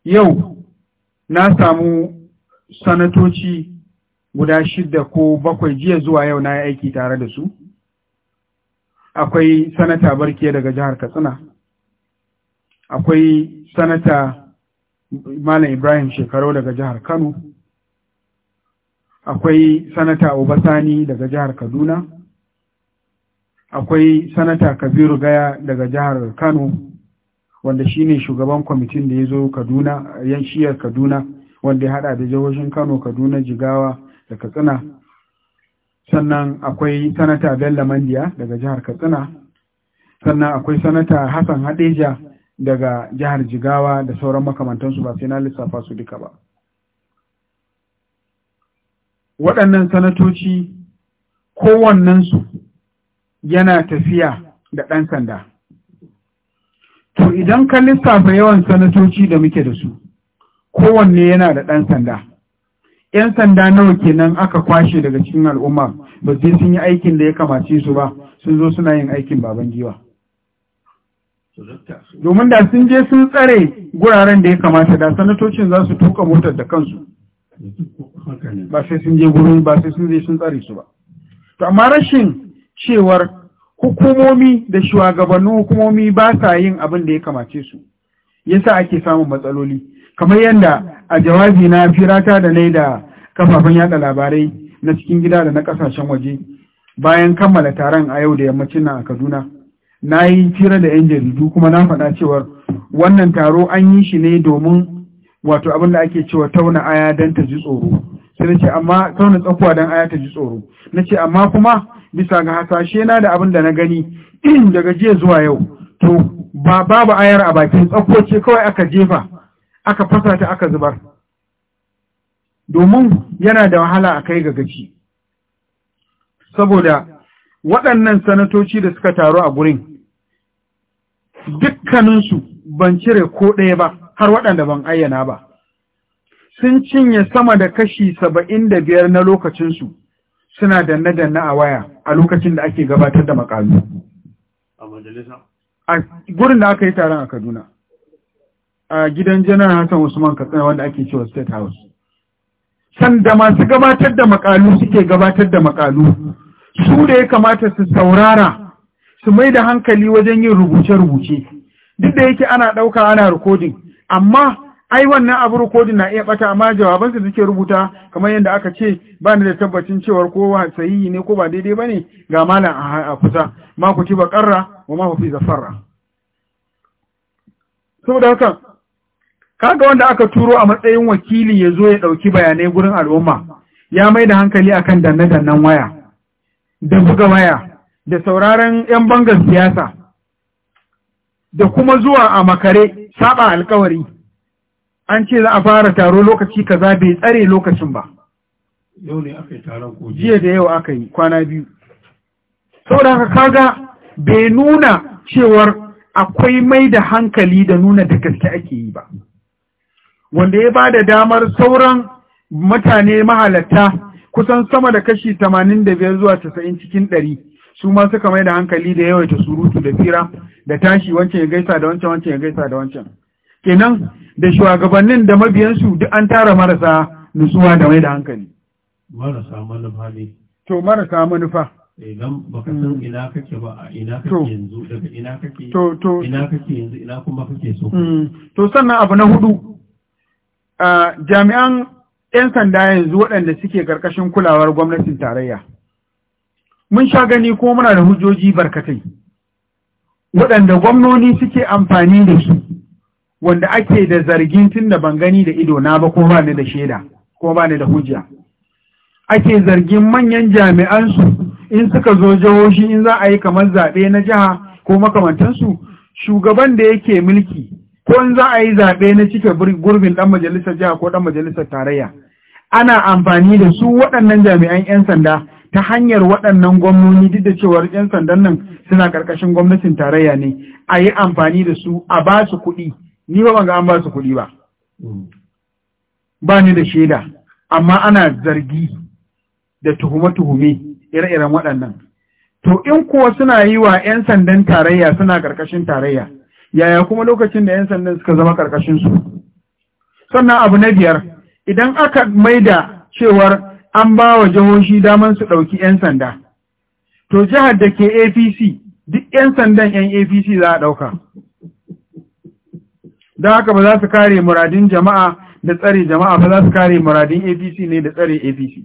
yau na samu sanatoci guda shida ko bakwai jiya zuwa yau na aiki tare da su akwai sanata barke daga jihar katsina akwai sanata Malam Ibrahim Shekaru daga jihar Kano, akwai sanata Obasani daga jihar Kaduna, akwai sanata Kabiru Gaya daga jihar Kano, wanda shi ne shugaban kwamitin da ya zo Kaduna, yan shiyar Kaduna, wanda ya haɗa da jihohin Kano, Kaduna, Jigawa da Katsina. Sannan akwai sanata Bello Mandiya daga jihar Katsina, sannan akwai sanata Hassan Hadeja daga jihar jigawa da sauran makamantansu ba sai na lissafa su duka ba waɗannan sanatoci kowannensu yana tafiya da ɗan sanda to idan ka lissafa yawan sanatoci da muke da su kowanne yana da ɗan sanda 'yan sanda nawa kenan aka kwashe daga cikin al'umma ba sai sun yi aikin da ya kamace su ba sun zo suna yin aikin baban giwa domin da sun je sun tsare guraren da ya kamata da sanatocin za su tuka motar da kansu ba sai sun je gurin ba sai sun je sun tsare su ba to amma rashin cewar hukumomi da shugabannin hukumomi ba sa yin abin da ya kamace su yasa ake samun matsaloli kamar yadda a jawabi na firata da nai da kafafen yada labarai na cikin gida da na kasashen waje bayan kammala taron a yau da yammacin nan a Kaduna na yi kira da 'yan jaridu kuma na faɗa cewar wannan taro an yi shi ne domin wato abin da ake cewa tauna aya don ta ji tsoro sai na ce amma tauna tsakuwa don aya ta ji tsoro na ce amma kuma bisa ga hasashe na da abin da na gani daga jiya zuwa yau to ba babu ayar a bakin tsakuwa ce kawai aka jefa aka fasa ta aka zubar domin yana da wahala a kai ga gaci saboda waɗannan sanatoci da suka taru a gurin dukkaninsu ban cire ko ɗaya ba har waɗanda ban ayyana ba sun cinye sama da kashi saba'in da biyar na lokacinsu suna danne-danne a waya a lokacin da ake gabatar da makalu a gurin da aka yi taron a kaduna a gidan janar hassan usman katsina wanda ake cewa state house sanda masu gabatar da makalu suke gabatar da makalu su da ya kamata su saurara su mai da hankali wajen yin rubuce-rubuce duk da yake ana ɗauka ana rikodin amma ai wannan abu rikodin na iya ɓata amma jawabansu suke rubuta kamar yadda aka ce ba ni da tabbacin cewar ko sahihi ne ko ba daidai ba ne ga malam a kusa ma ku ci baƙarra, wa ma ku fi zafarra saboda haka kaga wanda aka turo a matsayin wakili ya zo ya ɗauki bayanai gurin al'umma ya mai da hankali akan danne-dannen waya da buga waya da sauraron 'yan bangar siyasa da kuma zuwa a makare saba alkawari an ce za a fara taro lokaci kaza bai tsare lokacin ba yau ne aka yi taron jiya da yau aka yi kwana biyu saboda haka kaga bai nuna cewar akwai mai da hankali da nuna da gaske ake yi ba wanda ya ba da damar sauran mutane mahalatta kusan sama da kashi biyar zuwa 90 cikin ɗari. su ma suka mai da hankali da yawaita surutu da fira da tashi wancan ya gaisa da wancan wancan ya gaisa da wancan kenan da shugabannin da mabiyansu duk an tara marasa nutsuwa da mai da hankali marasa manufa ne to marasa manufa idan ka san mm. ina kake ba a ina kake yanzu daga ina kake to to ina kake yanzu ina kuma kake so mm. to sannan abu na hudu jami'an 'yan sanda yanzu waɗanda suke ƙarƙashin kulawar gwamnatin tarayya mun sha gani ko muna da hujjoji barkatai waɗanda gwamnoni suke amfani da su wanda ake da zargin tun da ban gani da ido na ba ko ba ni da shaida ko ba ni da hujja ake zargin manyan jami'ansu in suka zo jihohi in za a yi kamar zaɓe na jiha ko makamantansu shugaban da yake mulki ko in za a yi zaɓe na cike gurbin ɗan majalisar jiha ko ɗan majalisar tarayya ana amfani da su waɗannan jami'an 'yan sanda ta hanyar waɗannan gwamnoni duk da cewar 'yan sandan nan suna ƙarƙashin gwamnatin tarayya ne a yi amfani da su a ba su kuɗi ni ba ban ga an ba su kuɗi ba ba ni da shaida amma ana zargi da tuhume-tuhume ire-iren waɗannan to in kuwa suna yi wa 'yan sandan tarayya suna ƙarƙashin tarayya yaya kuma lokacin da 'yan sandan suka zama ƙarƙashin su sannan abu na biyar idan aka maida cewar an ba wa jihohi daman su ɗauki 'yan sanda. To jihar da ke APC, duk 'yan sandan 'yan APC za a ɗauka. Don haka ba za su kare muradin jama'a da tsare jama'a ba za su kare muradin APC ne da tsare APC.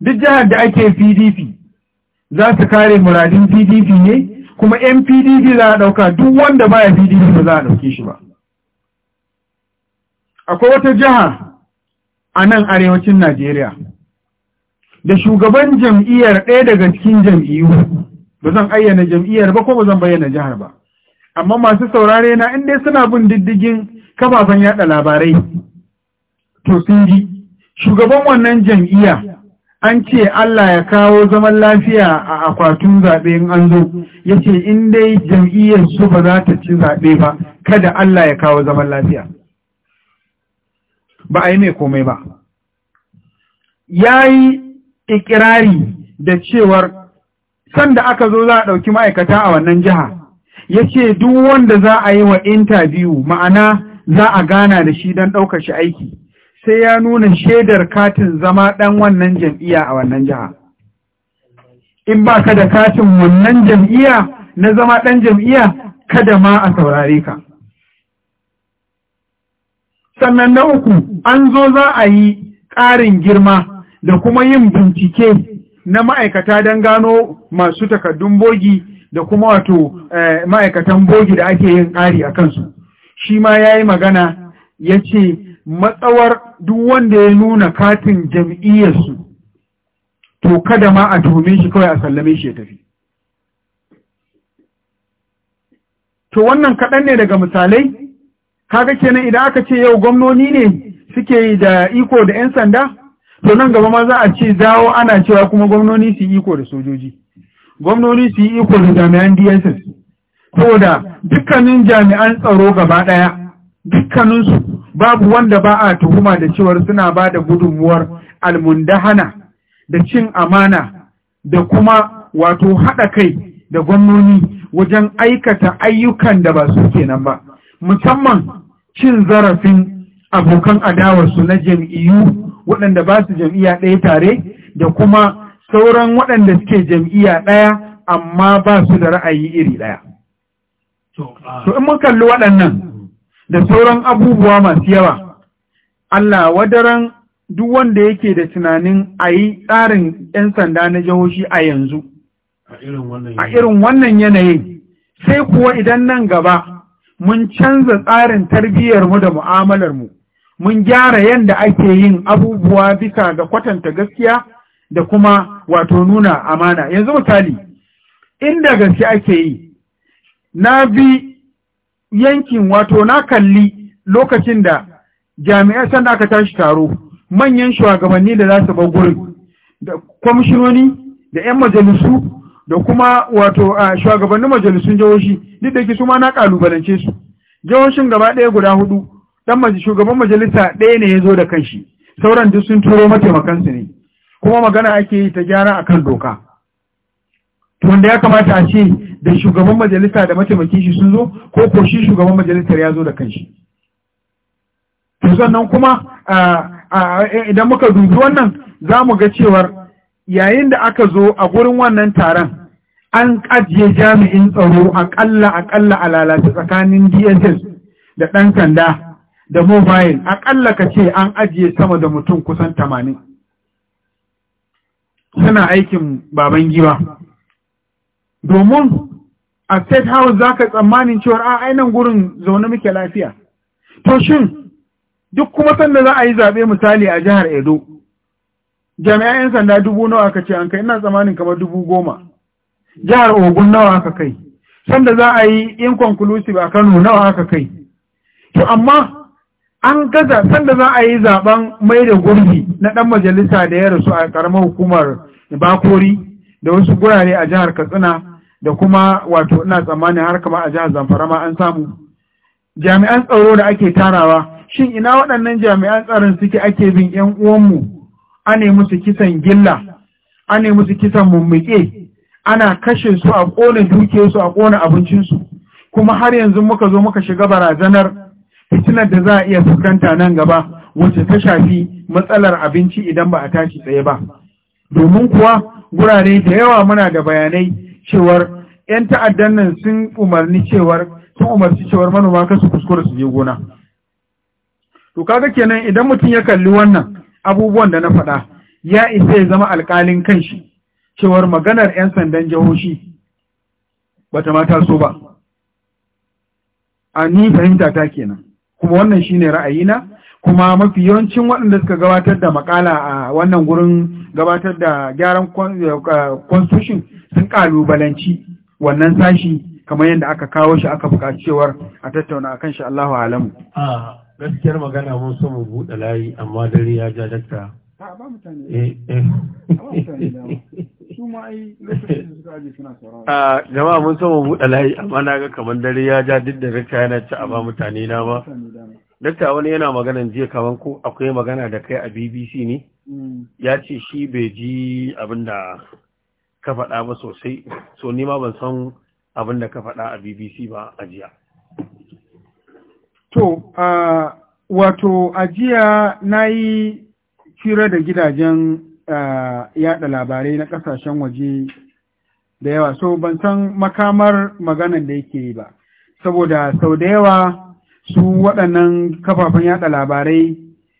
Duk jihar da ake PDP za su kare muradin PDP ne, kuma 'yan PDP za a ɗauka duk wanda baya PDP ba za a ɗauke shi ba. Akwai wata jihar. a nan arewacin Najeriya. Da shugaban jam'iyyar ɗaya daga cikin jam'iyyu, ba zan ayyana jam'iyyar ba ko ba zan bayyana jihar ba. Amma masu saurare na inda suna bin diddigin kafafen yaɗa labarai. To sun ji, shugaban wannan jam'iyya an ce Allah ya kawo zaman lafiya a akwatin zaɓe in an zo, ya ce in dai jam'iyyar su ba za ta ci zaɓe ba, kada Allah ya kawo zaman lafiya. ba a yi mai komai ba ya yi ikirari da cewar sanda aka zo za a ɗauki ma'aikata a wannan jiha ya ce duk wanda za a yi wa intabiyu ma'ana za a gana da shi don ɗaukar shi aiki sai ya nuna shaidar katin zama ɗan wannan jam'iyya a wannan jiha in ba ka da katin wannan jam'iya na zama ɗan jam'iyya kada ma a saurare ka sannan na uku an zo za a yi ƙarin girma da kuma yin bincike na ma'aikata don gano masu takardun bogi da kuma wato eh, ma'aikatan bogi da ake yin ƙari a kansu shi ma ya yi magana ya ce matsawar duk wanda ya nuna katin jam'iyyarsu to kada ma a tuhume shi kawai a sallame shi ya tafi to wannan kaɗan ne daga misalai kaga kenan idan aka ce yau gwamnoni ne suke da iko da 'yan sanda to nan gaba ma za a ce zawo ana cewa kuma gwamnoni su yi iko da sojoji gwamnoni su yi iko da jami'an dss da dukkanin jami'an tsaro gaba ɗaya dukkaninsu babu wanda ba a tuhuma da cewar suna ba da gudunmuwar almundahana da cin amana da kuma wato haɗa kai da gwamnoni wajen aikata ayyukan da ba su kenan ba musamman cin zarafin abokan adawarsu na jam'iyyu waɗanda ba su jam'iyya ɗaya tare da kuma sauran waɗanda suke jam'iyya ɗaya amma ba su da ra'ayi iri ɗaya. To, in mun kalli waɗannan da sauran abubuwa masu yawa, Allah wadaran duk wanda yake da tunanin a yi tsarin ‘yan sanda na jihohi a yanzu, a irin wannan yanayin, sai kuwa idan nan gaba mun canza tsarin tarbiyyarmu da mu'amalarmu, mun gyara yadda ake yin abubuwa bisa ga kwatanta gaskiya da kuma wato nuna amana. Yanzu misali, inda gaske ake yi, na bi yankin wato na kalli lokacin da jami'ai sanda aka tashi taro, manyan shugabanni da za su bar gurin, da kwamishinoni, da 'yan majalisu, da kuma wato a shugabannin majalisun jihohi duk da ke su ma na kalubalance su jihohin gaba ɗaya guda hudu dan shugaban majalisa ɗaya ne ya zo da kanshi sauran duk sun turo mataimakansu ne kuma magana ake yi ta gyara akan doka to wanda ya kamata a ce da shugaban majalisa da mataimakin shi sun zo ko ko shi shugaban majalisar ya zo da kanshi to sannan kuma idan muka dubi wannan za mu ga cewar yayin da aka zo a gurin wannan taron an ajiye jami'in tsaro akalla akalla a lalata tsakanin DSS da ɗan sanda da mobile aƙalla ka ce an ajiye sama da mutum kusan tamanin suna aikin baban giwa domin a state house za ka tsammanin cewar a ah, ainihin gurin zaune muke lafiya to shin duk kuma sanda za a yi zaɓe misali a jihar edo jami'an 'yan sanda dubu nawa aka ce an kai ina tsamanin kamar dubu goma jihar ogun nawa aka kai sanda za a yi conclusive a kano nawa aka kai to amma an gaza sanda za a yi zaben mai da gurbi na ɗan majalisa da ya rasu a karamar hukumar bakori da wasu gurare a jihar katsina da kuma wato ina tsammanin har kama a jihar zamfara ma an samu jami'an tsaro da ake tarawa shin ina waɗannan jami'an tsaron suke ake bin 'yan uwanmu ane musu kisan gilla ane musu kisan mummuke ana kashe su a ƙone su a ƙone abincinsu kuma har yanzu muka zo muka shiga barazanar fitinar da za a iya fuskanta nan gaba wacce ta shafi matsalar abinci idan ba a tashi tsaye ba domin kuwa gurare da yawa muna da bayanai cewar 'yan ta'addan nan sun umarni cewar sun umarci cewar manoma kasu kuskure su je gona to kaga kenan idan mutum ya kalli wannan abubuwan da na faɗa ya isa ya zama alƙalin kanshi cewar maganar 'yan sandan jihohi bata mata so ba a ni fahimta ta kenan kuma wannan shine ra'ayina kuma mafi yawancin waɗanda suka gabatar da makala a wannan gurin gabatar da gyaran eh, constitution sun kalubalanci wannan sashi kamar yadda aka kawo shi aka buƙaci cewar a tattauna akan shi Allahu alamu ah, gaskiyar magana mun so mu buɗe layi amma dare ya ja dakta a ba mutane eh, eh. su ma lokacin da suka aje suna a jama'a mun so mu buɗe layi amma na ga kamar dare ya ja duk da yana ci a ba mutane na ba dakta wani yana maganan jiya kamar ko akwai magana da kai a BBC ne mm. ya ce shi bai ji abin da ka faɗa ba sosai so ni ma ban san abin da ka faɗa a BBC ba a jiya To, uh, wato ajiya na yi fira da gidajen uh, yada labarai na kasashen waje da yawa, so ban san makamar maganan da yake yi ba, saboda sau da yawa su waɗannan kafafen yada labarai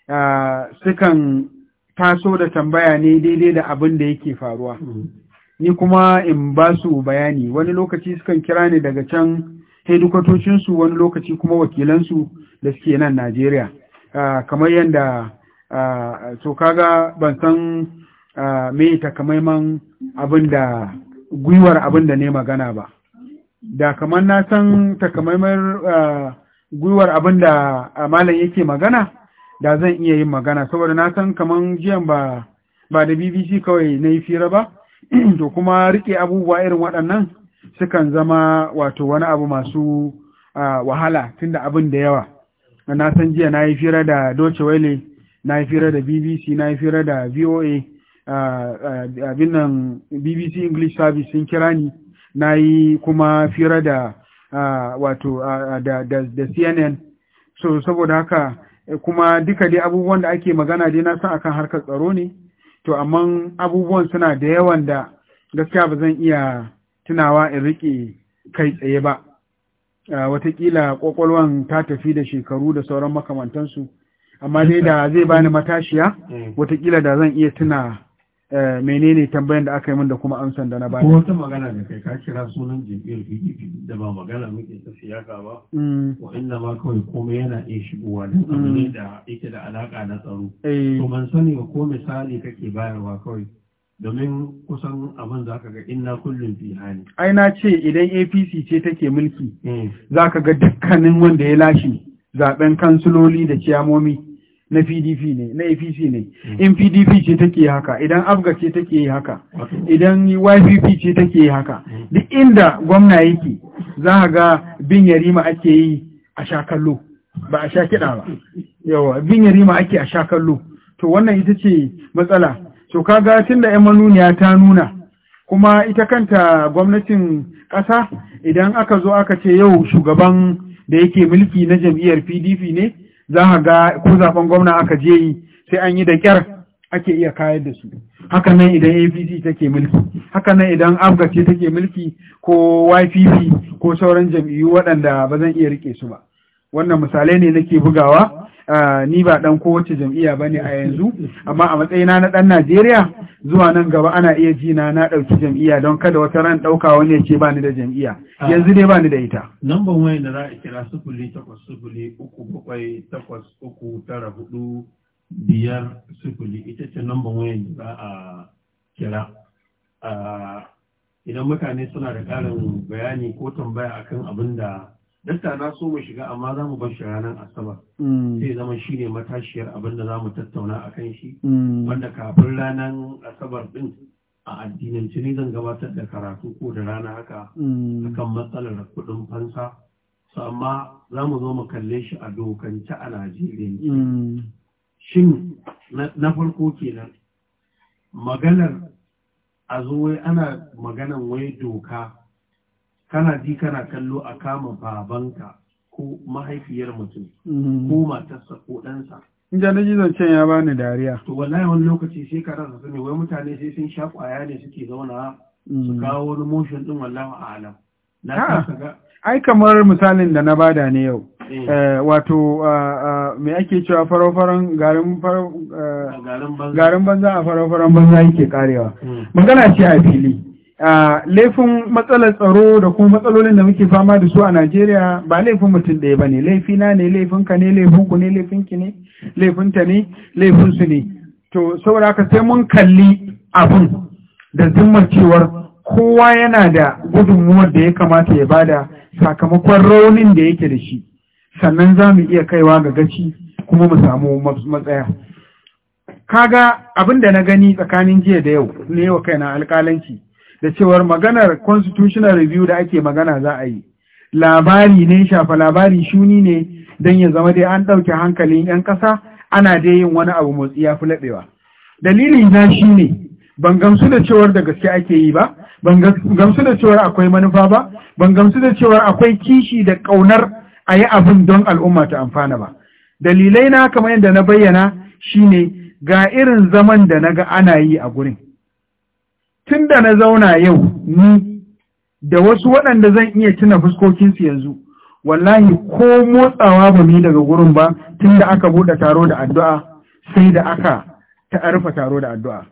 uh, sukan taso da tambaya ne daidai da abin da yake faruwa. Mm -hmm. Ni kuma in ba su bayani, wani lokaci sukan kira ni daga can. sai cinsu wani lokaci kuma wakilansu da suke nan Najeriya. Ah, kamar yadda, ah, to kaga ban san ah, mai takamaiman abin da gwiwar abin da ne magana ba. Da kamar na san takamaiman gwiwar abin da malam yake magana, da zan iya yin magana, saboda na san kamar jiyan ba da BBC kawai na yi fira ba, to kuma rike abubuwa irin waɗannan. sukan zama wato wani abu masu wahala tunda abin da yawa na san jiya na yi fira da doce wele na yi fira da bbc na yi fira da voa abin nan bbc english service sun kira ni na yi kuma fira da wato da cnn so saboda haka kuma duka dai abubuwan da ake magana dai na san akan harkar tsaro ne to amma abubuwan suna da yawan da gaskiya ba zan iya tunawa in riƙe kai tsaye ba watakila ƙwaƙwalwan ta tafi da shekaru da sauran makamantansu amma dai da zai bani matashiya mm. watakila da zan iya tuna e, menene tambayan da aka yi min da kuma amsan da na bani. Ko wata magana da kai ka kira sunan jam'iyyar PDP da ba magana muke ta siyaka ba. Mm. Wa inda ma kawai komai yana iya shigowa da abu ne mm. da yake da alaƙa na tsaro. Eh. To ban sani ba ko misali kake bayarwa kawai. domin kusan abin za ka ga ina kullum fi hali. Ai na ce idan APC ce take mulki hmm. za ka ga dukkanin wanda ya lashe zaben kansuloli da ciyamomi na PDP ne, na APC ne. Hmm. In PDP ce take haka, idan Afga ce take yi haka, idan YPP ce take yi haka, hmm. duk inda gwamna yake za ka ga bin yarima ake yi a sha kallo, ba a sha kiɗa ba. Yawa, bin yarima ake a sha kallo. To wannan ita ce matsala. so kaga tunda yan manuniya ta nuna kuma ita kanta gwamnatin ƙasa idan aka zo aka ce yau shugaban da yake mulki na jam'iyyar PDP ne za ka ga ko zaben gwamna aka je yi sai an yi da kyar ake iya kayar da su haka nan idan APC take mulki haka nan idan Abga ce take mulki ko YPP ko sauran jam'iyyu waɗanda ba zan iya rike su ba wannan misalai ne nake bugawa ni ba ɗan kowace jam'iyya bane a yanzu amma a matsayina na ɗan Najeriya zuwa nan gaba ana iya jina na ɗauki jam'iyya don kada wata ran dauka wani ya ce ba ni da jam'iyya yanzu dai bani da ita lambar waya da za a kira sifili takwas uku bakwai takwas uku tara hudu biyar ita ce lambar da za a kira idan mutane suna da ƙarin bayani ko tambaya akan abin da dakta na so mu shiga amma za mu bar shi ranar asabar mm. zai zama shi ne matashiyar abin da za mu tattauna a kan shi mm. wanda kafin ranar asabar din a addinance ne zan gabatar da karatu ko da rana haka mm. a kan matsalar kudin fansa su amma za mu zo mu kalle shi a dokance a najeriya shin na farko kenan maganar a zo wai ana maganan wai doka kana ji kana kallo a kama babanka ko mahaifiyar mutum mm-hmm. ko matarsa ko ɗansa in ja na zancen ya bani dariya to wallahi wani lokaci sai ka rasa sani wai mutane sai sun sha ƙwaya ne suke zauna su mm-hmm. kawo wani motion ɗin wallahi a alam na ka ga ai kamar misalin da na bada ne yau eh. Eh, wato me ake cewa farofaron eh, garin banza a farofaron banza yake karewa mm. magana ce a fili laifin matsalar tsaro da kuma matsalolin da muke fama da su a Najeriya ba laifin mutum ɗaya ba ne, laifina ne, laifinka ne, laifinku ne, Laifin ki ne, laifinta ne, laifinsu ne. To, saboda sai mun kalli abin da zimmar cewar kowa yana da gudunmuwar da ya kamata ya bada sakamakon raunin da yake da shi, sannan za mu iya kaiwa ga gaci kuma mu samu matsaya. Kaga abin da na gani tsakanin jiya da yau, ne wa kaina alƙalanci. da cewar maganar constitutional review da ake magana za a yi labari ne shafa labari shuni ne don ya zama dai an ɗauke hankalin 'yan ƙasa ana dai yin wani abu motsi ya fi laɓewa dalilin na shi ne ban gamsu da cewar da gaske ake yi ba ban gamsu da cewar akwai manufa ba ban gamsu da cewar akwai kishi da ƙaunar a yi abin don al'umma ta amfana ba dalilai na kamar yadda na bayyana shine ga irin zaman da na ga ana yi a gurin tun da na zauna yau ni da wasu waɗanda zan iya tuna fuskokinsu yanzu wallahi ko motsawa ba mu yi daga gurin ba tun da aka buɗe taro da addu'a sai da aka ta rufe taro da addu'a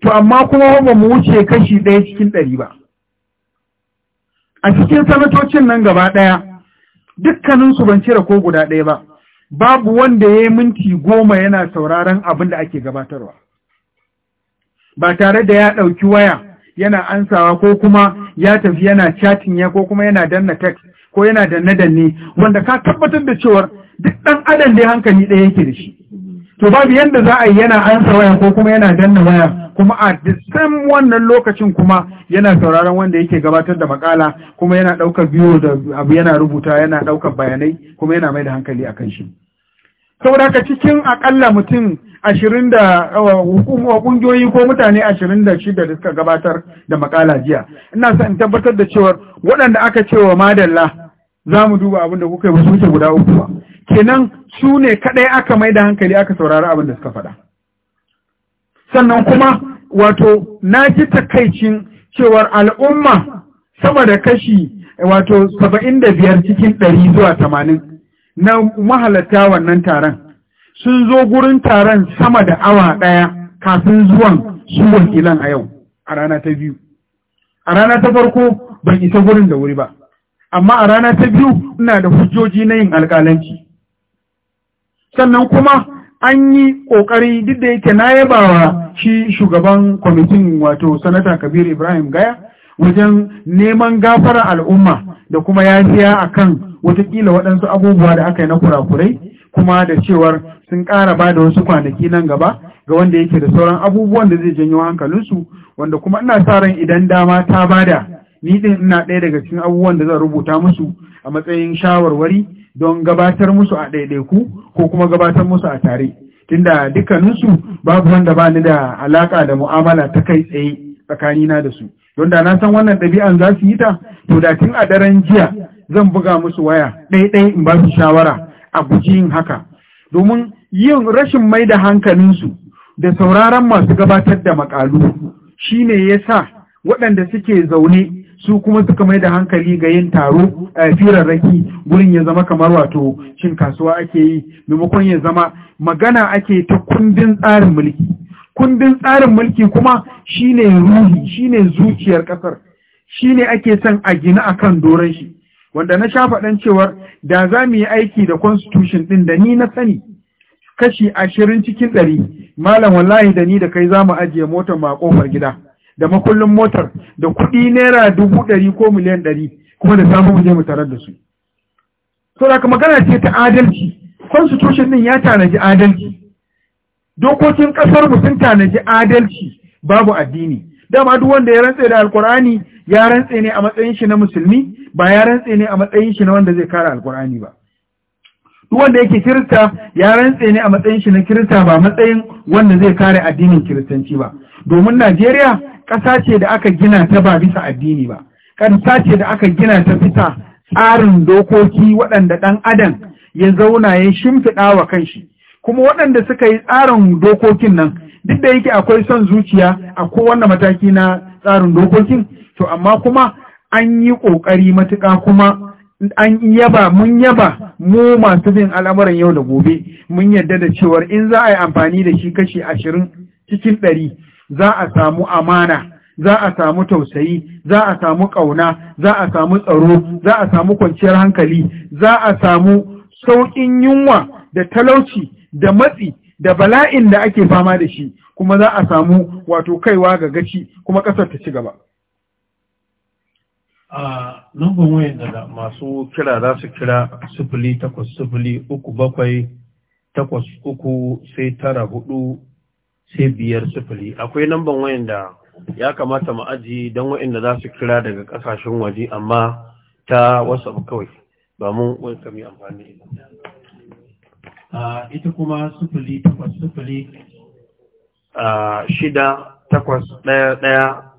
to amma kuma ba mu wuce kashi ɗaya cikin ɗari ba a cikin sanatocin nan gaba ɗaya dukkaninsu ban cire ko guda ɗaya ba babu wanda ya yi minti goma yana sauraron abin da ake gabatarwa ba tare da ya ɗauki waya yana ansawa ko kuma ya tafi yana chatin ya ko kuma yana danna text ko yana danna danne wanda ka tabbatar da cewar duk ɗan adam da hankali ɗaya yake da shi to babu yadda za a yi yana ansa waya ko kuma yana danna waya kuma a the wannan lokacin kuma yana sauraron wanda yake gabatar da makala kuma yana ɗaukar biyu da abu yana rubuta yana ɗaukar bayanai kuma yana mai da hankali a kan shi saboda haka cikin akalla mutum ashirin da kungiyoyi ko mutane ashirin da shida da suka gabatar da makala jiya ina sa in tabbatar da cewa waɗanda aka cewa madalla za mu duba abin da kuka yi ba wuce guda uku ba kenan su ne kaɗai aka mai da hankali aka saurari abin da suka faɗa sannan kuma wato na ji takaicin cewar al'umma sama da kashi wato saba'in da biyar cikin ɗari zuwa tamanin na mahalarta wannan taron sun zo gurin taron sama da awa ɗaya kafin zuwan su wakilan a yau a rana ta biyu a rana ta farko ban isa gurin da wuri ba amma a rana ta biyu ina da hujjoji na yin alƙalanci sannan kuma an yi ƙoƙari duk da yake na yabawa shi shugaban kwamitin wato sanata kabir ibrahim gaya wajen neman gafara al'umma da kuma yafiya a kan watakila waɗansu abubuwa da aka yi na kurakurai kuma da cewar sun ƙara ba da wasu kwanaki nan gaba ga wanda yake da sauran abubuwan da zai janyo hankalinsu wanda kuma ina sa ran idan dama ta bada ni din ina ɗaya daga cikin abubuwan da zan rubuta musu a matsayin shawarwari don gabatar musu a ɗaiɗaiku ko kuma gabatar musu a tare tunda dukkaninsu babu wanda ba ni da alaƙa da mu'amala ta kai tsaye tsakanina da su don da na san wannan ɗabi'an za su yi ta to da tun a daren jiya zan buga musu waya ɗaiɗai in ba su shawara a guji yin haka domin yin rashin mai da hankalinsu da sauraron masu gabatar da makalu shine ne ya sa waɗanda suke zaune su kuma suka mai da hankali ga yin taro a firarraki gurin ya zama kamar wato cin kasuwa ake yi maimakon ya zama magana ake ta kundin tsarin mulki kundin tsarin mulki kuma shine ruhi shine zuciyar ƙasar shine ake son a gina akan doron shi wanda na sha faɗan cewar da za mu yi aiki da constitution ɗin da ni na sani kashi ashirin cikin ɗari malam wallahi da ni da kai za mu ajiye motar ma ƙofar gida da makullin motar da kuɗi naira dubu ɗari ko miliyan ɗari kuma da samu mu je mu tarar da su. So da magana ce ta adalci, constitution ɗin ya tanaji adalci, dokokin ƙasar mu sun tanaji adalci babu addini. dama duk wanda ya rantse da alkur'ani ya rantse ne a matsayin shi na musulmi ba ya rantse ne a matsayin shi na wanda zai kare alkur'ani ba duk wanda yake kirista ya rantse ne a matsayin shi na kirista ba matsayin wanda zai kare addinin kiristanci ba domin Najeriya ƙasa ce da aka gina ta ba bisa addini ba ƙasa ce da aka gina ta bisa tsarin dokoki waɗanda ɗan adam ya zauna ya shimfiɗa wa kanshi kuma waɗanda suka yi tsarin dokokin nan duk da yake akwai son zuciya a kowane mataki na tsarin dokokin to amma kuma an yi ƙoƙari matuƙa kuma an yaba mun yaba mu masu bin al'amuran yau da gobe mun yadda da cewar in za a yi amfani da shi kashi ashirin cikin ɗari za a samu amana za a samu tausayi za a samu ƙauna za a samu tsaro za a samu kwanciyar hankali za a samu sauƙin yunwa da talauci da matsi da bala'in da ake fama da shi kuma za a samu wato kaiwa ga gashi kuma ƙasar ta ci gaba. A numban wayan da masu kira za su kira sifili takwas sifili uku bakwai takwas uku sai tara hudu sai biyar sifili. Akwai numban wayan da ya kamata mu aji don da za su kira daga ƙasashen waje amma ta wasu kawai ba mun wani kami amfani. da Ah, ita kuma sufuli takwas sufuli ah, shida takwas ɗaya ɗaya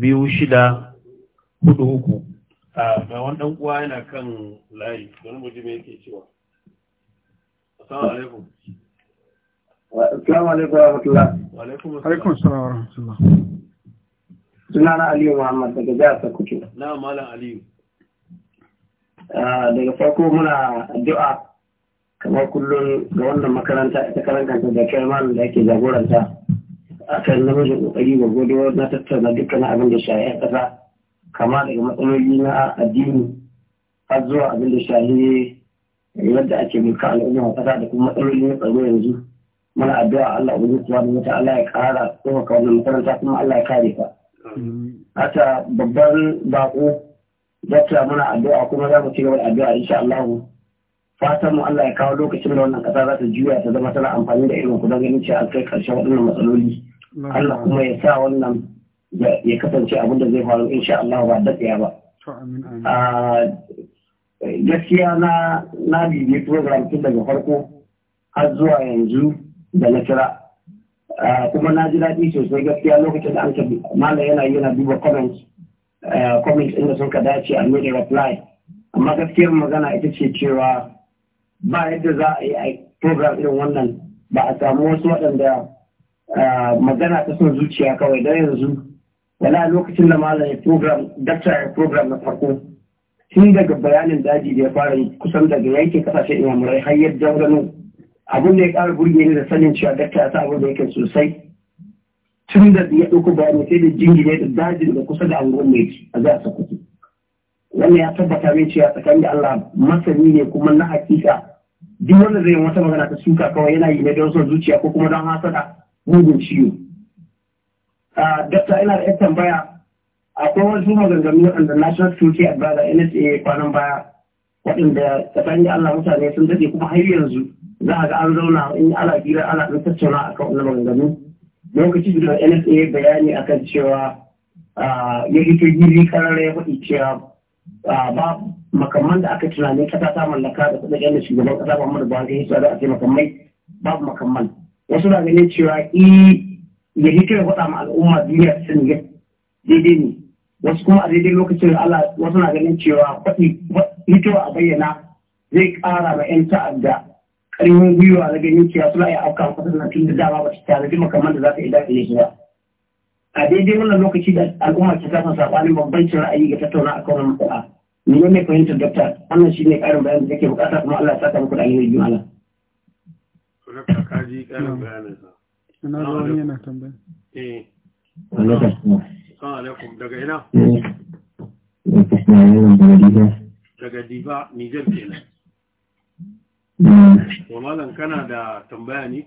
biyu shida hudu uku ah, ga wani ɗan uwa yana kan layi don muji mai yake cewa assalamu alaikum assalamu alaikum wa rahmatullah wa alaikum assalam wa rahmatullah sunana aliyu muhammad daga jihar sokoto na malam aliyu daga farko muna addu'a kamar kullum ga wannan makaranta ita karanta ta da chairman da ake jagoranta a kan namijin kokari ga godiyo na tattauna dukkan abin da shahi a ƙasa kama daga matsaloli na addini har zuwa abin da shahi yadda ake mulka al'umma a ƙasa da kuma matsaloli na tsaro yanzu muna addu'a Allah ubangi subhanahu Allah ya ƙara ka wannan makaranta kuma Allah ya kare ka haka babban bako dakta muna addu'a kuma za mu ci gaba da addu'a insha Allah fatan mu Allah ya kawo lokacin da wannan kasa za ta juya ta zama tana amfani da irin kudan ganin cewa kai karshen waɗannan matsaloli Allah kuma ya sa wannan ya kasance abin da zai faru insha Allah ba tsaya ba ah, gaskiya na na program tun daga farko har zuwa yanzu da na kira ah, kuma na ji daɗi sosai gaskiya lokacin da an ka malam yana yana duba comments eh, comments inda sun ka dace a mai reply amma gaskiyar magana ita ce cewa ba yadda za a yi a program irin wannan ba a samu wasu waɗanda magana ta son zuciya kawai don yanzu wala lokacin da malam ya program dakta ya program na farko tun daga bayanin daji da ya fara kusan daga yanke kasashen imamurai har yadda gano abin da ya ƙara burge ni da sanin cewa daktar ya sa abin da yake sosai tun da ya ɗauko bayani sai da jingine da dajin da kusa da angon mai a za a wannan ya tabbata mai cewa tsakanin da Allah masani ne kuma na hakika duk wanda zai wata magana ta suka kawai yana yi na don son zuciya ko kuma don hasada mugun ciwo dakta ina da yan tambaya akwai wasu maganganu waɗanda national security advisor nsa kwanan baya waɗanda tsakanin da Allah mutane sun daɗe kuma har yanzu za a ga an zauna in ala gira ala ɗan tattauna a kan wannan maganganu lokaci da nsa bayani akan cewa ya hito giri karara ya faɗi cewa ba makamman da aka tunanin kasa ta mallaka da kuɗaɗen da shugaban kasa mada Buhari ya tsada a ce makamman. babu makamman wasu na ganin cewa i e, ya yi kira faɗa ma al'umma duniya su ne daidai ne wasu kuma a daidai lokacin Allah wasu na ganin cewa hito a bayyana zai ƙara ma 'yan ta'adda ƙarfin gwiwa na ganin cewa suna iya auka kusa na tun da dama ba su tare da makamman da za ta iya ne shi ba. a daidai wannan lokaci da al'umma ke samun saɓanin bambancin ra'ayi ga tattauna a kawai matsala ne ne fahimtar dokta wannan shi ne ƙarin bayanin da ke bukata kuma Allah ya saka muku da alheri jimala. Ina yana tambaya. Eh. alaikum daga ina? Daga Diba, kenan. Wa eh. malam kana da tambaya ne?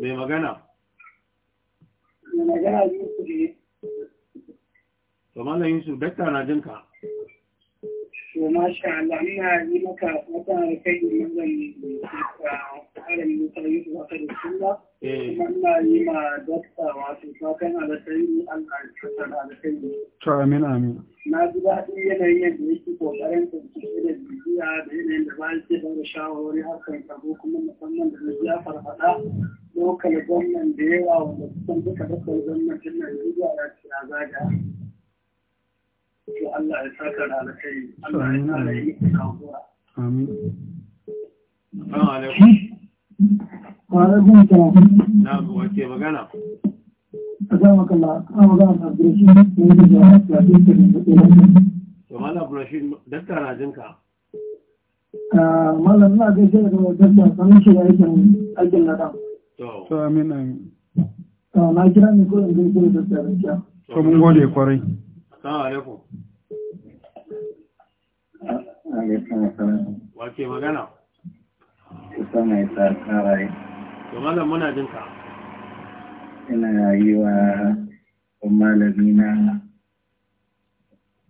Mai magana? Mai magana Yusuf ne. Kamala Yusuf, dakta na jinka. to masha Allah ina yi maka wata kai manzan tsarin mutar yi su eh. yi ma dokta wato Allah ya cutar alkhairi to amin amin na ji daɗi yanayin yadda yake kokarin tantance da bibiya da yanayin da bayan ke bada shawarwari harkar kuma musamman da na biya farfaɗa lokal gwamnan da yawa wanda kusan duka dokar gwamnatin Najeriya ya ce ya zaga Allah ya saka da Allah ya amin assalamu alaikum wa alaikum na wace magana da ne da jama'a da dinka ah, da da dakta shi da aikin aikin amin amin ah, kira ne ko in gaishe da dakta to mun Assalamu alaikum. Wace magana? Kusa mai sa tsarari. muna jin ka. Ina yi wa malami na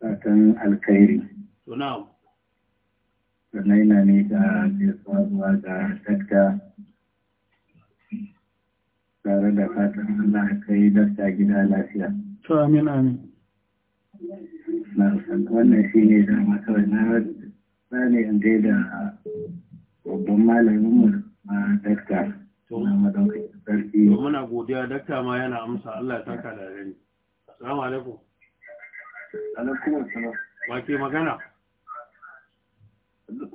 fatan alkhairi. Tunam. Sannan ina ne ga gaisuwa zuwa ga dakta tare da fatan Allah kai dakta gida lafiya. To amin. wannan shi ne dama kawai na tsane in da babban malamin mu a na madaukakin muna godiya dakta ma yana amsa Allah ya saka da rani assalamu alaikum alaikum assalam wa magana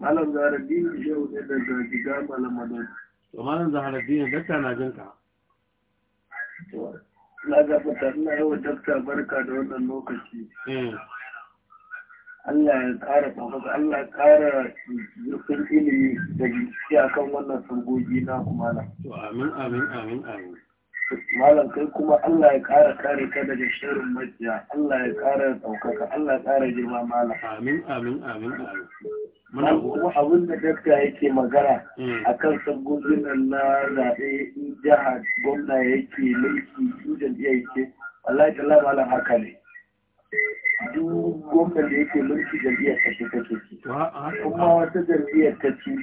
malam zaharaddin shehu ne da zakiga malam madaukakin to malam zaharaddin dakta na jinka na gafata ina yawan dakta barka da wannan lokaci hmm. Allah ya ƙara tafasa Allah ya ƙara zurfin ilimi da bincike kan wannan sargogi na kuma na. To amin amin amin amin. malam kai kuma Allah ya kara kare ka daga shirin majiya Allah ya kara ɗaukaka Allah ya kara girma malam amin amin amin amin kuma abin da dakta yake magana mm. a kan sabbin nan na zaɓe in jiha gwamna yake mulki su jam'iyya yake Allah ya kalla malam haka ne duk gwamnan da yake mulki jam'iyyar ta ce take ci kuma wata jam'iyyar ta ci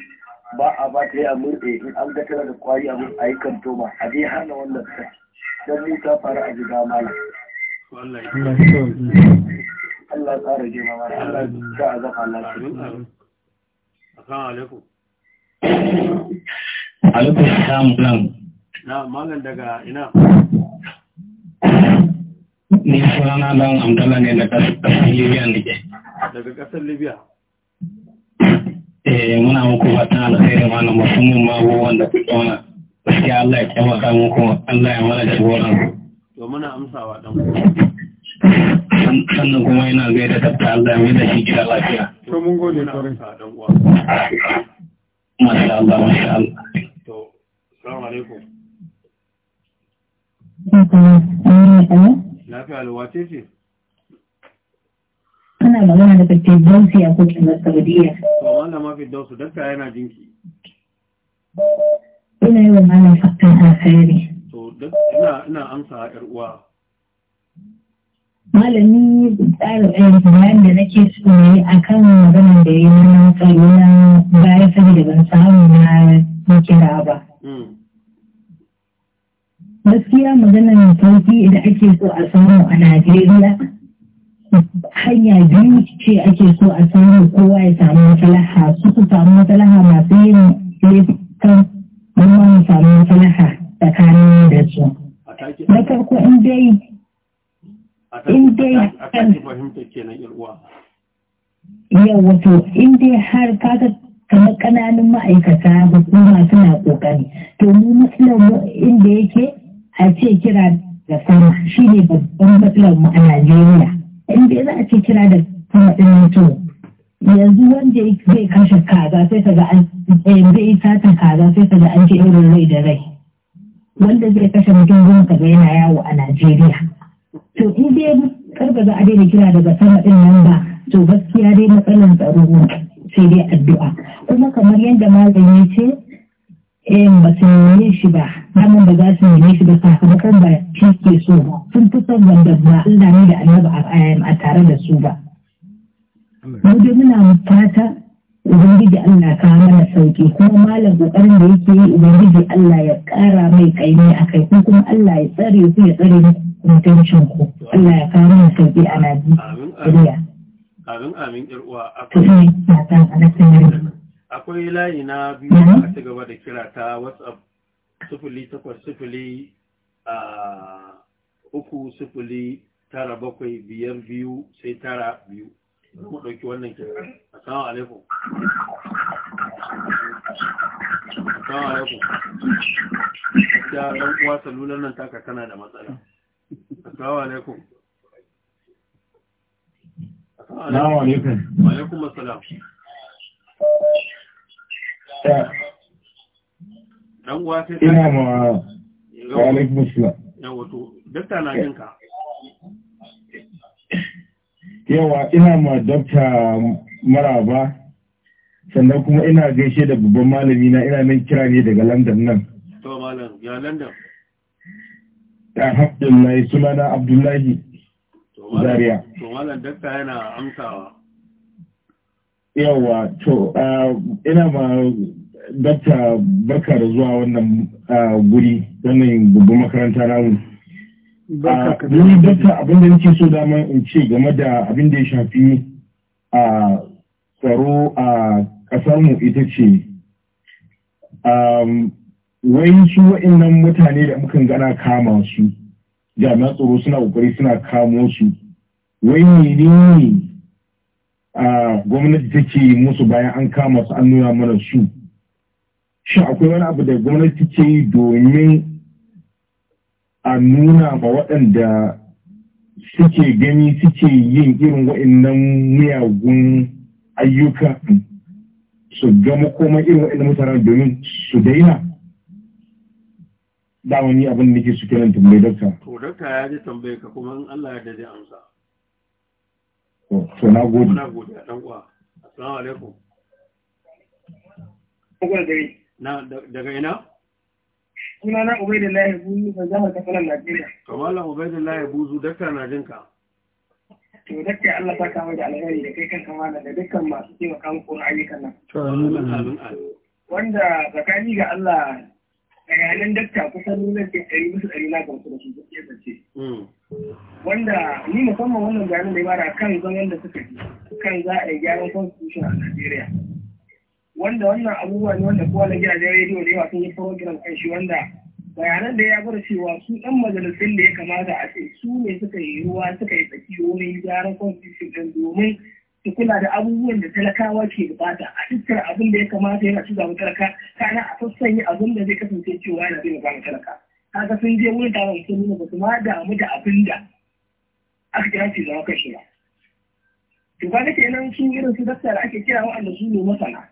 ba a ba ta yi a murɗe in an ga tana da kwari a murɗe a yi kan toma a je hana wannan ta don mu ta fara a ji dama na. Allah tsara je ma mara Allah ta a zama lafiya Assalamu alaikum Alaikum salam plan Na magan daga ina Ni sunana dan Amtala ne daga kasar Libya nake Daga kasar Libya eh muna muku da tsere malam musamman ma abubuwan da kuke mana gaskiya Allah ya taimaka muku Allah ya mana jagoran to muna sannan kuma yana gaida tabbata Allah mai da shi gida lafiya to mun gode uwa masha Allah masha Allah to alaikum lafiya alwace ce ana magana da kake dausi a kotun na saudiya to fi yana jinki ina yi wa malam fatan alkhairi to ina ina amsa yar uwa malami tsarin bayan da nake so ne akan maganar da ya yi na tsaro na baya ban samu na kira ba hmm. gaskiya maganar sauki da ake so a samu a najeriya hanya biyu ce ake so a samu kowa ya samu matsalaha su su samu matsalaha masu yin laifukan amma mu samu matsalaha tsakanin da su. Na farko in dai in dai yau wato in dai har kaga kamar ƙananun ma'aikata hukuma suna ƙoƙari to mu matsalar inda yake a ce kira da sama Shi ne babban matsalar mu a Najeriya. inda za a ce kira da faɗin mutum yanzu wanda zai kashe kaza sai ka ga an eh, zai sata kaza sai ka ga an ce irin rai da rai wanda zai kashe mutum goma ka yana yawo a Najeriya to in dai karba za a daina kira daga sama din nan ba to gaskiya dai matsalar tsaro sai dai addu'a kuma kamar yadda malami ce Eh ba su shi ba namun ba za su neme shi ba sakamakon ba shi ke so ba sun fi son wanda ba Allah ne da ba a a tare da su ba. Mu dai muna fata Ubangiji Allah ka mana sauki kuma malam kokarin da yake yi Ubangiji Allah ya kara mai kaimi a kai ko kuma Allah ya tsare ku ya tsare mutuncin ku Allah ya kawo mana sauki a Najeriya. Amin amin. Amin amin na akwai layi na biyu mhm. a ci gaba da kira ta whatsapp sufuli takwas sufuli uku tara bakwai biyu sai tara biyu zan mu ɗauki wannan kira assalamu alaikum assalamu alaikum ya ɗan uwa salular nan taka tana da matsala assalamu alaikum assalamu alaikum wa alaikum assalam dan ina ma wa alaikum assalam yawa ina ma dakta maraba sannan kuma ina gaishe da babban malami na ina nan kira ne daga London nan to malam ya London alhamdulillah sunana Abdullahi Zaria to malam dakta yana amsawa yawa to ina ma dakta barka zuwa wannan guri wannan babban makaranta namu ni dakta abin da nake so dama in ce game da abin da ya shafi a tsaro a mu ita ce wai su wa'innan mutane da mukan gana kama su jami'an tsaro suna ƙoƙari suna kamo su wai menene gwamnati take musu bayan an kama su an nuna mana su shi akwai wani abu da gwamnati ke yi domin a nuna ma waɗanda suke gani suke yin irin waɗannan miyagun ayyuka su gama koma irin waɗannan mutanen domin su daina da wani abin da ke su kiran tambayi dokta. To dokta ya ji tambaye ka kuma in Allah ya daji amsa. to na gode assalamu alaikum daga ina sunana Ubaidullahi Buzu da zama ta kanan Najeriya. Kamala Ubaidullahi Buzu dakta na jinka. To dakta Allah ta kama da alheri da kai kan kamala da dukkan masu taimaka muku ayyukan nan. Wanda tsakani ga Allah bayanan dakta kusan nuna ke ɗari musu ɗari na gamsu da su duk ya hmm. Wanda ni musamman wannan bayanan da ya bada kan zaman da suka ji kan za a yi gyaran constitution a Najeriya. Wanda wannan abubuwa ne wanda kowa kowane gidajen rediyo ne yawa sun yi program kan shi wanda bayanan da ya gwada cewa su ɗan majalisun da ya kamata a ce su ne suka yi ruwa suka yi tsaki domin gyaran constitution ɗin domin su kula da abubuwan da talakawa ke bata, a iskar abin da ya kamata yana ci zamu talaka kana a yi abin da zai kasance cewa yana zai zamu talaka kaga sun je wani taron sun nuna ba su ma damu da abin da aka kira ce zama kashi ba to ba da nan sun irin su daftar ake kira wa'anda su ne masana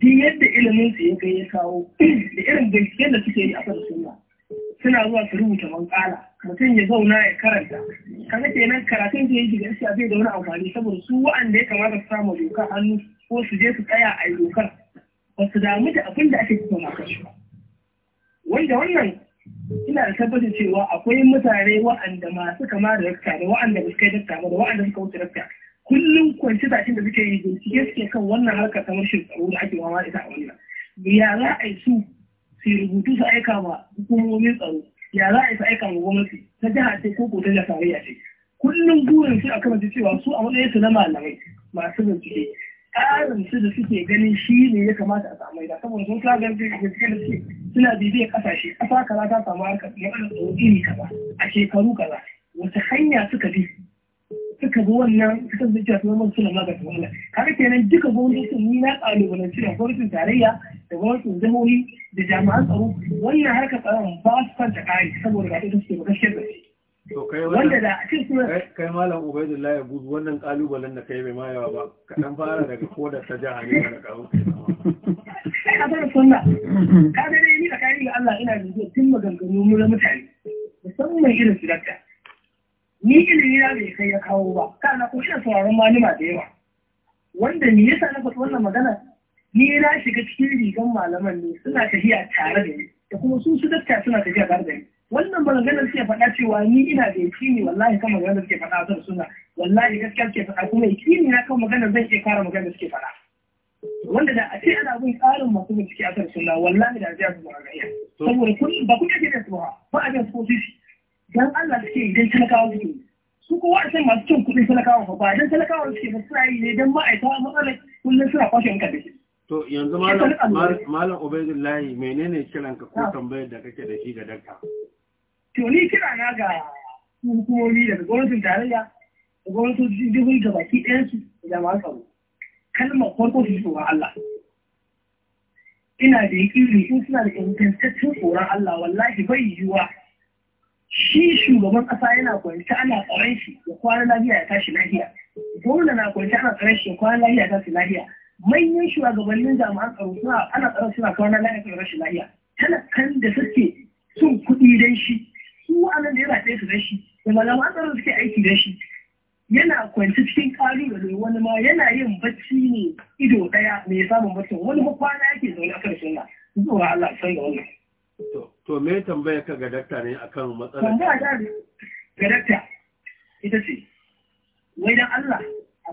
duk yadda ilimin su ya kai ya kawo da irin bincike da suke yi a kan suna, suna zuwa su rubuta manƙala mutum ya zauna ya karanta kaga kenan karatun da yake gaskiya zai da wani amfani saboda su wa'anda ya kamata su samu dokar hannu ko su je su tsaya a dokar ba su damu da abin da ake tattauna maka shi ba wanda wannan ina da tabbacin cewa akwai mutane wa'anda masu kama da rakta da wa'anda ba su kai rakta ba da wa'anda suka wuce rakta kullum kwanci tashin da suke yi da suke kan wannan harkar kamar shi tsaro da ake mama ita a wannan ya za a yi su su rubutu su aika ma hukumomin tsaro ya za a yi aika wa gwamnati ta jiha ce ko kotun da tarayya ce kullum burin su a kan cewa su a wani yasu na malamai masu bincike ƙarin su da suke ganin shi ne ya kamata a samu ita saboda sun ka ganin suke da suke suna bibiyar ƙasashe ƙasa kaza ta samu harkar yawan tsoro iri kaza a shekaru kaza wata hanya suka bi suka bi wannan suka zuciya su zama suna magance wannan kare kenan duka gwamnati sun yi na ƙalubalen da gwamnatin tarayya da wasu jihohi da jami'an tsaro wannan harkar tsaron ba su kwanta kare saboda ba ita suke ba gaskiyar da wanda da a cikin suna kai malam ubaidullah ya gudu wannan kalubalen da kai bai ma yawa ba kaɗan fara daga ko da ta jiha ne daga kawo kai a fara sunna ka ga dai ni da kai ga Allah ina rubuta tun maganganu mu na mutane musamman irin su dakta ni ilimi na bai kai ya kawo ba kana ko ina sauraron malama da yawa wanda me yasa na faɗi wannan magana ni na shiga cikin rigan malaman ne suna tafiya tare da ni da kuma sun su dakta suna tafiya tare da ni wannan maganar suke faɗa cewa ni ina da yakini wallahi kan maganar suke faɗa zan suna wallahi gaskiya suke faɗa kuma yakini na kan maganar zan iya kara maganar suke faɗa wanda da a ce ana bin tsarin masu bincike a kan sunna wallahi da zai su magana saboda kun ba kun yake da su ba ba a sosai shi dan Allah suke idan talakawa suke su kowa a san masu cin kuɗin talakawa ba dan talakawa suke ba suna yi ne dan ma'aikata matsalar kullum suna kwashe mutane to yanzu malam ubaidullahi menene kiranka ko tambayar da kake da shi ga dakta to ni kira na ga hukumomi da gwamnatin tarayya da gwamnatin jihun da baki ɗayansu da jama'ar tsaro kalmar farko su tsoron Allah ina da yaƙini in suna da ingantaccen tsoron Allah wallahi bai yiwuwa shi shugaban ƙasa yana kwanci ana tsaron shi ya kwana lafiya ya tashi lafiya gwamna na kwanci ana tsaron shi ya kwana lafiya ya tashi lafiya manyan shugabannin jami'an tsaro suna ana tsaro suna kawo na lafiya rashin lafiya talakan da suke sun kuɗi dan shi su anan da ya ɗaya su dan shi da malaman tsaro suke aiki dan shi yana kwanci cikin kalubale wani ma yana yin bacci ne ido ɗaya mai samun bacci wani ma kwana yake zaune a akan sunna zuwa Allah sai ga wannan. To me tambaya ka ga dakta ne akan matsalar? Tambaya ta ga dakta ita ce wai dan Allah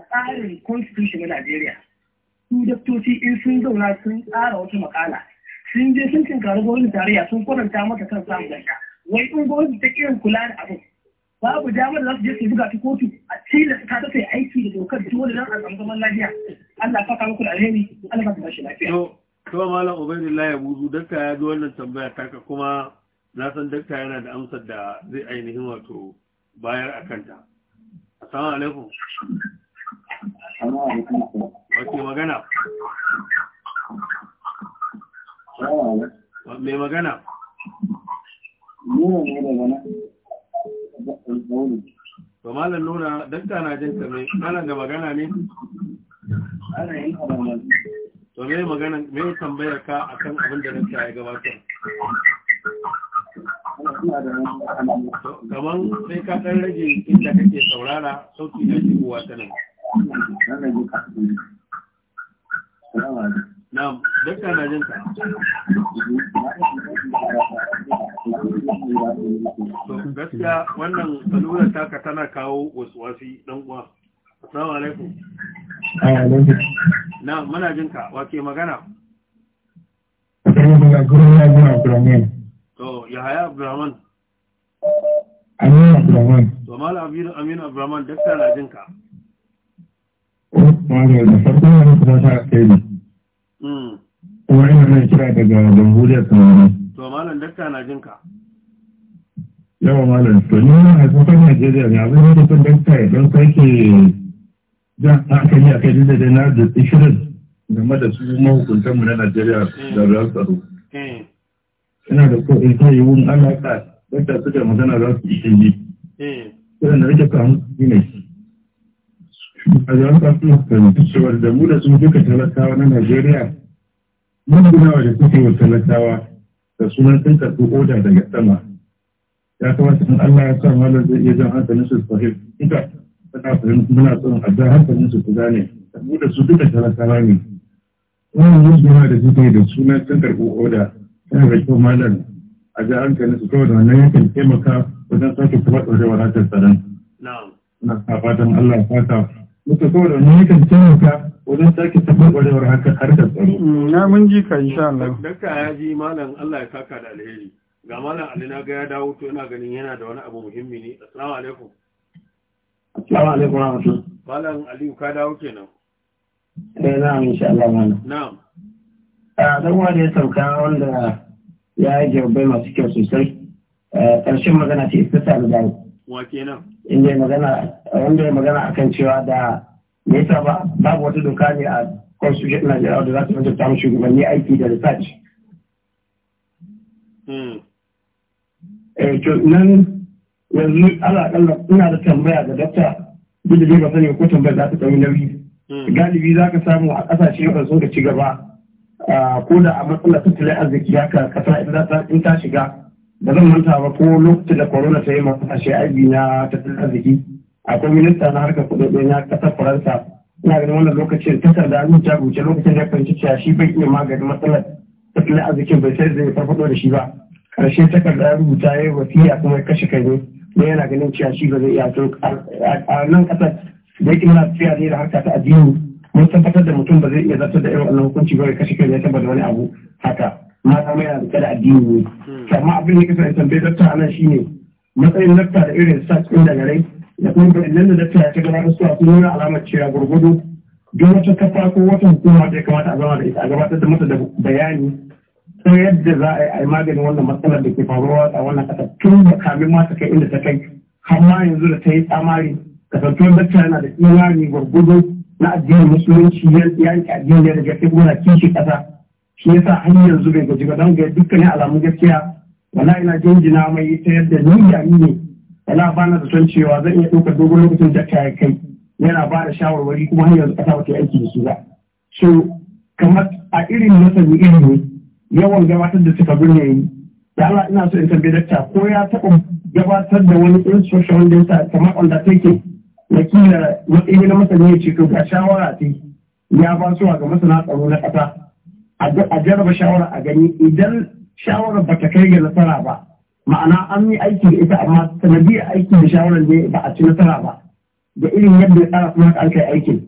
a tsarin constitution na Najeriya su daktoci in sun zauna sun tsara wata makala sun je sun cin karu gwamnati tarayya sun kwaranta mata kan samun ganga wai in gwamnati ta irin kula da abin babu damar za su je su buga ta kotu a cila ta ta sai aiki da dokar duk nan a samu zaman lafiya Allah saka muku kula alheri Allah ka shi lafiya to malam ubaidullahi abuzu dakta ya ji wannan tambaya taka kuma na san dakta yana da amsar da zai ainihin wato bayar a kanta assalamu alaikum wake magana mai magana nuna ne daga nan ba malar nuna dakta na jin ka mai malar da magana ne ana yin alamar to mai magana mai tambayar ka akan abin da dakta ya gabatar kaman sai ka ɗan rage inda kake saurara sauki na shigowa ta nan Na'am, dakta na jinka. To gaskiya wannan alura taka tana kawo wasu wasi dan uwa. Assalamu alaikum. Na muna jinka wake magana. To Yahaya Abdurrahman. Amin Abdurrahman. To Malam Aminu Abdurrahman dakta na jinka. wanda da farko wani kuma ta alheri kuma ina nan kira daga jamhuriyar kamaru to malam dakta na jin ka yawa malam to ni na haifafan najeriya ne abin da sun dakta ya don kai ke jan hankali a kai da dai na da ishirin game da su mahukuntanmu na najeriya da ruwan tsaro eh. ina da ko in kai yiwun alaƙa dakta su da magana za su shi. Eh. ne. Irin da rike kamun ne. a zaɓa sun fahimci cewa da mu da sun duka talakawa na Najeriya magunawa da suke wa talakawa da sunan sun karɓi oda daga sama ya kamata in Allah ya sa malam zai iya jan hankalin su su fahim ita tana fahimta muna son a jan hankalin su su gane mu da su duka talakawa ne wannan musguna da suke da sunan sun karɓi oda yana da kyau malam a jan hankalin su kawai da wannan yankin taimaka wajen sake kuma ɗaure wadatar tsaron. Na fatan Allah ya fata muka kawai da ne kan taimaka wajen sake tabbatarwar harkar tsaro. Mm, na mun ji ka insha Allah. Dakka ya ji malam Allah ya saka da alheri. Ga malam Ali na ga ya dawo to ina ganin yana da wani abu muhimmi ne. Assalamu alaikum. Assalamu alaikum rahmatullahi. Malam Ali ka dawo kenan. Eh na'am insha Allah malam. Na'am. Ah dan wanda ya sauka wanda ya yi jawabai masu kyau sosai. Karshen eh, magana ce ta sa da dawo. Wa kenan. inda magana wanda ya magana akan cewa da me yasa ba babu wata doka ne a constitution Najeriya da za ta mutunta mu shugabanni aiki da research hmm. eh to nan yanzu ala kalla ina da tambaya ga dakta duk da zai ba sani ko tambayar za ta ɗauki nauyi hmm. galibi za ka samu a ƙasashe ba so da ci gaba ah, ko da a matsalar tattalin arziki haka kasa in ta shiga da zan manta ba ko lokacin da corona ta yi masu ashe aiki na tattalin arziki akwai minista na harkar kudaden na kasar faransa ina ganin wannan lokacin takarda an ta rubuce lokacin da ya fahimci cewa shi bai iya magani matsalar tattalin arzikin bai sai zai farfado da shi ba karshe takarda ya rubuta ya yi wasiya kuma ya kashe kai ne ne yana ganin cewa shi ba zai iya to a nan kasar da yake muna tafiya ne da harka ta addini mun tabbatar da mutum ba zai iya zartar da irin wannan hukunci ba ya kashe kai ne saboda wani abu haka na zama yana da addini ne hmm. amma abin da kasa ya tambaye dakta ana shine matsayin dakta da irin sa cikin daga rai da kuma bayanan dakta ya ta gabatar su a sun nuna alamar cewa gurgudu don wata kafa ko wata hukuma da ya kamata a zama da ita a gabatar da mata da bayani ta yadda za a yi maganin wannan matsalar da ke faruwa a wannan kasa tun da kamin ma ta kai inda ta kai har ma yanzu da ta yi tsamari kasantuwar dakta yana da imani gurgudu na addinin musulunci ya yanke addinin da ya daga kuma na kishi kasa shi yasa har yanzu bai gaji ba don ga dukkanin alamun gaskiya wala ina jinjina mai ta yadda ni da ni ne wala ba na zaton cewa zan iya ɗaukar dogon lokacin da ta kai yana ba da shawarwari kuma har yanzu ƙasa aiki da su ba so kamar a irin masani ne yawan gabatar da suka yayi? yi da Allah ina so in tambaye dakta ko ya taɓa gabatar da wani instruction wanda ta sa kamar undertaking na kila matsayi na masani ya ce shawara ta ya ba suwa ga masana tsaro na ƙasa a jaraba shawara a gani idan shawarar ba ta kai ga nasara ba ma'ana an yi aiki da ita amma sanadiyar aiki da shawarar ne ba a ci nasara ba da irin yadda ya tsara kuma an kai aikin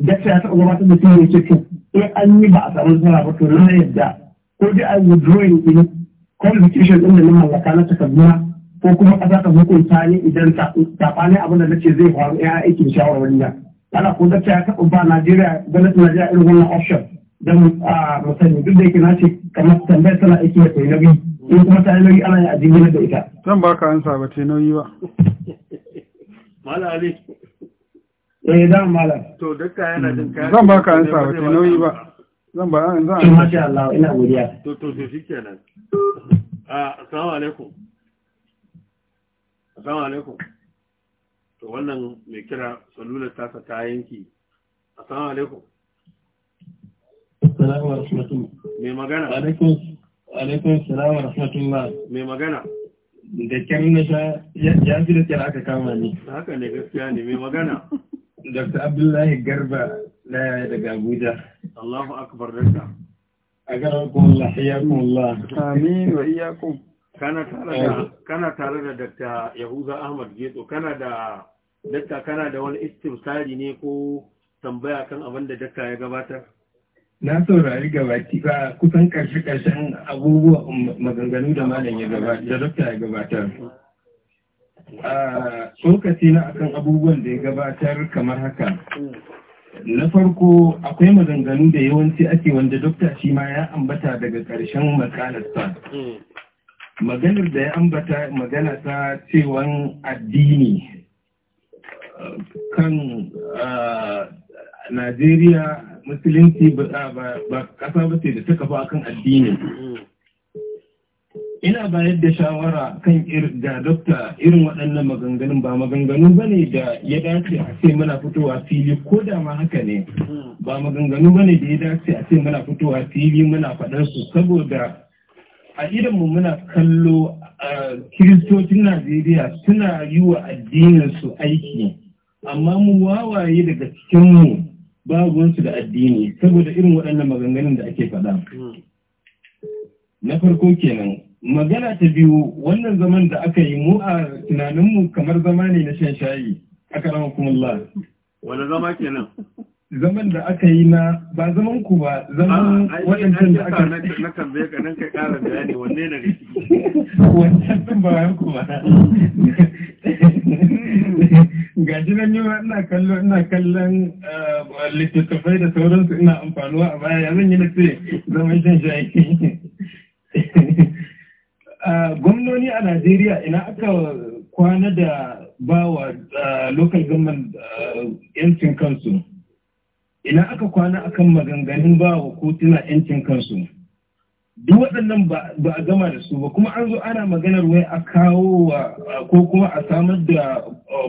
da ya taɓa gabatar da sun yake to in an yi ba a samu nasara ba to na yadda ko dai a withdrawing in qualification ɗin da na mallaka na takarduna ko kuma ƙasa ta hukunta ne idan saɓanin abin da nace zai faru ya aikin shawarar wani Ana ko da ya taɓa ba Najeriya gwamnatin Najeriya irin wannan option don a musani duk da yake na ce kamar tambayar tana aiki da kai nauyi in kuma ta nauyi ana yi a jinginar da ita zan ba ka ansa ba ce nauyi ba mala ali eh dan mala to dukka yana jin kai zan ba ka ansa ba ce nauyi ba zan ba an zan ma sha Allah ina godiya to to to shikenan a ah, assalamu alaikum assalamu alaikum to wannan mai kira salula ta ta yanki assalamu alaikum salam wa rahmatullah mai magana alaikun salam wa rahmatullah mai magana da kyar na sha ya fi da kyar aka kama ni haka ne gaskiya ne mai magana dr abdullahi garba na daga abuja allahu akbar dakta a garin kuma lahiyakum allah amin wa iya iyakum kana tare da Dr. Yahuza Ahmad Getso kana da dakta kana da wani istimsari ne ko tambaya kan abin da dakta ya gabatar na saurari gabaki ba kusan karshe-karshen abubuwa um, maganganu da malam ya gabata, da ya gabatar a ah, tsokaci na akan abubuwan da ya gabatar kamar haka na farko akwai maganganu da yawanci ake wanda dokta shi ma ya ambata daga karshen makalarsa maganar da ya ambata magana ta cewan addini kan ah, Najeriya musulunci ba ƙasa ba ce da ta kafa kan addini. Ina bayar da shawara kan ga dokta irin waɗannan maganganun ba maganganu ba ne da ya dace a ce muna fitowa fili ko da ma haka ne ba maganganu ba ne da ya dace a ce muna fitowa fili muna faɗar su saboda a idanmu muna kallo kiristocin Najeriya suna yi wa addininsu aiki amma mu wawaye daga cikinmu babu da addini saboda irin waɗannan maganganun da ake faɗa. Na farko kenan, magana ta biyu wannan zaman da aka yi mu a tunaninmu kamar zama ne na shan shayi a karamar kumullah. Wani zama kenan? Zaman da aka yi na ba zaman ku ba zaman ah, waɗancan da aka yi. Na kan bai ka nan ka ƙara bayani wanne na riki. Wannan sun ba ku ba. ga shi nan yau ina kallon ina eh, kallon littattafai da sauransu ina amfanuwa a baya zan yi na ce zaman shan shayi eh, gwamnoni a najeriya ina aka kwana da bawa eh, local government yancin kansu ina aka kwana akan maganganun bawa kotuna yancin kansu duk waɗannan ba a gama da su ba kuma an zo ana maganar wai a kawo wa ko kuma a samar da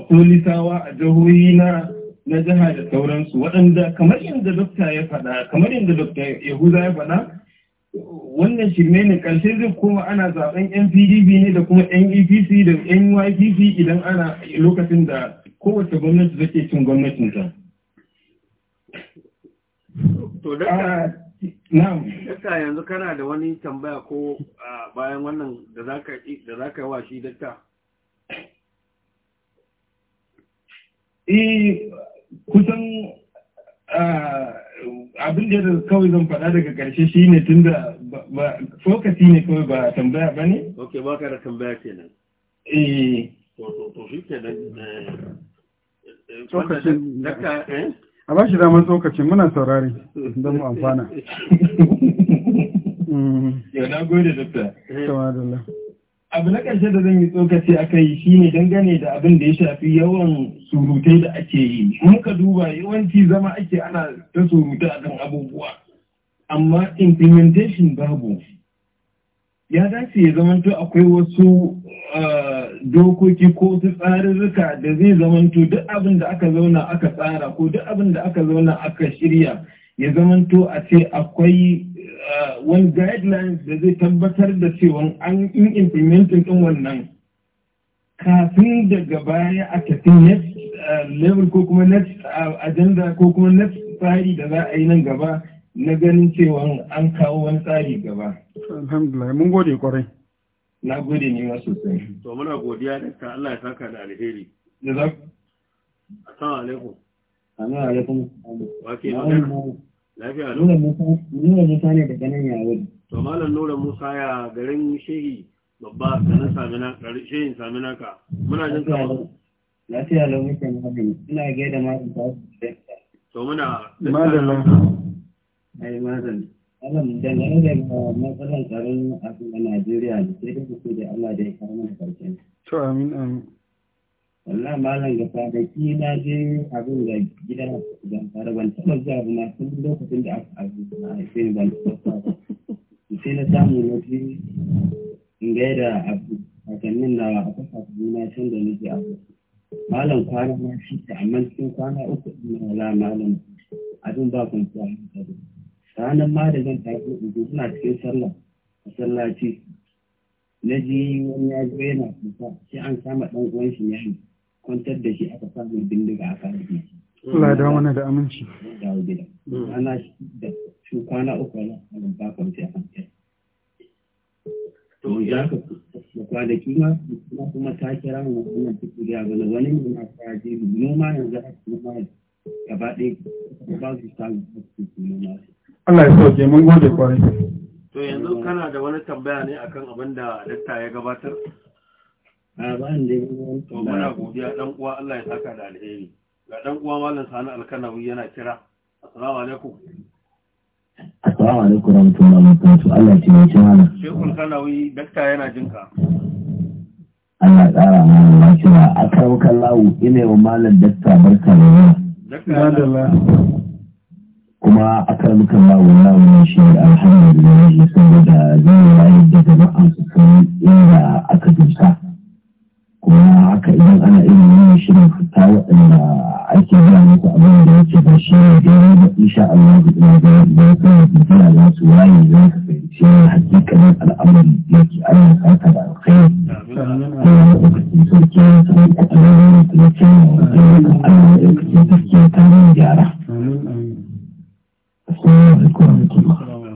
polisawa a jihohi na na jiha da sauransu waɗanda kamar yadda dokta ya faɗa kamar yadda dokta yahuza ya faɗa wannan shirme ne ƙarshe zai koma ana zaben yan pdp ne da kuma yan epc da yan ypc idan ana lokacin da kowace gwamnati take cin gwamnatin ta Dakta yanzu kana da wani tambaya ko bayan wannan da za ka yi wa shi dakta? Eh, kusan abin da kawai zan faɗa daga ƙarshe shi ne tun da fokasi ne kawai ba tambaya ba ne? Ok, ba ka da tambaya kenan. Eh. To, to, to, shi kenan. Fokasi. Dakta, eh? a ba shi damar tsokacin muna saurari don mu amfana yau na gode eh, abu na ƙarshe da zan yi tsokaci a kai shi ne dangane da abin da ya shafi yawan surutai da ake yi muka duba yawanci zama ake ana ta surutai a kan abubuwa amma implementation babu ya dace ya zamanto akwai wasu ah, dokoki ko su tsarurruka da zai zamanto duk abin da aka zauna aka tsara ko duk abin da aka zauna aka shirya ya zamanto a ce akwai ah, wani guidelines da zai tabbatar da cewa an in implementin din wannan kafin daga baya a tafi next ah, level ko kuma next agenda ko kuma next tsari da za a yi nan gaba na ganin cewa an kawo wani tsari gaba. Alhamdulillah mun gode kwarai. Na gode ne ma sosai. To muna godiya da ka Allah ya saka da alheri. Da za ku. Assalamu alaikum. Assalamu alaikum. Wa ke lafiya lo. Nura Musa ne daga nan ya To malam Nura Musa ya garin shehi babba sanan samina garin shehin samina ka. Muna jin ka. Lafiya lo muke Ina gaida malam ta. To muna. Malam. ai mazan alam dangane da matsalan tsaron abu a najeriya sai da kuke da allah da ya kawo mana karshen to amin amin wallah malam ga kwanaki na je abin da gida ban fara ban taɓa zuwa ba ma lokacin da aka abu na haife ni ban taɓa sai na samu na fi in gaida abu a kanin na a kasa na can da nake abu malam kwana na shi ta amma cikin kwana uku na wala malam abin ba kwanciya da. ranar ma da zan tafi uku suna cikin sallah masallaci na ji wani ya zo yana kusa sai an kama ɗan uwan shi ne kwantar da shi aka samu bindiga a kan shi Allah da wani da aminci dawo gida ana da su kwana uku ne a ba kwanci a kan kai to ya ka da kwanaki ma kuma kuma ta kira mu wannan ciki ga wani wani ne na fara je noma yanzu a cikin gaba ɗaya ba su samu a cikin noma Allah ya sauke mun gode kwarai. To yanzu kana da wani tambaya ne akan abin da dakta ya gabatar? A ba ni da To muna godiya dan uwa Allah ya saka da alheri. Ga dan uwa Malam Sani Alkanawi yana kira. Assalamu alaikum. Assalamu alaikum warahmatullahi wabarakatuh. Allah ya taimake mana. Shekul Kanawi dakta yana jinka. Allah ƙara mana lafiya a kawo kallawu ina yi wa malam dakta barka da yawa. Dakta kuma a kan muka ba shi yawon shi saboda zai wayar da jama'a su san inda aka dusa kuma haka idan ana irin yin shirin fita waɗanda ake gina musu abin da yake ba shi ne da yawa da insha Allah da ina da yawa da bibiya za su waye za su fahimci hakikanin al'amari da ke ana sata da alkhairi ko wani lokacin sarki ya san ko a yawon da ya ce wa wani lokacin sarki ya ta gyara.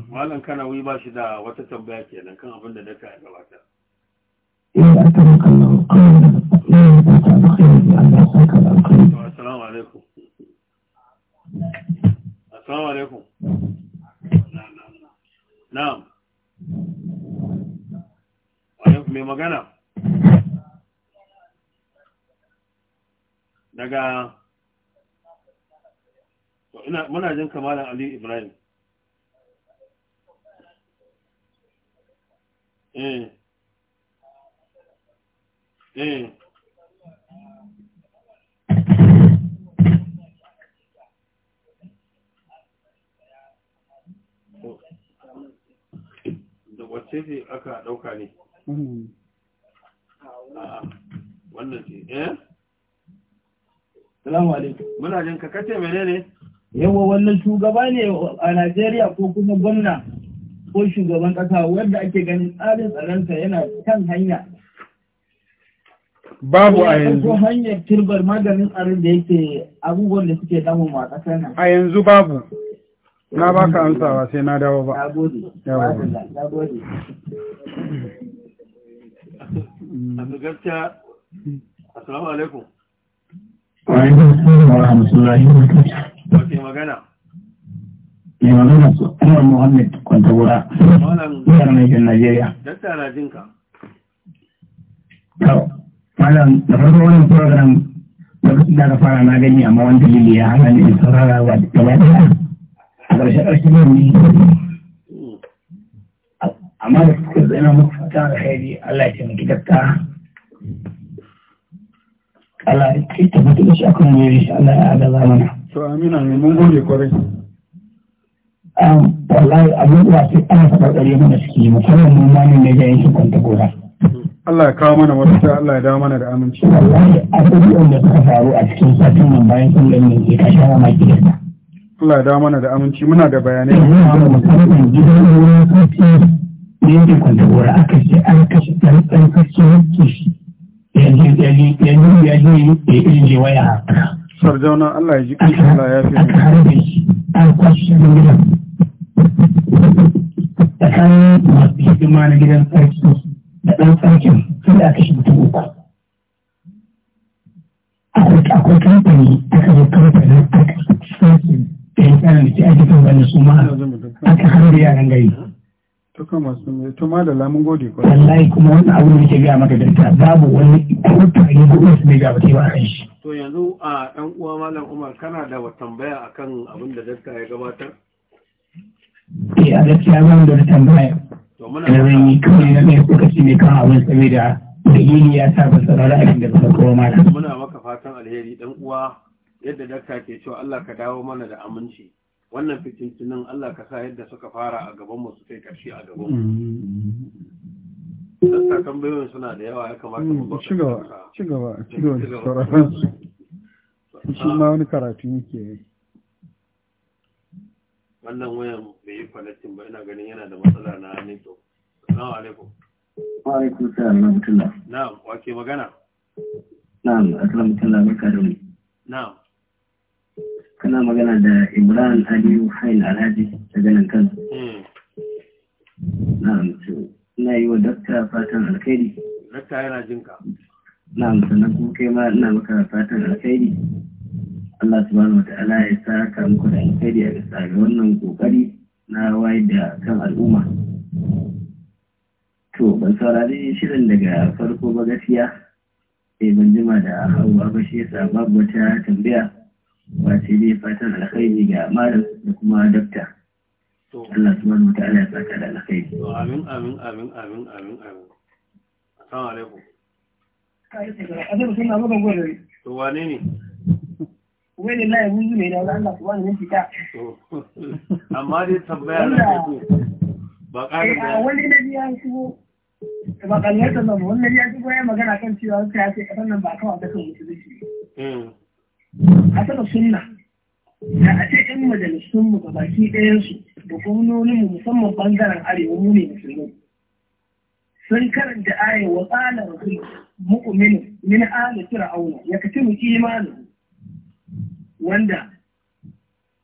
Malam Kanawi ba shi da wata tambaya kenan kan abin da ya gabata. Eh, aka kawai da ya da ta da Allah ya da Assalamu alaikum. Assalamu alaikum. Na'am. Alaikum mai magana. Daga muna jin kamalan Ali Ibrahim eh eh da wacce ce aka ɗauka ne ah, wannan ce eh salamu alaikum muna jin ka kace menene yawa wannan shugaba ne a Najeriya ko kuma gwamna ko shugaban ƙasa wanda ake ganin tsarin tsaronsa yana kan hanya. Babu a yanzu. Ko hanyar turbar maganin tsarin da yake abubuwan da suke damu a ƙasa na. A yanzu babu. Na ba ka amsawa sai na dawo ba. Nagode. Nagode. Mm. gaskiya, Assalamu alaikum. Wa alaikum wa rahmatullahi wa barakatuh. wa ke magana mai magana su umar muhammad kwantagura jihar nijar najeriya dattara jinka yau malam da farko wani program lokacin da aka fara na gani amma wani dalili ya hana ne saurara wa gaba daya a ƙarshe ƙarshe ne ne amma da suka zana muku fata alheri allah ya taimaki dakta Allah ya kai tabbata da shi akan yi shi Allah ya adaba mana. to amina ne mun gode kwarai wallahi abubuwa sai ana faɗa ƙari mana suke musamman mun ma ne da yin kwanta gora Allah ya kawo mana mafita Allah ya dawo mana da aminci wallahi abubuwan da suka faru a cikin satin nan bayan ne Allah ya dawo mana da aminci muna da bayanai musamman gidan ruwan kofi ne da kwanta gora aka ce an kashe ɗan ɗan kashe yanzu ya je ya je ya ya je ya je ya je ya je sarjauna Allah ya ji kanshi Allah ya fi an kwashi da gidan tsakanin masu hidima na gidan sarki da ɗan sarkin sun da aka shi mutum uku akwai kamfani aka zo kamfanin aka sarki da ya tsara da ta ajiye kamfanin su ma aka har da yaran gari Tuka masu tuma da lamun gode kwa. Wallahi kuma wani abu da ke gaya maka gaskiya babu wani kuma ne ko su ne ga ba ba kan shi. To yanzu a ɗan uwa Malam Umar kana da tambaya akan abin da ya gabatar? Eh a gaskiya da tambaya. To muna da yi kawai na mai lokaci ne kan abin saboda dalili ya sa ba tsarara abin da ba kowa malam. Muna maka fatan alheri ɗan uwa yadda dakta ke cewa Allah ka dawo mana da aminci. wannan fitintunan Allah ka sa yadda suka fara a gaban mu su kai karshe a gaban mu sassakan bayan suna da yawa ya kamata mu ci gaba ci gaba ci gaba da sauran shi ma wani karatu yake yi wannan wayan bai yi kwanatin ba ina ganin yana da matsala na neto assalamu alaikum wa alaikum salam wa rahmatullah na'am wa ke magana na'am assalamu alaikum mai da na'am kana magana da Ibrahim Aliyu Hain Alhaji daga ganin kan. Hmm. Na'am to ina yi wa dakta fatan alkhairi. Dakta yana jin ka. Na'am sannan kuma kai ma ina maka fatan alkhairi. Allah subhanahu wata'ala ya sa ka muku da alkhairi a bisa ga wannan kokari na wayar da kan al'umma. To ban saurari shirin daga farko ba gaskiya. Eh ban jima da hauwa ba shi yasa babu wata tambaya ba sai fatan alkhairi ga malam da kuma dokta. Allah ta wataala ya fata da alkhairi amin amin amin amin amin amin assalamu alaikum Azabu sun na mukan gwada To wane ne? Wani laye mun zuwa da Allah subhanahu wa ta'ala. Amma dai tambaya na ko ba ƙarin da. Eh, wani na biya su ba kalmar nan wannan ya shigo ya magana kan cewa suka ya ce kasan nan ba kawai da kan musulunci. Eh. a saka sunna da a ce ‘yan majalisunmu ga baki ɗayansu da gwamnoninmu musamman ɓangaren arewa mu ne musulmi sun karanta aya wa tsala rasul mu'minu min ali fir'auna ya kace mu imani wanda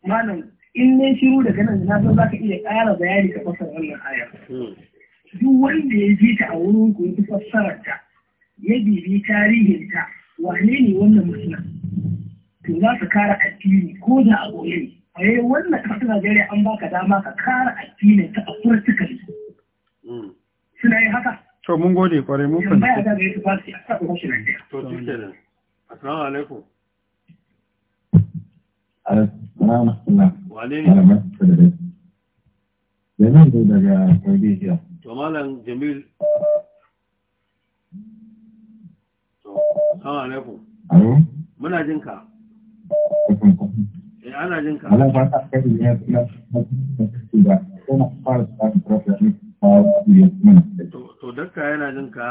malam in ne shiru daga nan na san zaka iya ƙara bayani ka fasar wannan ayar duk wanda ya ji ta a wurin ku ya fassarar ta ya bibi tarihin ta wane ne wannan musulmi to za ka kara addini ko da a goye ne a yi wannan ƙasar Najeriya an baka dama ka kara addini ta a su. Hmm. suna yi haka to mun gode kwarai mun fahimci yamma ya zaga yi su fasi sa nan Muna jin ka. Eh, ana jin ka. ba ta kuma fara ne to jin ka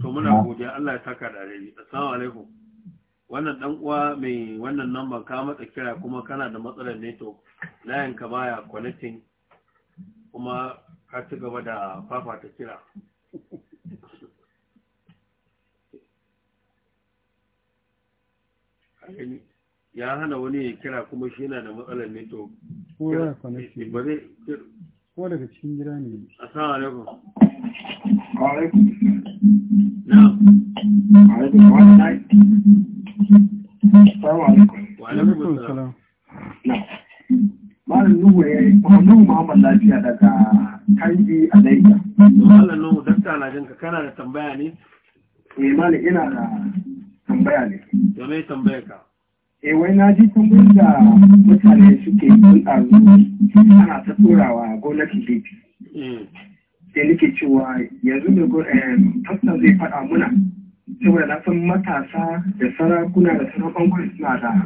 to muna godiya Allah ya saka da rai assalamu alaikum wannan dan uwa mai wannan number ka matsa kira kuma kana da matsalar network layin ka baya connecting kuma ka ci gaba da fafata kira ya hana wani ya kira kuma shi yana da matsalar ne to ko ba zai ko daga cikin gida ne assalamu alaikum alaikum na alaikum wa alaikum wa alaikum assalam na malam nuhu ya yi nuhu muhammad lafiya daga kanji a daida malam nuhu dakta na jinka kana da tambaya ne eh malam ina da tambaya ne ka eh, wai na ji tambayar da mutane suke yi ɗazu ana ta turawa gwamnati laifi mm. sai nake cewa yanzu da eh, pastor zai faɗa muna saboda na san matasa da sarakuna da sauran bangare suna da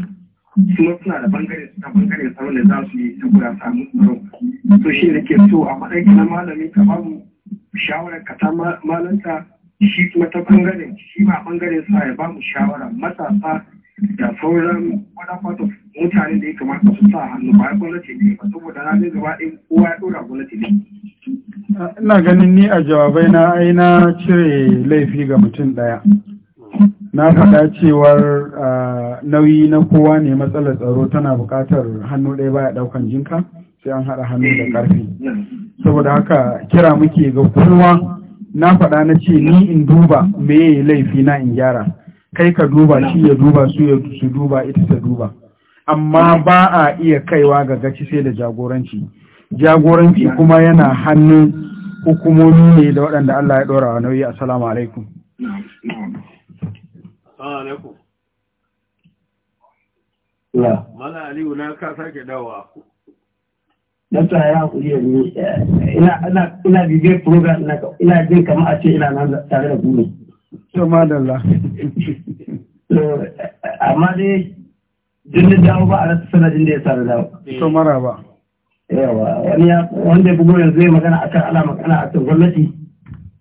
kuma suna da bangare suna bangare tsaron da za su yi saboda samu tsaro. So shi nake so a matsayin na malami ka bamu shawarar ka ta malanta shi kuma ta bangaren shi ba bangaren sa ya ba mu shawara matasa da sauran fata mutane da ya kamata su sa hannu ba ya gwamnati ne ba saboda na zai gaba ɗin kowa ya ɗora gwamnati ne. Ina ganin ni a jawabai na ai na cire laifi ga mutum ɗaya. Na faɗa cewar nauyi na kowa ne matsalar tsaro tana buƙatar hannu ɗaya baya ɗaukan jinka sai an haɗa hannu da ƙarfi. Eh, saboda haka kira muke ga kowa na faɗa na ce ni in duba me yi laifi na in gyara kai ka duba shi ya duba su ya su duba ita ta duba amma ba a iya kaiwa ga gaci sai da jagoranci jagoranci kuma yana hannun hukumomi ne da waɗanda Allah ya ɗora wa nauyi assalamu alaikum Mala Aliyu na ka sake dawa don ta ya haƙuri da eh, ni ina bibiyar program ina jin kamar a ce ina nan tare da gudu. guri. To madalla. Amma dai jin dawo ba a rasa sanadin da ya sa da dawo. To mara ba. Yawa wani wanda ya bugo yanzu ya magana akan ala magana akan gwamnati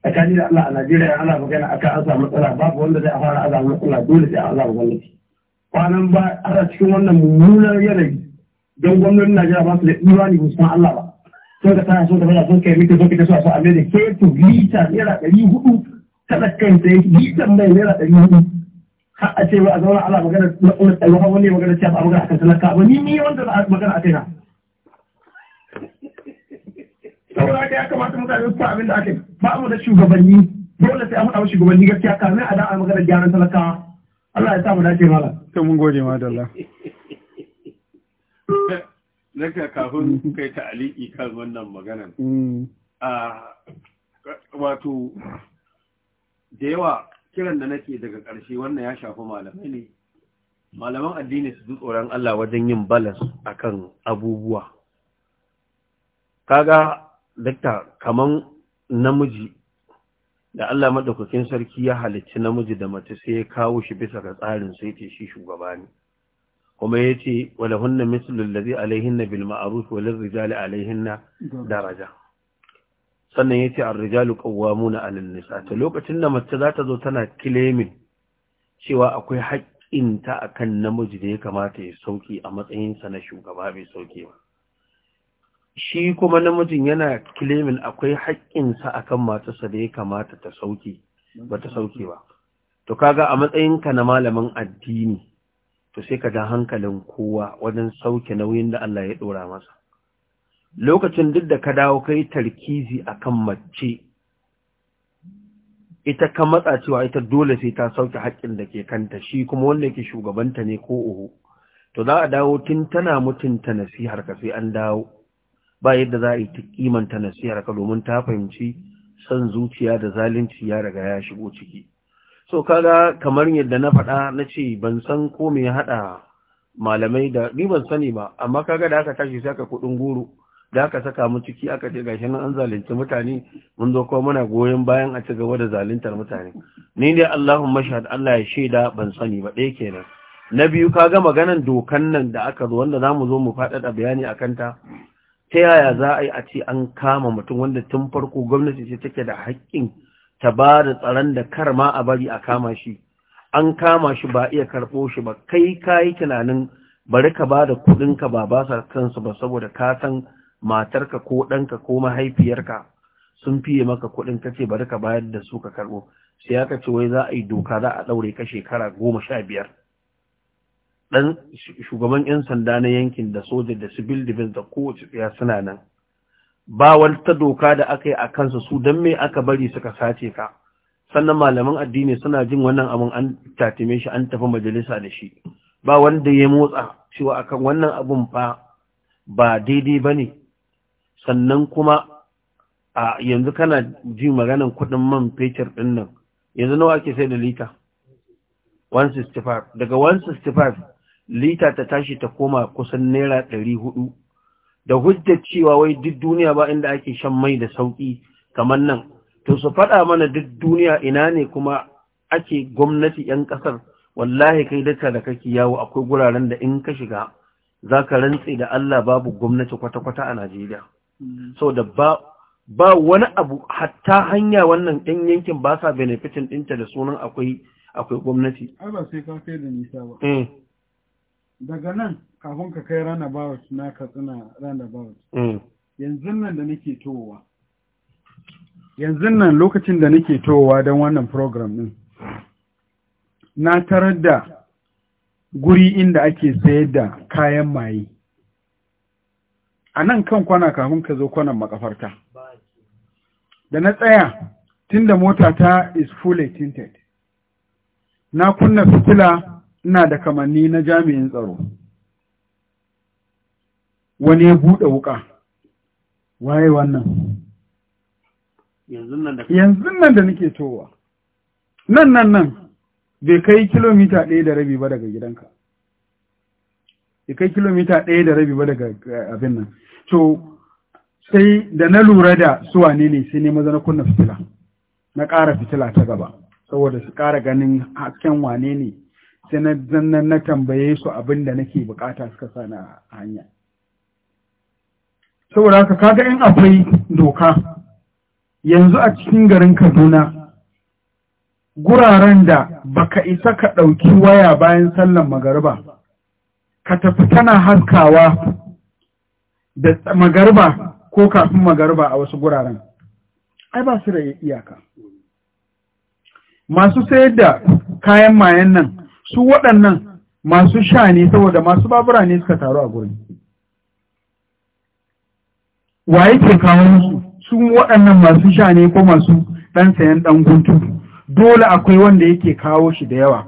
tsakanin da Allah a Najeriya ana magana akan an samu matsala babu wanda zai fara azamu matsala dole sai an azamu gwamnati. Kwanan ba a cikin wannan mummunar yanayi don gwamnonin Najeriya ba su da imani ba san Allah ba so ka tana so ta fara so kai miki so kike so a so America ke to lita naira ɗari hudu talakan sai lita mai naira ɗari hudu har a ce ba a zauna Allah magana na ƙunar ɗalwa wani magana ce ba a magana akan talaka ba ni ni wanda za a magana a kai na. saboda haka ya kamata mutane su abin da ake ba mu da shugabanni dole sai an faɗa shugabanni gaskiya kamar a da a magana gyaran talakawa Allah ya sa mu dace mala. Sai mun gode ma da Allah. naka kafin kai ta'aliki kan wannan maganan mm. wato da yawa kiran da nake daga ƙarshe wannan ya shafi malamai ne malaman addini su ji tsoron Allah wajen yin balas akan abubuwa kaga dakta kaman namiji da Allah maɗaukakin sarki ya halicci namiji da mace sai ya kawo shi bisa ga tsarin sai ce shi shugaba ne kuma ya ce walahunna mislul ladhi alaihinna bil ma'ruf rijali alaihin na daraja sannan ya ce "A rijali qawwamuna na nisa ta lokacin da mace za ta zo tana kilemin cewa akwai haƙƙin ta kan namiji da ya kamata ya sauki a matsayinsa na shugaba bai sauke ba shi kuma namijin yana kilemin akwai haƙƙinsa a kan matarsa da ya kamata ta sauƙi ba ta sauke ba to kaga a matsayinka na malamin addini to sai ka ja hankalin kowa wajen sauke nauyin da Allah ya ɗora masa lokacin duk da ka dawo kai tarkizi akan mace ita ka matsa cewa ita dole sai ta sauke haƙƙin da ke kanta shi kuma wanda yake shugabanta ne ko uhu to za a dawo tun tana mutunta nasihar ka sai an dawo ba yadda za a yi ta kimanta nasihar ka domin ta fahimci son zuciya da zalunci ya riga ya shigo ciki so kaga kamar yadda na faɗa na ce ban san ko me haɗa malamai da ni ban sani ba amma kaga da aka tashi aka kuɗin goro da aka saka mu ciki aka ce gashi nan an zalunci mutane mun zo kuma muna goyon bayan a ci gaba da zaluntar mutane ni dai Allahumma shahad Allah ya shaida ban sani ba ɗaya kenan na biyu kaga maganan dokan nan da aka zo wanda zamu zo mu faɗaɗa bayani akan ta ta yaya za a yi a ce an kama mutum wanda tun farko gwamnati ce take da haƙƙin ta ba da tsaron da kar ma a bari a kama shi an kama shi ba iya karɓo shi ba kai ka yi tunanin bari ka ba da kuɗinka ba ba sa kansu ba saboda ka san matarka ko ɗanka ko mahaifiyarka sun fiye maka kuɗin ka ce bari ka bayar da su ka karɓo sai aka ce wai za a yi doka za a ɗaure ka shekara goma sha biyar ɗan shugaban 'yan sanda na yankin da soja da civil defense da kowace tsaya suna nan ba wata doka da aka yi a kansa su don me aka bari suka sace ka sannan malaman addini suna jin wannan abin an tatime shi an tafi majalisa da shi ba wanda ya motsa cewa akan wannan abin fa ba daidai ba ne sannan kuma a yanzu kana ji maganan kudin man fetur din nan yanzu nawa ake sai da lita 165 daga 165 lita ta tashi ta koma kusan naira 400 da hujjar cewa wai duk duniya ba inda ake shan mai da sauki kamar nan to su faɗa mana duk duniya ina ne kuma ake gwamnati 'yan ƙasar wallahi kai data da kake yawo akwai guraren da in ka shiga za ka rantse da Allah babu gwamnati kwata-kwata a Najeriya mm. so da ba ba wani abu hatta hanya wannan ɗan yankin ba sa benefitin ɗinta da sunan akwai akwai gwamnati ai ba sai ka kai da nisa ba eh. daga nan kafin ka kai runabout na ka tsina runabout mm. yanzu nan da nake towa yanzu nan lokacin da nake towa don wannan program ɗin. na tarar da guri inda ake sayar da kayan maye a nan kan kwana kafin ka zo kwanan makafarta da na tsaya tunda mota ta is fully tinted na kunna fitila ina da kamanni na jami'in tsaro wani ya buɗe wuka waye wannan yanzu nan da nake towa nan nan nan bai kai kilomita ɗaya da rabi ba daga gidanka bai kai kilomita ɗaya da rabi ba daga eh, abin nan to sai da na lura da suwa ne ne sai ne maza na kunna fitila na ƙara fitila ta gaba saboda su ƙara ganin hasken wane ne sai na zannan na tambaye su abin da nake bukata suka sa na hanya saboda haka kaga in akwai doka yanzu a cikin garin Kaduna guraren da baka isa ka ɗauki waya bayan sallan magariba ka tafi tana haskawa da magariba ko kafin magariba a wasu guraren ai ba su da iyaka masu sayar da kayan mayan nan su waɗannan masu sha ne saboda masu babura ne suka taru a gurin wa yake kawo musu su waɗannan masu sha ne ko masu ɗan sayan ɗan guntu dole akwai wanda yake kawo shi da yawa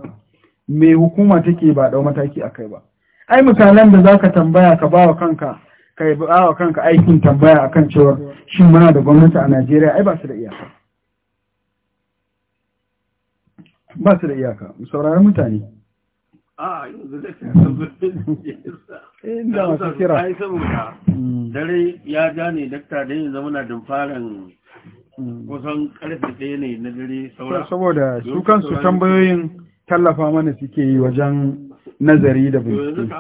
mai hukuma take ba ɗau mataki a kai ba ai misalan da zaka tambaya ka ba wa kanka kai ba wa kanka aikin tambaya akan cewa shin muna da gwamnati a Najeriya ai ba su da iyaka ba su da iyaka saurari mutane a yanzu da ya yin zamana mm. kusan karfe ɗaya ne na tambayoyin tallafa mana suke yi wajen nazari da bincike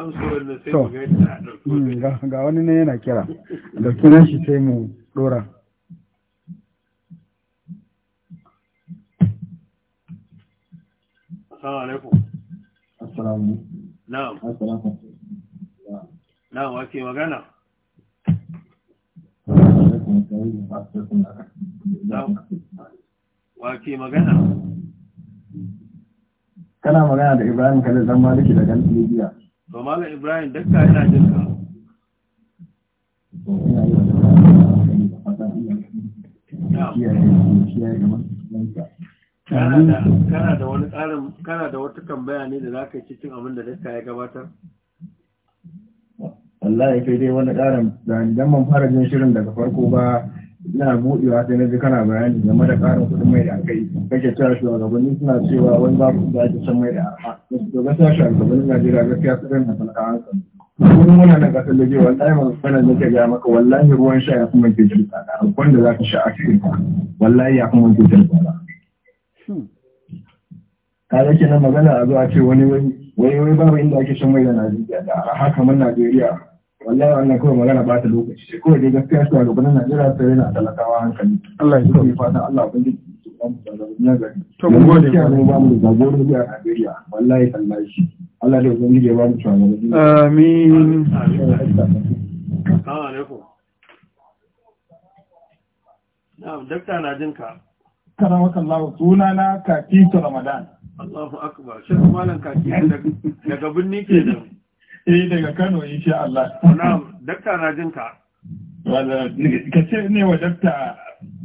mm, ga wani ne yana kira dauki nan shi sai mu dora Assalamu Na'am. magana? Kana magana da Ibrahim Khalil dan Maliki daga Libya. To Malam Ibrahim dukka yana jin Na'am. kana da da wata tambaya ne da za ka yi cikin abin da dakta ya gabatar wallahi sai dai wani ƙarin da idan ban fara jin shirin daga farko ba ina buɗewa sai na ji kana bayani game da ƙarin kuɗin mai da aka yi kake cewa shugabanni suna cewa wani ba da ake can mai da arha to gaskiya shugabannin Najeriya gaskiya su rinna talaka hansa kuma muna nan kasan da jewa ɗaya mai sanar da ke gaya maka wallahi ruwan sha ya kuma ke jirka wanda za ka sha a cikin wallahi ya kuma ke jirka yake na magana a zuwa ce wani wai wai wai babu inda ake shan mai da Najeriya da haka mun Najeriya wallahi wannan kawai magana ba ta lokaci sai kawai dai gaskiya shi gabanin Najeriya sai yana talakawa hankali Allah ya yi fata Allah ban ji to mun gode ba mu da gori da Najeriya wallahi tallahi Allah da wani ji ba mu cewa amin assalamu alaikum na'am dakta na jinka karamaka Allah suna na kakitu Ramadan. Allahu akbar. Shi malam kakitu daga birni ke da. Eh daga Kano insha Allah. Na'am, dakta na jin ka. Wala ka ce ne wa dakta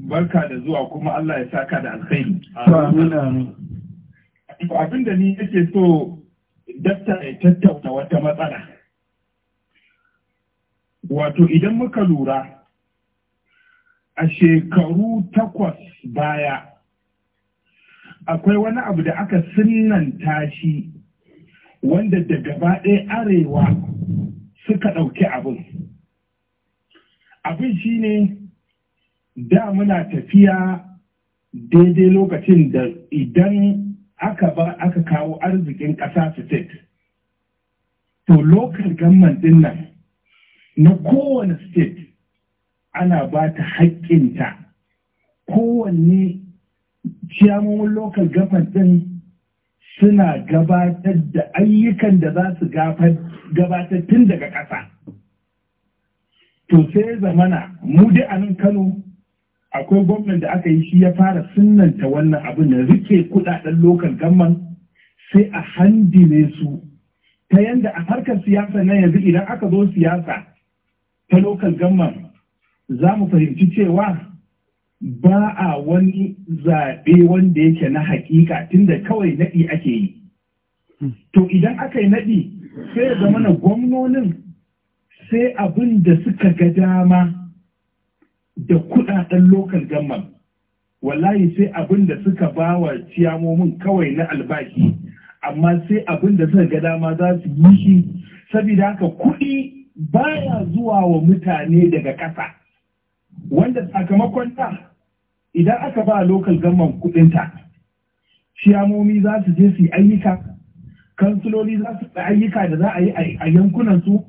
barka da zuwa kuma Allah ya saka da alkhairi. Amin amin. Abin da ni yake so dakta ya tattauna wata matsala. Wato idan muka lura a shekaru takwas baya akwai wani abu da aka sinanta shi wanda da gaba ɗaya arewa suka ɗauki abin abin shi ne da muna tafiya daidai lokacin da idan aka ba aka kawo arzikin ƙasa state to lokal government din nan na kowane state ana ba ta haƙƙinta kowanne ciyamomin lokal gafar ɗin suna gabatar da ayyukan da za su gabatar tun daga ƙasa to sai zamana mu da a kano akwai gwamnan da aka yi shi ya fara sunanta wannan abin da rike kudaden lokal gamman sai a handile su ta yanda a harkar siyasa na yanzu idan aka zo siyasa ta lokal gamman za mu fahimci cewa ba a wani zaɓe wanda yake na haƙiƙa tunda kawai naɗi ake yi. Hmm. To idan aka yi naɗi sai ya zama na gwamnonin sai abin da suka ga dama da kuɗaɗen lokal gamman. Wallahi sai abin da suka ba wa ciyamomin kawai na albashi, amma sai abin da suka ga dama za su yi shi, saboda haka kuɗi baya zuwa wa mutane daga ƙasa. wanda sakamakon ta idan aka ba local government kudinta shiyamomi za su je su yi ayyuka kansuloli za su yi ayyuka da za a yi a yankunan su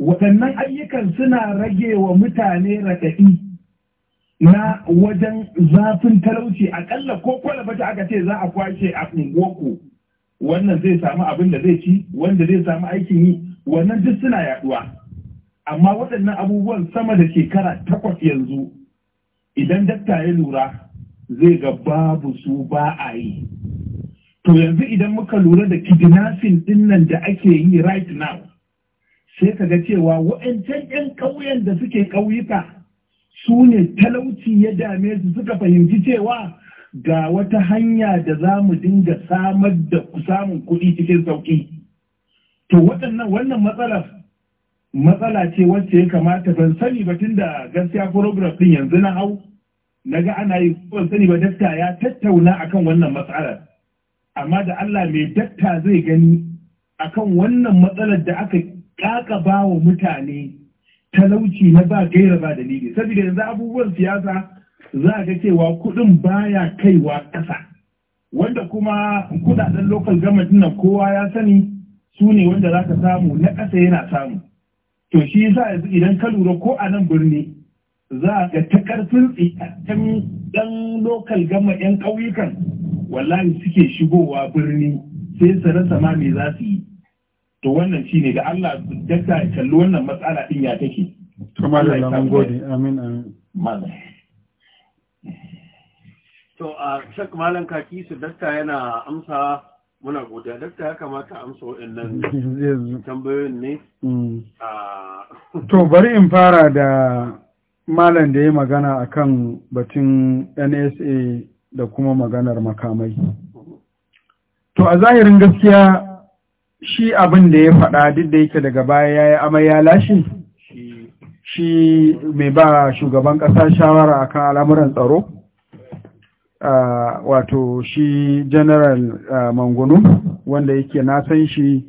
waɗannan ayyukan suna rage wa mutane raɗaɗi na wajen zafin talauci aƙalla ko kwalaba ta aka ce za a kwashe a unguwarku wannan zai samu abin da zai ci wanda zai samu aikin yi wannan duk suna yaɗuwa. amma waɗannan abubuwan sama da shekara takwas yanzu idan dakta ya lura zai ga babu su ba a yi to yanzu idan muka lura da kidnapping dinnan da ake yi right now sai ka ga cewa wa'ancan 'yan ƙauyen da suke ƙauyuka su ne talauci ya dame su suka fahimci cewa ga wata hanya da za mu dinga samar da samun kuɗi cikin sauƙi. To waɗannan wannan matsalar matsala ce wacce ya kamata ban sani ba tun da gaskiya program din yanzu na hau na ga ana yi ban sani ba dakta ya tattauna akan wannan matsalar amma da Allah mai dakta zai gani akan wannan matsalar da aka ƙaƙa ba wa mutane talauci na ba gaira ba dalili saboda yanzu abubuwan siyasa za ga cewa kuɗin baya kaiwa ƙasa wanda kuma kuɗaɗen lokal gama nan kowa ya sani su ne wanda za ka samu na ƙasa yana samu to shi yasa yanzu idan ka lura ko a nan birni za ga ta karfin tsiyattun ɗan lokal gama yan ƙauyukan wallahi suke shigowa birni sai su rasa ma me za su yi to wannan shine da Allah dakta ya kalli wannan matsala din ya take to malam mun gode amin amin to a shak malam kaki su dakta yana amsa muna godiya duk da haka mata amsa waɗannan tambayoyin ne mm. to bari in fara da malam da ya magana a kan batun nsa da kuma maganar makamai to a zahirin gaskiya shi abin da ya faɗa duk da yake daga baya ya yi amai ya lashe shi mai ba shugaban ƙasa shawara akan al'amuran tsaro wato shi general mangunu wanda yake na san shi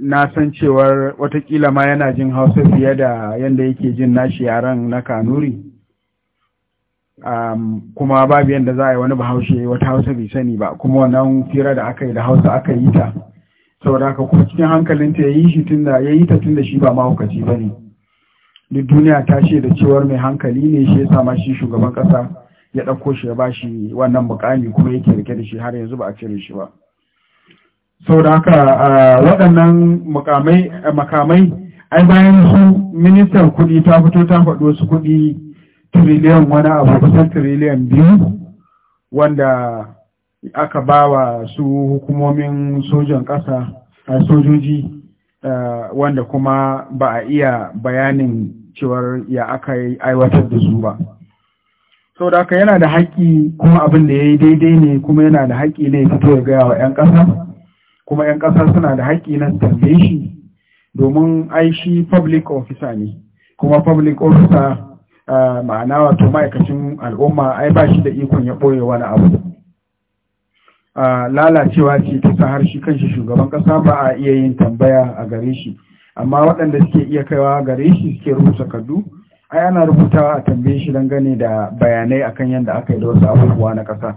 na san cewar watakila ma yana jin hausa fiye da yadda yake jin nashi yaren na kanuri kuma babu yadda za a yi wani bahaushe wata hausa bai sani ba kuma wannan fira da aka yi da hausa aka yi ta saboda haka kuma cikin hankalin ta yi shi tunda ya yi ta tunda shi ba mahaukaci ba ne duk duniya ta ce da cewar mai hankali ne shi ya sama shi shugaban ƙasa ya ɗauko shi ya ba shi wannan mukami kuma yake rike da shi har yanzu ba a cire shi ba sau da haka waɗannan makamai ai bayan su ministan kuɗi ta fito ta faɗi wasu kuɗi tiriliyan wani abu kusan tiriliyan biyu wanda aka ba wa su hukumomin sojan ƙasa a sojoji wanda kuma ba a iya bayanin cewar ya aka aiwatar da su ba. sau da yana da haƙƙi kuma abin da ya yi daidai ne kuma yana da haƙƙi ne ya fito ya gaya wa 'yan ƙasa kuma 'yan ƙasa suna da haƙƙi na tambaye shi domin ai shi public officer ne kuma public officer ma'ana wato ma'aikacin al'umma ai ba shi da ikon ya ɓoye wani abu lalacewa ce ta sa har shi kanshi shugaban ƙasa ba a iya yin tambaya a gare shi amma waɗanda suke iya kaiwa gare shi suke rubuta kaddu a yana rubutawa a tambaye shi dangane da bayanai akan yadda aka yi da wasu abubuwa na ƙasa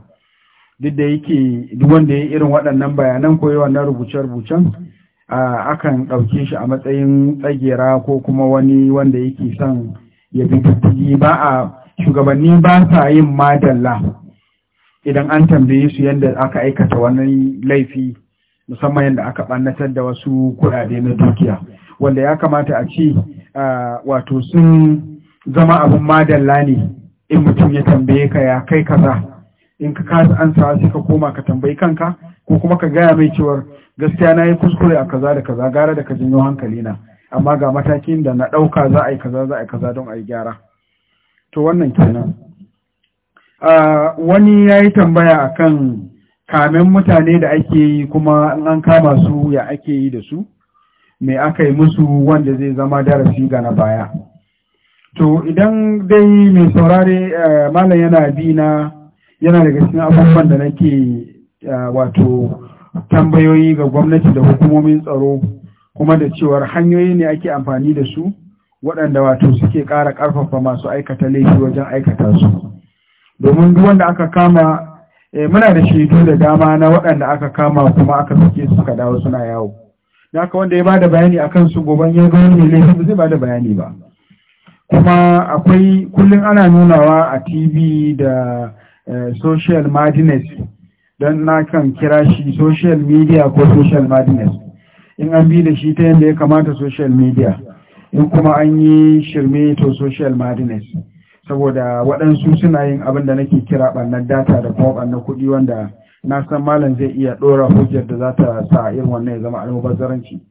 duk da yake duk wanda ya irin waɗannan bayanan ko yawan na rubuce-rubucen akan ɗauke shi a matsayin tsagera ko kuma wani wanda yake son ya bi diddigi ba a shugabanni ba sa yin madalla idan an tambaye su yadda aka aikata wani laifi musamman yadda aka ɓannatar da wasu kuɗaɗe na dukiya wanda ya kamata a ce wato sun zama abin madalla ne in mutum ya tambaye ka ya kai kaza in ka kasa sa sai ka koma ka tambayi kanka ko kuma ka gaya mai cewa gaskiya na yi kuskure a kaza da kaza gara da ka janyo hankali na amma ga matakin da na ɗauka za a yi kaza za a yi kaza don a yi gyara to wannan kenan wani ya yi tambaya akan kamen mutane da ake yi kuma in an kama su ya ake yi da su me aka yi musu wanda zai zama darasi ga na baya to idan dai mai saurare eh, malam yana bi na yana daga cikin abubuwan da nake eh, wato tambayoyi ga gwamnati da hukumomin tsaro kuma da cewar hanyoyi ne ake amfani da su waɗanda wato suke ƙara ƙarfafa masu aikata laifi wajen aikata su domin duk wanda aka kama eh, muna da shaidu da dama na waɗanda aka kama kuma aka suke suka dawo suna yawo da aka wanda ya bada bayani akan su goban ya ga wani laifin zai bada bayani ba kuma akwai kullum ana nunawa a tv da eh, social madness don na kan kira shi social media ko social madness in an bi da shi ta yadda ya kamata social media in kuma an yi shirme to social madness saboda waɗansu suna yin abin da nake kira ɓannan data da kuma ɓannan kuɗi wanda na san malam zai iya ɗora hujjar da za ta sa irin wannan ya zama almubazzaranci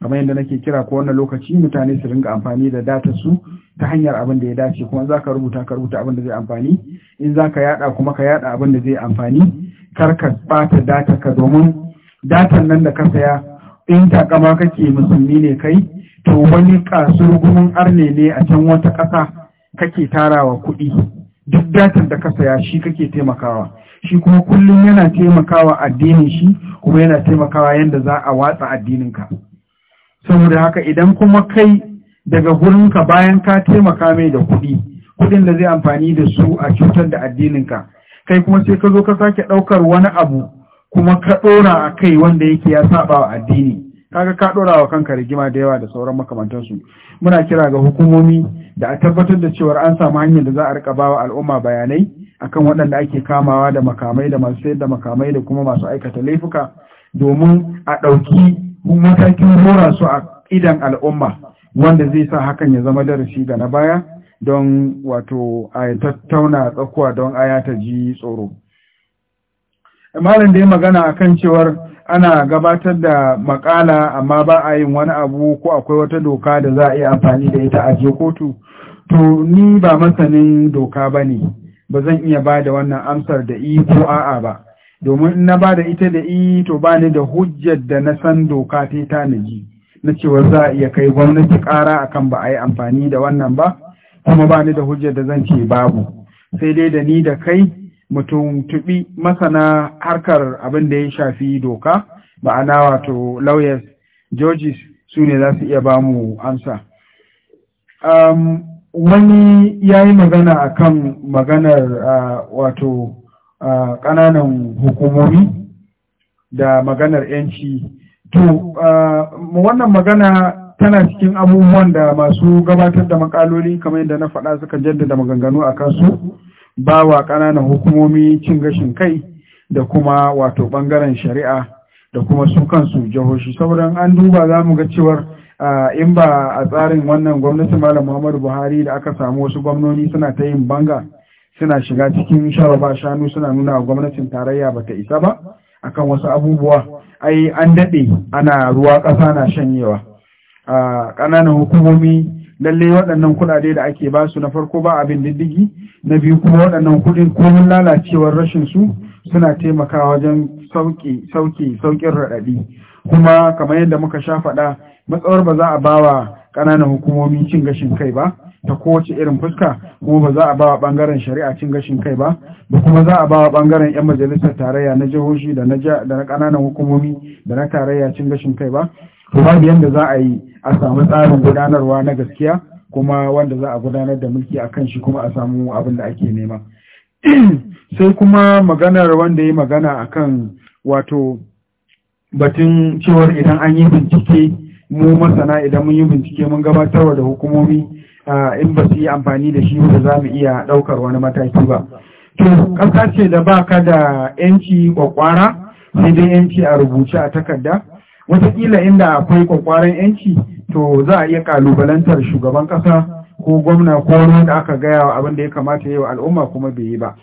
kamar yadda nake kira ko wannan lokaci mutane su ringa amfani da data su ta hanyar abin da ya dace kuma za ka rubuta ka rubuta abin da zai amfani in za ka yada kuma ka yada abin da zai amfani kar ka bata data ka domin datan nan da ka saya in takama kake musulmi ne kai to wani kasu gumin arne ne a can wata ƙasa kake tarawa kuɗi duk datan da ka saya shi kake taimakawa shi kuma kullum yana taimakawa addinin shi kuma yana taimakawa yanda za a watsa addininka saboda haka idan kuma kai daga ka bayan ka taimaka mai da kuɗi kuɗin da zai amfani da su a cutar da addininka kai kuma sai ka zo ka sake ɗaukar wani abu kuma ka ɗora a kai wanda yake ya saba wa addini kaga ka ɗora wa kanka rigima da yawa da sauran makamantansu muna kira ga hukumomi da a tabbatar da cewar an samu hanyar da za a rika bawa al'umma bayanai akan waɗanda ake kamawa da makamai da masu sayar da makamai da kuma masu aikata laifuka domin a ɗauki matakin rora su a idan al'umma wanda zai sa hakan ya zama darasi ga na baya don wato a tattauna tsakuwa don aya ta ji tsoro malam da ya magana kan cewar ana gabatar da makala amma ba a yin wani abu ko akwai wata doka da za a yi amfani da ita a je kotu to ni ba masanin doka ba ne ba zan iya ba da wannan amsar da i ko a'a ba domin na ba da ita da i to ba ni da hujjar da na san doka ta ji. na cewa za a iya kai gwamnati ƙara akan ba a yi amfani da wannan ba kuma ba ni da hujjar da zan ce babu sai dai da ni da kai mutum tuɓi masana harkar abin da ya shafi doka ma'ana wato lawyers georges su ne za su iya ba mu amsa um, wani ya yi magana a kan maganar uh, wato uh, ƙananan hukumomi da maganar 'yanci to wannan magana tana cikin abubuwan da masu gabatar da makaloli kamar yadda na faɗa suka jaddada maganganu a kansu ba wa ƙananan hukumomi cin gashin kai da kuma wato ɓangaren shari'a da kuma su kansu jihohi sauran an duba za mu ga cewar in ba a tsarin wannan gwamnatin malam muhammadu buhari da aka samu wasu gwamnoni suna ta yin banga suna shiga cikin sharaba shanu suna nuna gwamnatin tarayya ba ta isa ba akan wasu abubuwa ai an daɗe ana ruwa ƙasa na shanyewa a ƙananan hukumomi lalle waɗannan kuɗaɗe da ake ba su na farko ba abin diddigi na biyu kuma waɗannan kuɗin komin lalacewar rashin su suna taimakawa wajen sauƙi sauƙi sauƙin raɗaɗi kuma kamar yadda muka sha faɗa matsawar ba za a bawa ƙananan hukumomi cin gashin kai ba ta kowace irin fuska kuma ba za a ba wa bangaren shari'a cin gashin kai ba ba kuma za a ba wa bangaren 'yan majalisar tarayya na jihohi da na ƙananan hukumomi da na tarayya cin gashin kai ba to babu yadda za a yi a samu tsarin gudanarwa na gaskiya kuma wanda za a gudanar da mulki a kan shi kuma a samu abin da ake nema sai kuma maganar wanda ya magana a kan wato batun cewar idan an yi bincike mu masana idan mun yi bincike mun gabatarwa da hukumomi in ba su yi amfani da shi ba za mu iya ɗaukar wani mataki ba to ƙasa ce da ba ka da yanci kwakwara sai dai yanci a rubuce a takarda wataƙila inda akwai kwakwaran yanci to za a iya ƙalubalantar shugaban ƙasa ko gwamna ko wanda aka gaya wa abin da ya kamata yi al'umma kuma bai yi ba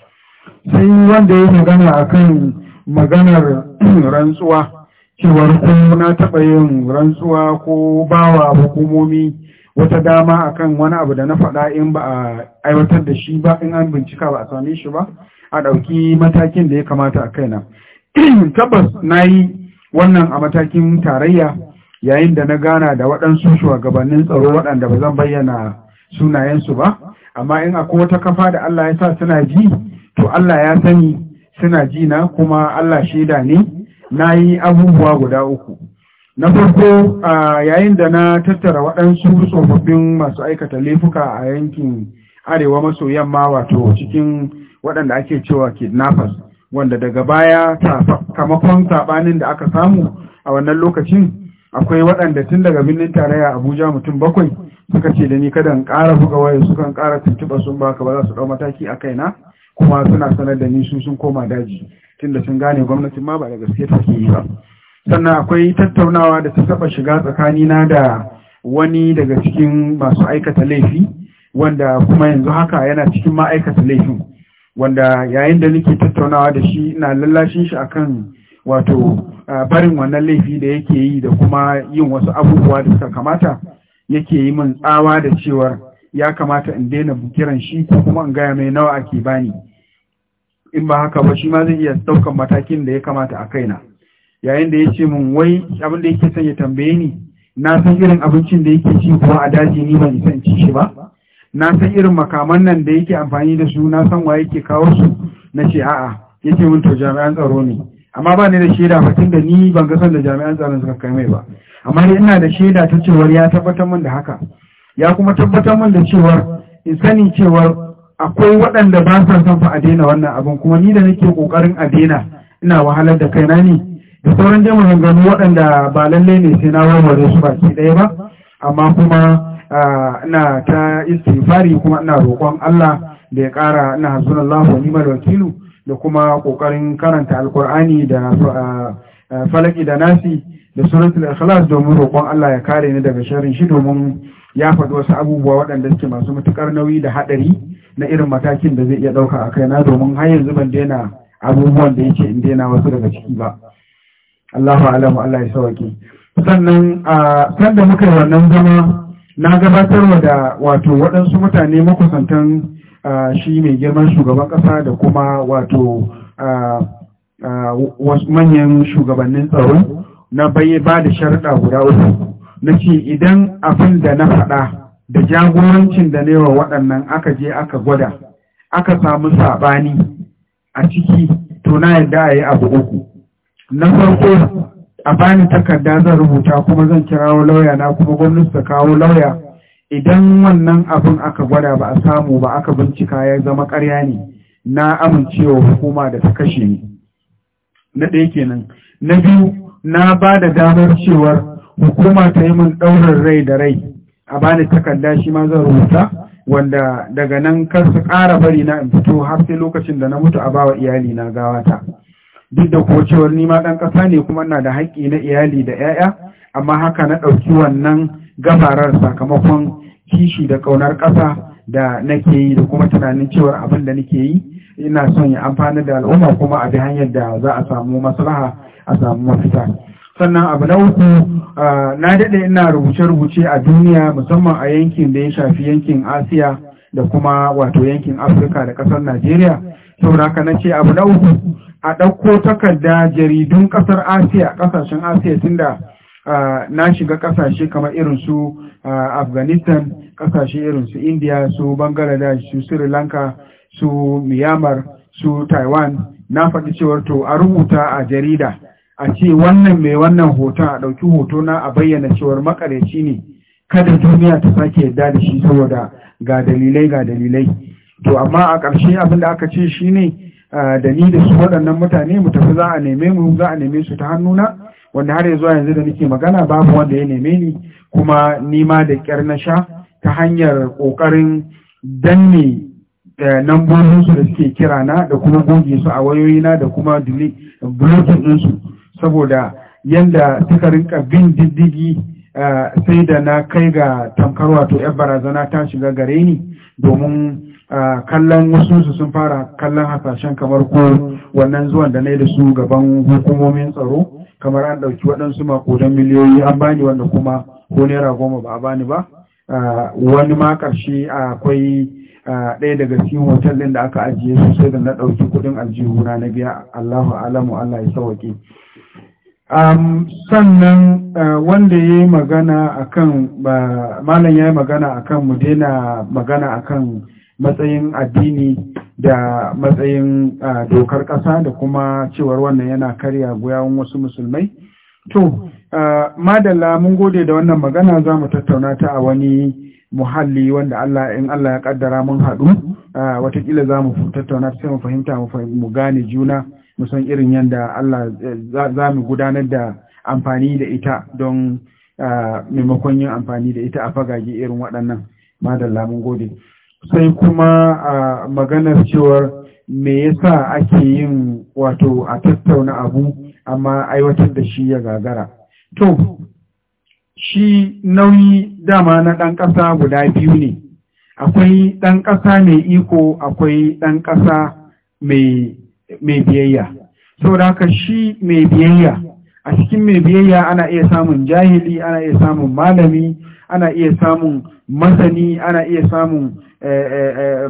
sai wanda ya magana a kan maganar rantsuwa cewar ko na taɓa yin rantsuwa ko bawa hukumomi wata dama akan wani abu da na faɗa in ba a aiwatar da shi ba in an bincika ba a same shi ba a ɗauki matakin da ya kamata a kaina tabbas na yi wannan a matakin tarayya yayin da na gana da waɗansu shugabannin tsaro waɗanda ba zan bayyana sunayensu ba amma in akwai wata kafa da Allah ya sa suna ji to Allah ya sani suna ji na kuma Allah shaida ne na yi abubuwa guda uku na farko a yayin da na tattara waɗansu tsofaffin masu aikata laifuka a yankin arewa maso yamma wato cikin waɗanda ake cewa kidnappers wanda daga baya kamakon saɓanin da aka samu a wannan lokacin akwai waɗanda tun daga birnin tarayya abuja mutum bakwai suka ce da ni kada in ƙara buga waya sukan ƙara tuntuɓa sun baka ba za su ɗau mataki a kaina kuma suna sanar da ni su sun koma daji tunda sun gane gwamnatin ma ba da gaske take yi ba sannan akwai tattaunawa da ta saba shiga tsakanina da wani daga cikin masu aikata laifi wanda kuma yanzu haka yana cikin ma'aikata laifin wanda yayin da nake tattaunawa da shi na lallashin shi akan wato barin wannan laifi da yake yi da kuma yin wasu abubuwa da suka kamata yake yi min tsawa da cewar ya kamata in daina kiran shi ko kuma in gaya mai nawa ake bani in ba haka ba shi ma zai iya ɗaukan matakin da ya kamata a kaina yayin da ya ce min wai abin da yake son ya tambaye ni na san irin abincin da yake ci kuwa a daji ni ban san ci shi ba na san irin makaman nan da yake amfani da su na san wa yake kawo su na ce a'a ce min to jami'an tsaro ne amma ba ni da shaida ba da ni ban ga san da jami'an tsaro suka kai mai ba amma dai ina da shaida ta cewar ya tabbatar min da haka ya kuma tabbatar min da cewar in sani cewar akwai waɗanda ba sa son fa a daina wannan abin kuma ni da nake kokarin a daina ina wahalar da kaina ne da sauran jama'a maganganu waɗanda ba lalle ne sai na warware su ba baki ɗaya ba amma kuma ina ta istighfari kuma ina roƙon Allah da ya ƙara ina hasbunallahu wa ni'mal wakilu da kuma ƙoƙarin karanta alkur'ani da falaki da nasi da sunan al ikhlas domin roƙon Allah ya kare ni daga sharrin shi domin ya faɗi wasu abubuwa waɗanda suke masu matuƙar nauyi da haɗari na irin matakin da zai iya ɗauka a kaina domin har yanzu ban daina abubuwan da yake in daina wasu daga ciki ba Allahu alamu Allah ya sauke sannan a sanda muka yi wannan zama na gabatarwa da wato waɗansu mutane makusantan shi mai girman shugaban ƙasa da kuma wato manyan shugabannin tsaro na baye ba da sharaɗa guda uku na ce idan abin da na faɗa da jagorancin da na yawa waɗannan aka je aka gwada aka samu saɓani a ciki to na yadda a yi abu uku na farko a bani takarda zan rubuta kuma zan kirawo lauya na kuma gwamnati ta kawo lauya idan wannan abin aka gwada ba a samu ba aka bincika ya zama ƙarya ne na amincewa hukuma da ta kashe ni na ɗaya kenan na biyu na ba da damar cewar hukuma ta yi min ɗaurin rai da rai a bani takarda shi ma zan rubuta wanda daga nan kar su ƙara bari na in fito har sai lokacin da na mutu a bawa iyali na gawata. duk da kuwa cewar nima ɗan ƙasa ne kuma na da haƙƙi na iyali da 'ya'ya amma haka na ɗauki wannan gabarar sakamakon kishi da ƙaunar ƙasa da nake yi da kuma tunanin cewar abin da nake yi ina son ya amfani da al'umma kuma a bi hanyar da za a samu maslaha a samu mafita sannan abu na uku na daɗe ina rubuce-rubuce a duniya musamman a yankin da ya shafi yankin asiya da kuma wato yankin afirka da ƙasar najeriya ka na ce abu na uku a ɗauko takarda jaridun ƙasar asiya ƙasashen asiya tun da na shiga ƙasashe kamar irin su afghanistan ƙasashe irin su india su bangladesh su sri lanka su myanmar su taiwan na faɗi cewar to a rubuta a jarida a ce wannan mai wannan hoton a ɗauki hoto na a bayyana cewar makareci ne kada duniya ta sake yadda da shi saboda ga dalilai ga dalilai to amma a ƙarshe abin da aka ce shi ne da ni da su waɗannan mutane mu tafi za a neme mu za a neme su ta hannuna wanda har yanzu yanzu da nake magana babu wanda ya neme ni kuma nima da ƙyar na sha ta hanyar ƙoƙarin danne e, lambobinsu da suke kira na da kuma goge su a wayoyina da kuma blocking ɗinsu saboda yadda suka rinka bin diddigi e, sai da na kai ga tamkar wato 'yan barazana ta shiga gare ni domin kallon wasu sun fara kallon hasashen kamar ko wannan zuwan da na yi da su gaban hukumomin tsaro kamar an ɗauki waɗansu makodan miliyoyi an bani wanda kuma ko naira goma ba a bani ba wani ma ƙarshe akwai ɗaya daga cikin hotel ɗin da aka ajiye su sai da na ɗauki kuɗin aljihu na biya Allahu alamu Allah ya sauke. sannan wanda ya yi magana akan malam ya yi magana akan mu daina magana akan matsayin addini da matsayin dokar ƙasa da kuma cewar wannan yana karya goyawan wasu musulmai. To, madalla mun gode da wannan magana za mu tattauna ta a wani muhalli wanda Allah in Allah ya kaddara mun haɗu, watakila za mu tattauna sai mu fahimta mu gane juna, mu san irin yadda Allah eh, za mu gudanar da amfani da ita don maimakon yin amfani da ita a fagage irin waɗannan. Madalla mun gode. sai kuma a maganar cewar me yasa ake yin wato a tattauna abu amma aiwatar da shi ya gagara to shi nauyi dama na ɗan ƙasa guda biyu ne akwai ɗan ƙasa mai iko akwai ɗan ƙasa mai biyayya saboda haka shi mai biyayya a cikin mai biyayya ana iya samun jahili ana iya samun malami ana iya samun masani ana iya samun Eh, eh, eh,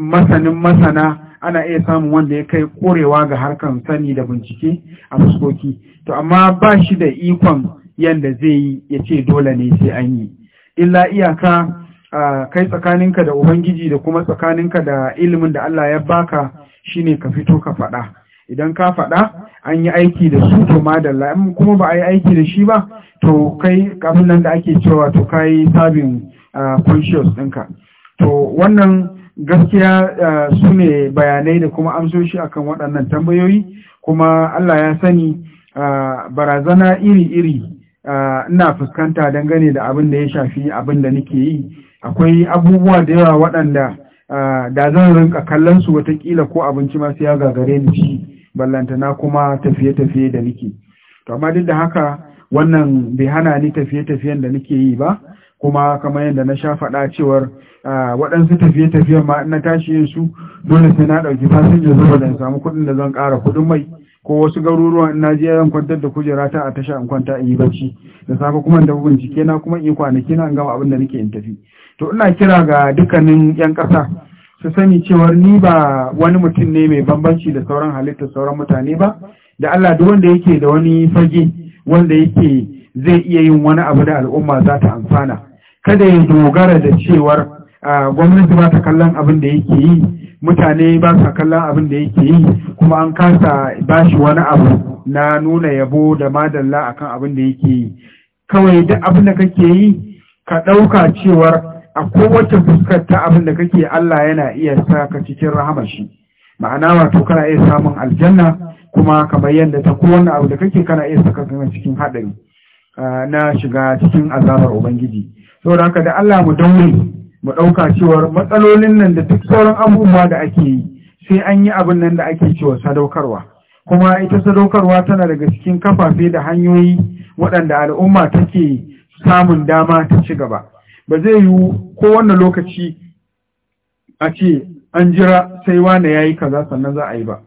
masanin masana ana iya samun wanda ya kai korewa ga harkar sani da bincike a fuskoki to amma ba shi da ikon yadda zai yi ya ce dole ne sai an yi illa iyaka kai tsakaninka da ubangiji da kuma tsakaninka da ilimin da Allah ya baka shine ka fito ka faɗa idan ka faɗa an yi aiki da su to madalla in kuma ba a yi aiki da shi ba to kai kafin nan da ake cewa to kai sabin conscious ɗinka to wannan gaskiya eh, su ne bayanai da kuma amsoshi akan waɗannan tambayoyi kuma Allah ya sani eh, barazana iri-iri eh, ina fuskanta dangane da abin da ya shafi abin da nake yi akwai abubuwa da yawa waɗanda da zan rinka kallon su watakila ko abinci masu ya gagare ni shi ballantana kuma tafiye-tafiye da nake to amma duk da haka wannan bai hana ni tafiye-tafiyen da nake yi ba kuma kamar yadda na sha faɗa cewar waɗansu tafiye tafiyen ma na tashi yin su dole sai na ɗauki fasinja zuba da samu kuɗin da zan ƙara kuɗin mai ko wasu garuruwan na je yan kwantar da kujera ta a tasha in kwanta in yi bacci da safe kuma da bincike na kuma in kwanaki na gama abin da nake in tafi to ina kira ga dukkanin yan ƙasa su sani cewar ni ba wani mutum ne mai bambanci da sauran halittar sauran mutane ba da Allah duk wanda yake da wani fage wanda yake zai iya yin wani abu da al'umma za ta amfana kada ya dogara da cewar gwamnati ba ta kallon abin da yake yi mutane ba sa kallon abin da yake yi kuma an kasa bashi wani abu na nuna yabo da madalla akan abin da yake yi kawai duk abin da kake yi ka ɗauka cewar a kowace fuskar ta abin da kake Allah yana iya sa ka cikin rahamar shi ma'ana wato kana iya samun aljanna kuma kamar yadda ta kowane abu da kake kana iya saka cikin haɗari na shiga cikin azabar ubangiji saboda haka da Allah mu daure mu ɗauka cewar matsalolin nan da duk sauran abubuwa da ake yi sai an yi abin nan da ake cewa sadaukarwa kuma ita sadaukarwa tana daga cikin kafafe da hanyoyi waɗanda al'umma take samun dama ta ci gaba ba zai yiwu kowane lokaci a ce an jira sai wane ya yi kaza sannan za a yi ba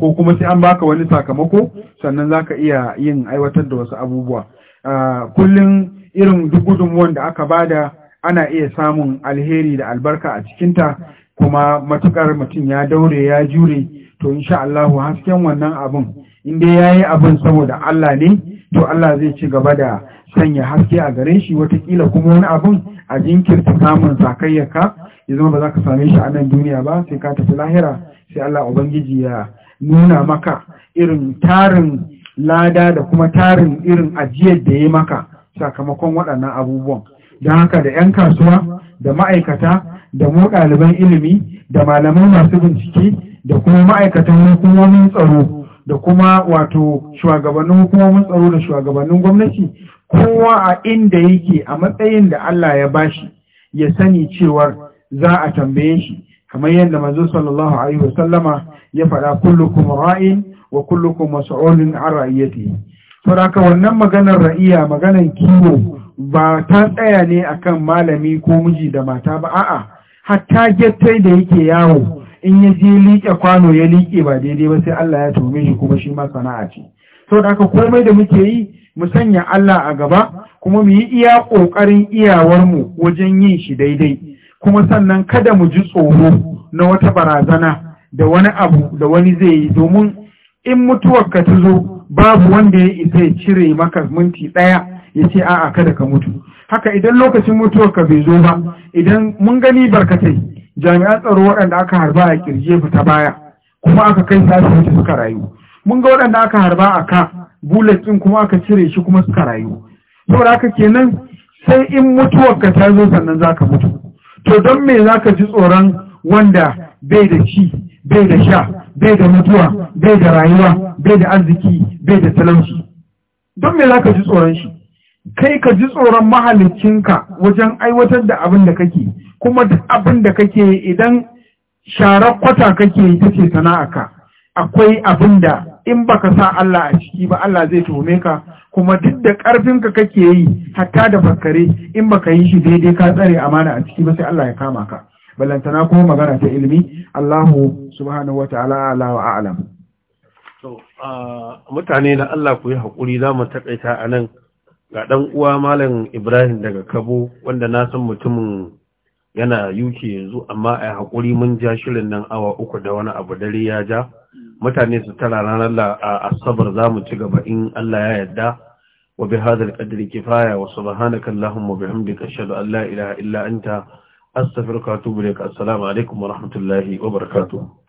ko kuma sai an baka wani sakamako sannan za ka iya yin aiwatar da wasu abubuwa ah, kullum irin duk gudunmuwan da aka bada ana iya samun alheri da albarka a cikinta kuma matukar mutum ya daure ya jure to insha Allah hasken wannan abin inda ya yi abin saboda Allah ne to Allah zai ci gaba da sanya haske a gare shi watakila kuma wani abin a jinkirta samun sakayyaka ya zama ba za ka same shi a nan duniya ba sai ka tafi lahira sai Allah Ubangiji ya nuna maka irin tarin lada da kuma tarin irin ajiyar da ya maka sakamakon waɗannan abubuwan don haka da 'yan kasuwa da ma'aikata da mu ɗaliban ilimi da malamai masu bincike da kuma ma'aikatan hukumomin tsaro da kuma wato shugabannin hukumomin tsaro da shugabannin gwamnati kowa a inda yake a matsayin da Allah ya bashi ya sani cewar za a tambaye shi kamar yadda manzo sallallahu alaihi wasallama ya faɗa kullukum ra'in wa kullukum mas'ulun an ra'iyatihi saboda wannan maganar ra'iya maganar kiwo ba ta tsaya ne a kan malami ko miji da mata ba a'a hatta gettai da yake yawo in ya je liƙe kwano ya liƙe ba daidai ba sai Allah ya tume shi kuma shi ma sana'a ce saboda haka komai da muke yi mu sanya Allah a gaba kuma mu yi iya ƙoƙarin iyawarmu wajen yin shi daidai kuma sannan kada mu ji tsoro na wata barazana da wani abu da wani zai yi domin in mutuwar ka ta zo babu wanda ya isa ya cire maka minti ɗaya ya ce a'a kada ka mutu haka idan lokacin mutuwar ka bai zo ba idan mun gani barkatai jami'an tsaro waɗanda aka harba a kirje ta baya kuma aka kai su asibiti suka rayu mun ga waɗanda aka harba a ka bullet ɗin kuma aka cire shi kuma suka rayu saboda haka kenan sai in mutuwar ka ta zo sannan zaka mutu to don me zaka ji tsoron wanda bai da ci bai da sha bai da mutuwa bai da rayuwa bai da arziki bai da talauci don me za ka ji tsoron shi kai ka ji tsoron mahalicinka wajen aiwatar da abin da kake kuma duk abin da kake idan sharar kwata kake yi ta ce ka. akwai abin da in baka sa Allah a ciki ba Allah zai tome ka kuma duk da ƙarfinka kake yi hatta da bakare in baka yi shi daidai ka tsare amana a ciki ba sai Allah ya kama ka balantana kuma magana ta ilimi Allahu subhanahu wata'ala ala wa a'lam to mutane da Allah ku yi hakuri zamu takaita anan ga dan uwa malam Ibrahim daga Kabo wanda na san mutumin yana UK yanzu amma ai hakuri mun ja shirin nan awa uku da wani abu dare ya ja mutane su tara ranar asabar zamu ci gaba in Allah ya yarda وبهذا kifaya كفاية وسبحانك اللهم وبحمدك أشهد أن لا إله إلا أنت أستغفرك وأتوب إليك السلام عليكم ورحمة الله وبركاته